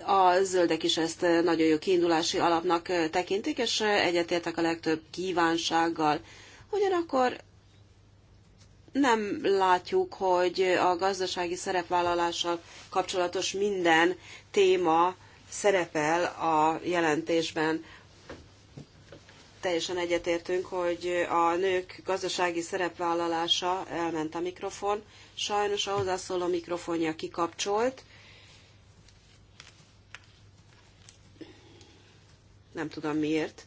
A zöldek is ezt nagyon jó kiindulási alapnak tekintik, és egyetértek a legtöbb kívánsággal. Ugyanakkor nem látjuk, hogy a gazdasági szerepvállalással kapcsolatos minden téma szerepel a jelentésben. Teljesen egyetértünk, hogy a nők gazdasági szerepvállalása elment a mikrofon. Sajnos a hozzászóló mikrofonja kikapcsolt. Nem tudom miért.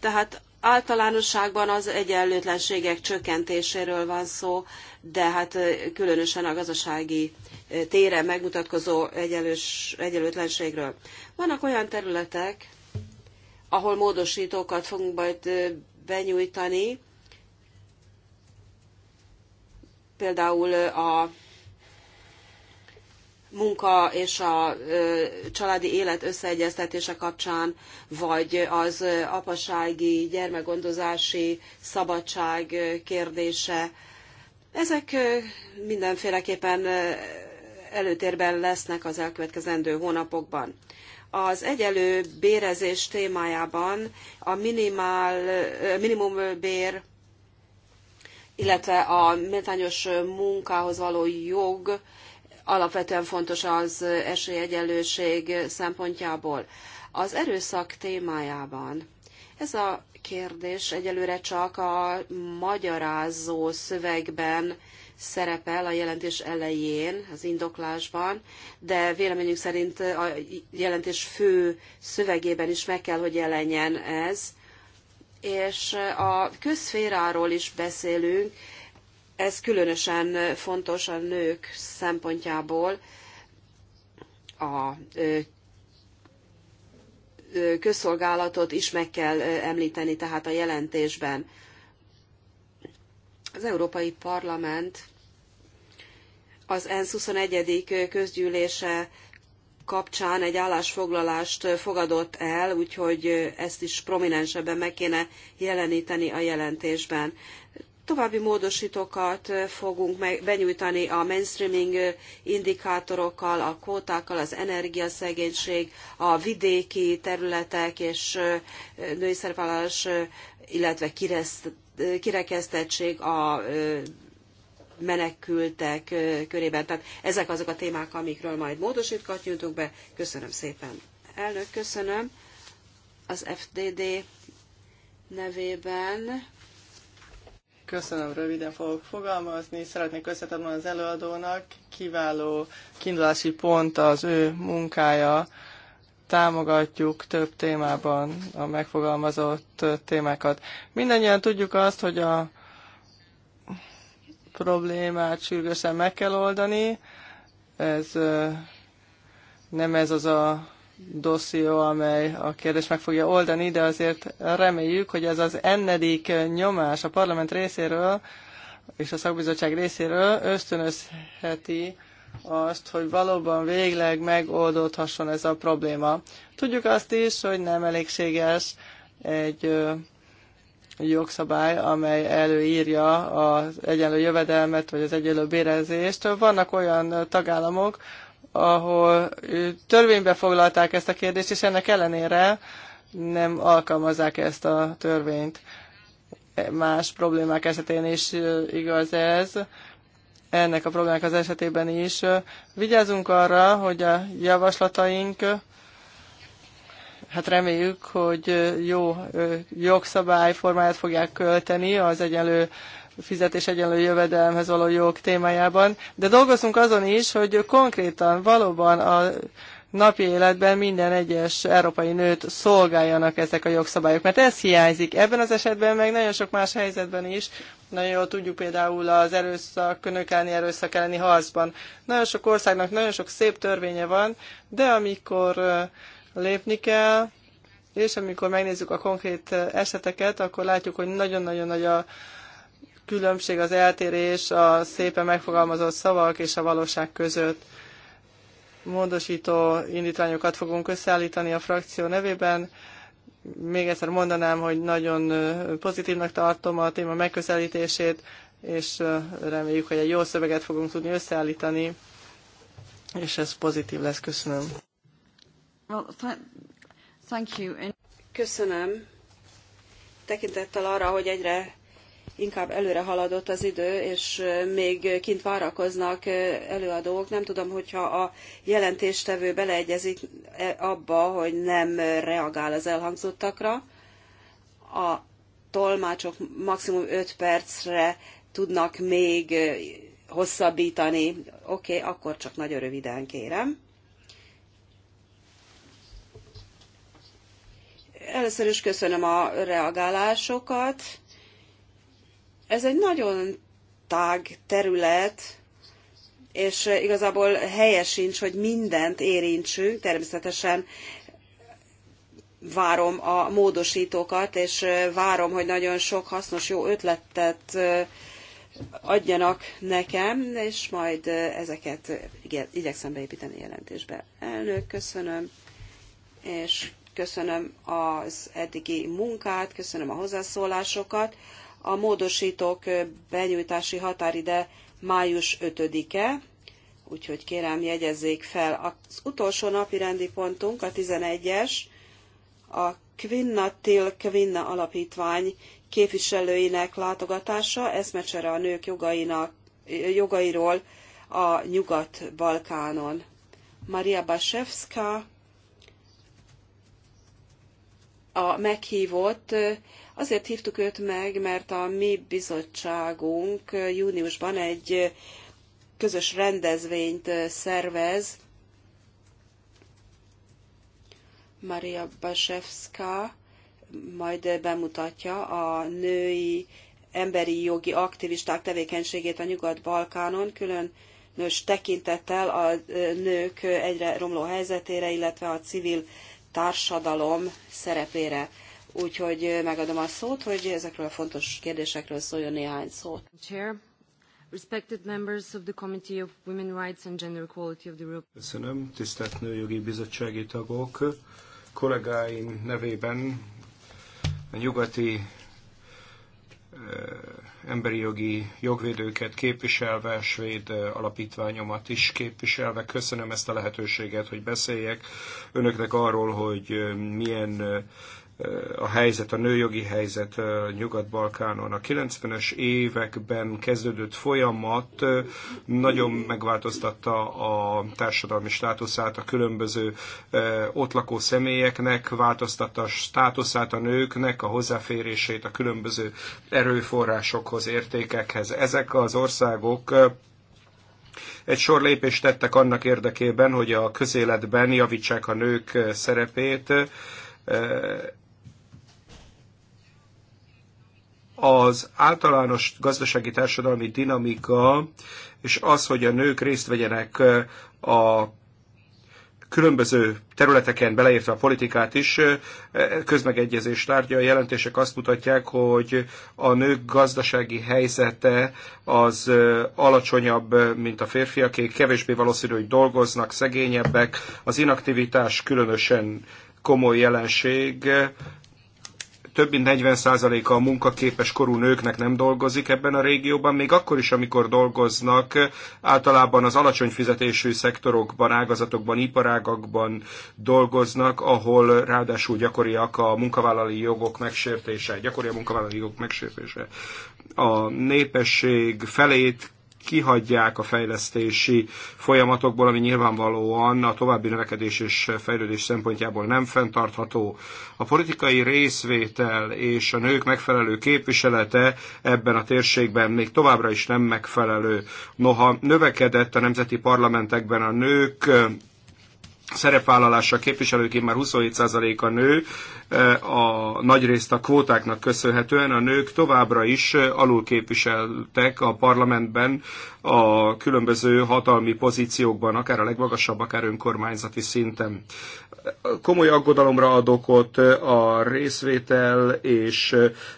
Tehát általánosságban az egyenlőtlenségek csökkentéséről van szó, de hát különösen a gazdasági téren megmutatkozó egyenlős, egyenlőtlenségről. Vannak olyan területek, ahol módosítókat fogunk majd benyújtani, például a munka és a családi élet összeegyeztetése kapcsán, vagy az apasági, gyermekgondozási szabadság kérdése. Ezek mindenféleképpen előtérben lesznek az elkövetkezendő hónapokban. Az egyelő bérezés témájában a minimál, minimumbér, illetve a méltányos munkához való jog alapvetően fontos az esélyegyenlőség szempontjából. Az erőszak témájában ez a kérdés egyelőre csak a magyarázó szövegben szerepel a jelentés elején, az indoklásban, de véleményünk szerint a jelentés fő szövegében is meg kell, hogy jelenjen ez. És a közszféráról is beszélünk, ez különösen fontos a nők szempontjából a közszolgálatot is meg kell említeni, tehát a jelentésben. Az Európai Parlament az ENSZ 21. közgyűlése kapcsán egy állásfoglalást fogadott el, úgyhogy ezt is prominensebben meg kéne jeleníteni a jelentésben. További módosítókat eh, fogunk benyújtani a mainstreaming eh, indikátorokkal, a kvótákkal, az energiaszegénység, a vidéki területek és eh, női szervállalás, illetve kirekesztettség a menekültek körében. Tehát ezek azok a témák, amikről majd módosítókat nyújtunk be. Köszönöm szépen. Elnök, köszönöm. Az FDD nevében Köszönöm, röviden fogok fogalmazni. Szeretnék összetadni az előadónak. Kiváló kiindulási pont az ő munkája. Támogatjuk több témában a megfogalmazott témákat. mindannyian tudjuk azt, hogy a problémát sürgősen meg kell oldani. Ez nem ez az a dosszió, amely a kérdést meg fogja oldani, de azért reméljük, hogy ez az ennedik nyomás a parlament részéről és a szakbizottság részéről ösztönözheti azt, hogy valóban végleg megoldódhasson ez a probléma. Tudjuk azt is, hogy nem elégséges egy jogszabály, amely előírja az egyenlő jövedelmet, vagy az egyenlő bérezést. Vannak olyan tagállamok, ahol törvénybe foglalták ezt a kérdést, és ennek ellenére nem alkalmazzák ezt a törvényt. Más problémák esetén is igaz ez. Ennek a problémák az esetében is. Vigyázunk arra, hogy a javaslataink, hát reméljük, hogy jó formáját fogják költeni az egyenlő fizetés egyenlő jövedelemhez való jog témájában, de dolgozunk azon is, hogy konkrétan valóban a napi életben minden egyes európai nőt szolgáljanak ezek a jogszabályok, mert ez hiányzik. Ebben az esetben meg nagyon sok más helyzetben is, nagyon jól tudjuk például az erőszak, nők elleni erőszak elleni harcban. Nagyon sok országnak nagyon sok szép törvénye van, de amikor lépni kell, és amikor megnézzük a konkrét eseteket, akkor látjuk, hogy nagyon-nagyon nagy a különbség, az eltérés a szépen megfogalmazott szavak és a valóság között. Módosító indítványokat fogunk összeállítani a frakció nevében. Még egyszer mondanám, hogy nagyon pozitívnak tartom a téma megközelítését, és reméljük, hogy egy jó szöveget fogunk tudni összeállítani, és ez pozitív lesz. Köszönöm. Well, thank you. Köszönöm. Tekintettel arra, hogy egyre inkább előre haladott az idő, és még kint várakoznak előadók. Nem tudom, hogyha a jelentéstevő beleegyezik e, abba, hogy nem reagál az elhangzottakra. A tolmácsok maximum 5 percre tudnak még hosszabbítani. Oké, okay, akkor csak nagyon röviden kérem. Először is köszönöm a reagálásokat. Ez egy nagyon tág terület, és igazából helyes sincs, hogy mindent érintsünk, természetesen várom a módosítókat, és várom, hogy nagyon sok hasznos, jó ötletet adjanak nekem, és majd ezeket igyekszem beépíteni jelentésbe. Elnök, köszönöm, és köszönöm az eddigi munkát, köszönöm a hozzászólásokat. A módosítók benyújtási határide május 5-e, úgyhogy kérem jegyezzék fel. Az utolsó napi rendi pontunk, a 11-es, a Quinna Till Quinna Alapítvány képviselőinek látogatása, eszmecsere a nők jogainak, jogairól a Nyugat-Balkánon. Maria Basevska a meghívott Azért hívtuk őt meg, mert a mi bizottságunk júniusban egy közös rendezvényt szervez Maria Basevska majd bemutatja a női emberi jogi aktivisták tevékenységét a Nyugat-Balkánon, különös tekintettel a nők egyre romló helyzetére, illetve a civil társadalom szerepére. Úgyhogy eh, megadom a szót, hogy ezekről a fontos kérdésekről szóljon néhány szót. Chair, respected members of the Committee of Women Rights and Gender Equality of the Europe. Köszönöm, tisztelt nőjogi bizottsági tagok. Kollégáim nevében a nyugati eh, emberi jogi jogvédőket képviselve, svéd eh, alapítványomat is képviselve. Köszönöm ezt a lehetőséget, hogy beszéljek önöknek arról, hogy milyen a helyzet, a nőjogi helyzet Nyugat-Balkánon. A 90-es években kezdődött folyamat nagyon megváltoztatta a társadalmi státuszát a különböző ott lakó személyeknek, változtatta a státuszát a nőknek, a hozzáférését a különböző erőforrásokhoz, értékekhez. Ezek az országok egy sor lépést tettek annak érdekében, hogy a közéletben javítsák a nők szerepét, az általános gazdasági társadalmi dinamika, és az, hogy a nők részt vegyenek a különböző területeken, beleértve a politikát is, közmegegyezés tárgya. A jelentések azt mutatják, hogy a nők gazdasági helyzete az alacsonyabb, mint a férfiaké, kevésbé valószínű, hogy dolgoznak, szegényebbek, az inaktivitás különösen komoly jelenség, több mint 40%-a a munkaképes korú nőknek nem dolgozik ebben a régióban, még akkor is, amikor dolgoznak, eh, általában az alacsony fizetésű szektorokban, ágazatokban, iparágakban dolgoznak, ahol ráadásul gyakoriak a munkavállalói jogok megsértése, gyakori a munkavállalói jogok megsértése. A népesség felét kihagyják a fejlesztési folyamatokból, ami nyilvánvalóan a további növekedés és fejlődés szempontjából nem fenntartható. A politikai részvétel és a nők megfelelő képviselete ebben a térségben még továbbra is nem megfelelő. Noha növekedett a nemzeti parlamentekben a nők szerepvállalása képviselőként már 27% a nő, e, a nagy részt a kvótáknak köszönhetően a nők továbbra is alulképviseltek a parlamentben a különböző hatalmi pozíciókban, akár a legmagasabb, akár önkormányzati szinten. Komoly aggodalomra ad okot a részvétel és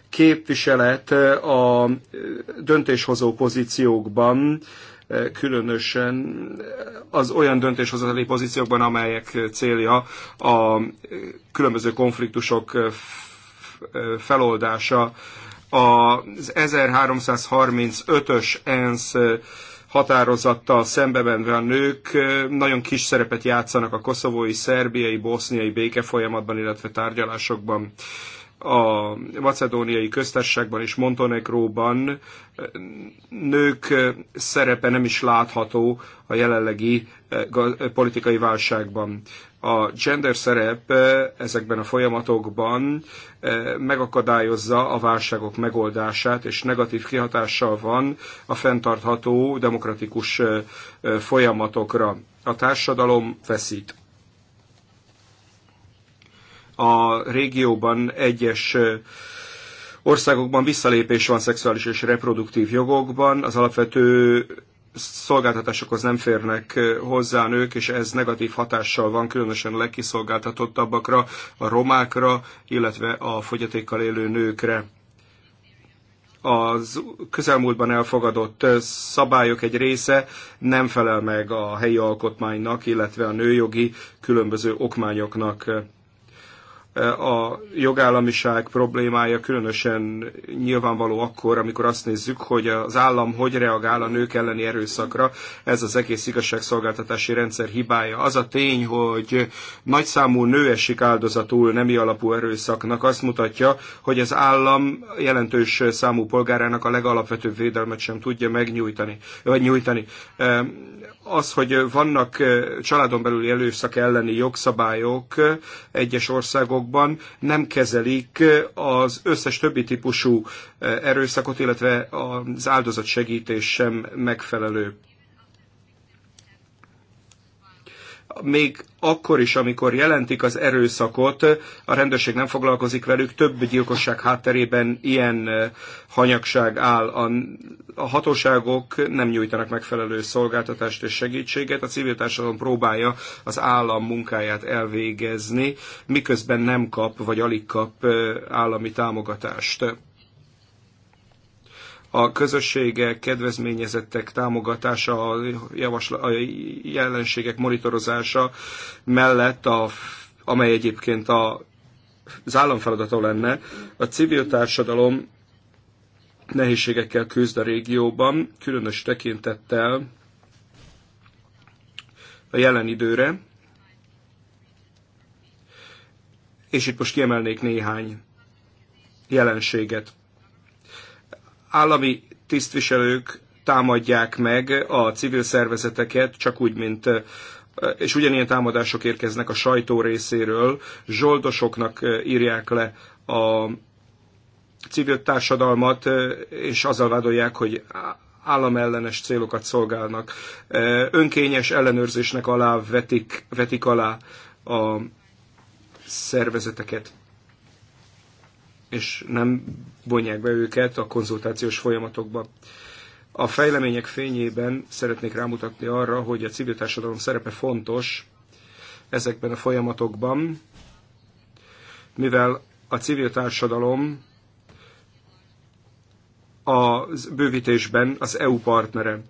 képviselet a döntéshozó pozíciókban, különösen az olyan döntéshozatali pozíciókban, amelyek célja a különböző konfliktusok feloldása. Az 1335-ös ENSZ határozattal szembevenve a nők nagyon kis szerepet játszanak a koszovói, szerbiai, boszniai békefolyamatban, illetve tárgyalásokban a macedóniai köztársaságban és Montenegróban eh, nők eh, szerepe nem is látható a jelenlegi eh, politikai válságban. A gender szerep ezekben a folyamatokban megakadályozza a válságok megoldását, és negatív kihatással van a fenntartható demokratikus folyamatokra. A társadalom feszít a régióban egyes országokban visszalépés van szexuális és reproduktív jogokban, az alapvető szolgáltatásokhoz nem férnek hozzá nők, és ez negatív hatással van különösen a legkiszolgáltatottabbakra, a romákra, illetve a fogyatékkal élő nőkre az közelmúltban elfogadott szabályok egy része nem felel meg a helyi alkotmánynak, illetve a nőjogi különböző okmányoknak a jogállamiság problémája különösen nyilvánvaló akkor, amikor azt nézzük, hogy az állam hogy reagál a nők elleni erőszakra. Ez az egész igazságszolgáltatási rendszer hibája. Az a tény, hogy nagyszámú nő esik áldozatul nemi alapú erőszaknak, azt mutatja, hogy az állam jelentős számú polgárának a legalapvetőbb védelmet sem tudja megnyújtani, vagy nyújtani. Ehm, az, hogy vannak eh, családon belüli erőszak elleni jogszabályok eh, egyes országok, országokban nem kezelik az összes többi típusú erőszakot, illetve az áldozatsegítés sem megfelelő. még akkor is, amikor jelentik az erőszakot, a rendőrség nem foglalkozik velük, több gyilkosság hátterében ilyen hanyagság áll. A, a hatóságok nem nyújtanak megfelelő szolgáltatást és segítséget, a civil társadalom próbálja az állam munkáját elvégezni, miközben nem kap vagy alig kap állami támogatást a közösségek, kedvezményezettek támogatása, a, javasla, a jelenségek monitorozása mellett, a, amely egyébként a, az állam feladata lenne, a civil társadalom nehézségekkel küzd a régióban, különös tekintettel a jelen időre, és itt most kiemelnék néhány jelenséget állami tisztviselők támadják meg a civil szervezeteket, csak úgy, mint és ugyanilyen támadások érkeznek a sajtó részéről, zsoldosoknak írják le a civil társadalmat, és azzal vádolják, hogy államellenes célokat szolgálnak. Önkényes ellenőrzésnek alá vetik, vetik alá a szervezeteket és nem vonják be őket a konzultációs folyamatokba. A fejlemények fényében szeretnék rámutatni arra, hogy a civil társadalom szerepe fontos ezekben a folyamatokban, mivel a civil társadalom a bővítésben az EU partnere.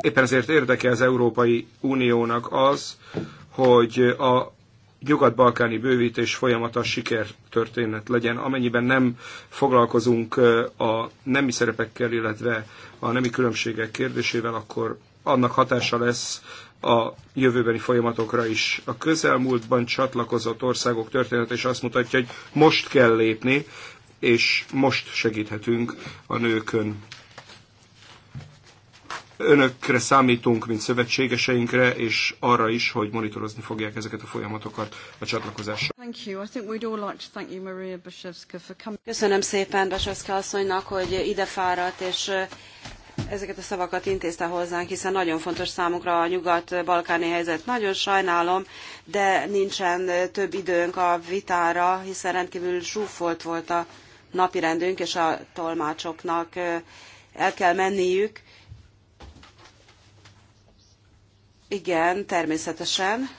Éppen ezért érdeke az Európai Uniónak az, hogy a nyugat-balkáni bővítés folyamata sikertörténet legyen, amennyiben nem foglalkozunk a nemi szerepekkel, illetve a nemi különbségek kérdésével, akkor annak hatása lesz a jövőbeni folyamatokra is. A közelmúltban csatlakozott országok története is azt mutatja, hogy most kell lépni, és most segíthetünk a nőkön önökre számítunk, mint szövetségeseinkre, és arra is, hogy monitorozni fogják ezeket a folyamatokat a csatlakozással. Köszönöm szépen Basevska asszonynak, hogy ide fáradt, és ezeket a szavakat intézte hozzánk, hiszen nagyon fontos számunkra a nyugat-balkáni helyzet. Nagyon sajnálom, de nincsen több időnk a vitára, hiszen rendkívül zsúfolt volt a napirendünk, és a tolmácsoknak el kell menniük Igen, természetesen.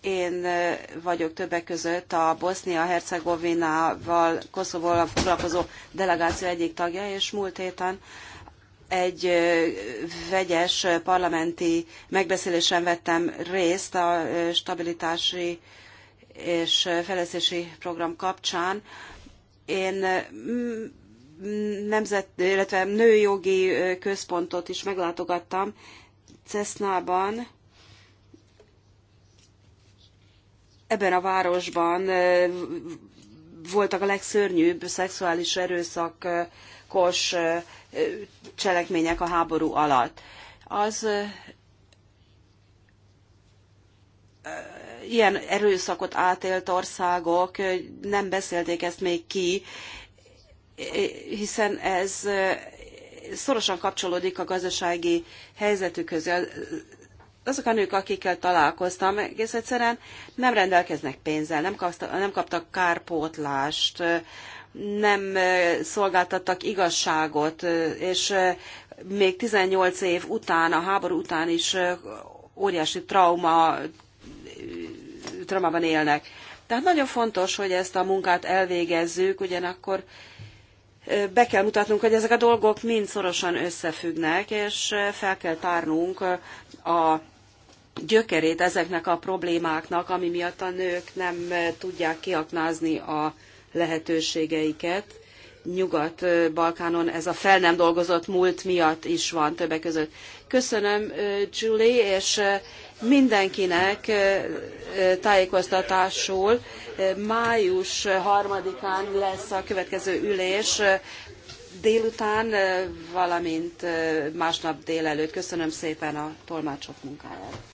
én vagyok többek között a Bosznia-Hercegovinával, Koszovóval foglalkozó delegáció egyik tagja, és múlt héten egy vegyes parlamenti megbeszélésen vettem részt a stabilitási és fejlesztési program kapcsán. Én nemzet, illetve nőjogi központot is meglátogattam Cesznában, ebben a városban voltak a legszörnyűbb szexuális erőszakos cselekmények a háború alatt. Az ilyen erőszakot átélt országok nem beszélték ezt még ki, hiszen ez szorosan kapcsolódik a gazdasági helyzetükhöz. Azok a nők, akikkel találkoztam, egész egyszerűen nem rendelkeznek pénzzel, nem, kaptak, nem kaptak kárpótlást, nem szolgáltattak igazságot, és még 18 év után, a háború után is óriási trauma traumában élnek. Tehát nagyon fontos, hogy ezt a munkát elvégezzük, ugyanakkor be kell mutatnunk, hogy ezek a dolgok mind szorosan összefüggnek, és fel kell tárnunk a gyökerét ezeknek a problémáknak, ami miatt a nők nem tudják kiaknázni a lehetőségeiket. Nyugat-Balkánon ez a fel nem dolgozott múlt miatt is van többek között. Köszönöm, Julie, és mindenkinek tájékoztatásul május harmadikán án lesz a következő ülés délután, valamint másnap délelőtt. Köszönöm szépen a tolmácsok munkáját.